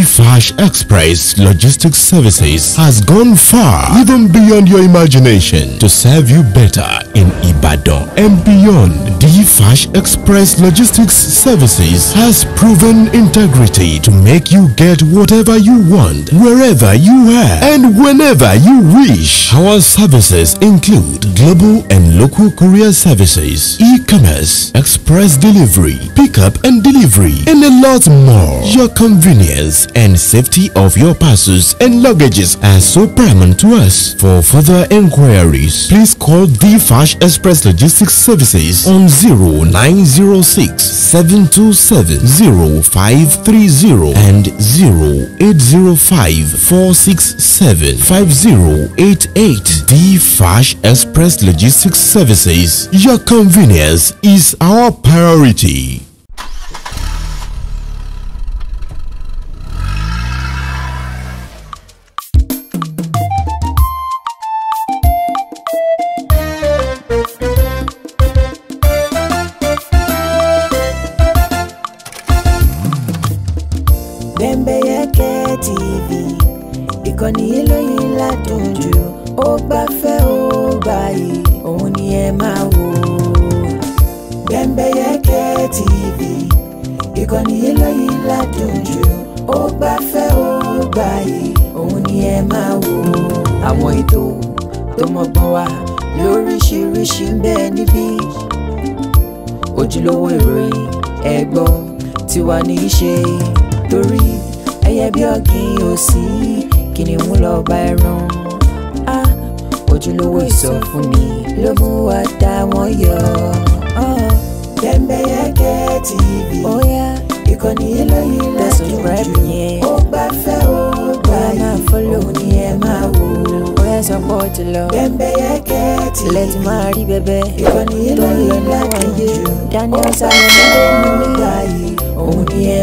Flash Express Logistics Services has gone far, even beyond your imagination, to serve you better in Ibadan and beyond. D Flash Express Logistics Services has proven integrity to make you get whatever you want, wherever you are, and whenever you wish. Our services include global and local courier services, e-commerce, express delivery, pickup and delivery, and a lot more. Your convenience and safety of your parcels and luggages are so paramount to us. For further inquiries, please call the Fash Express Logistics Services on 0906 727 0530 and 0805 467 5088. The Fash Express Logistics Services. Your convenience is our priority. lówó ìròyìn ẹ̀gbọ́ tí wàá ní í ṣe torí ẹyẹ bí ọ̀gìn òsì kìnìún lọ́ba ẹran á ojúlówó ìsọfúnni ló mú wa dá wọn yọ. Bembeyeke TV ìkànnì eléyìí lẹ́dùn jù ó gbafẹ́ o ẹ máa fọ́lọ̀ ní ẹ máa wò ó love? sọ pọ̀ ti lọ. bẹ́ẹ̀ yẹ kẹ́ ti lè ti máa rí bẹ́bẹ́. ìkànnì yìí ló ń lọ láwọn ayé Daniel Salmon ló ń mú láàyè òun ni ẹ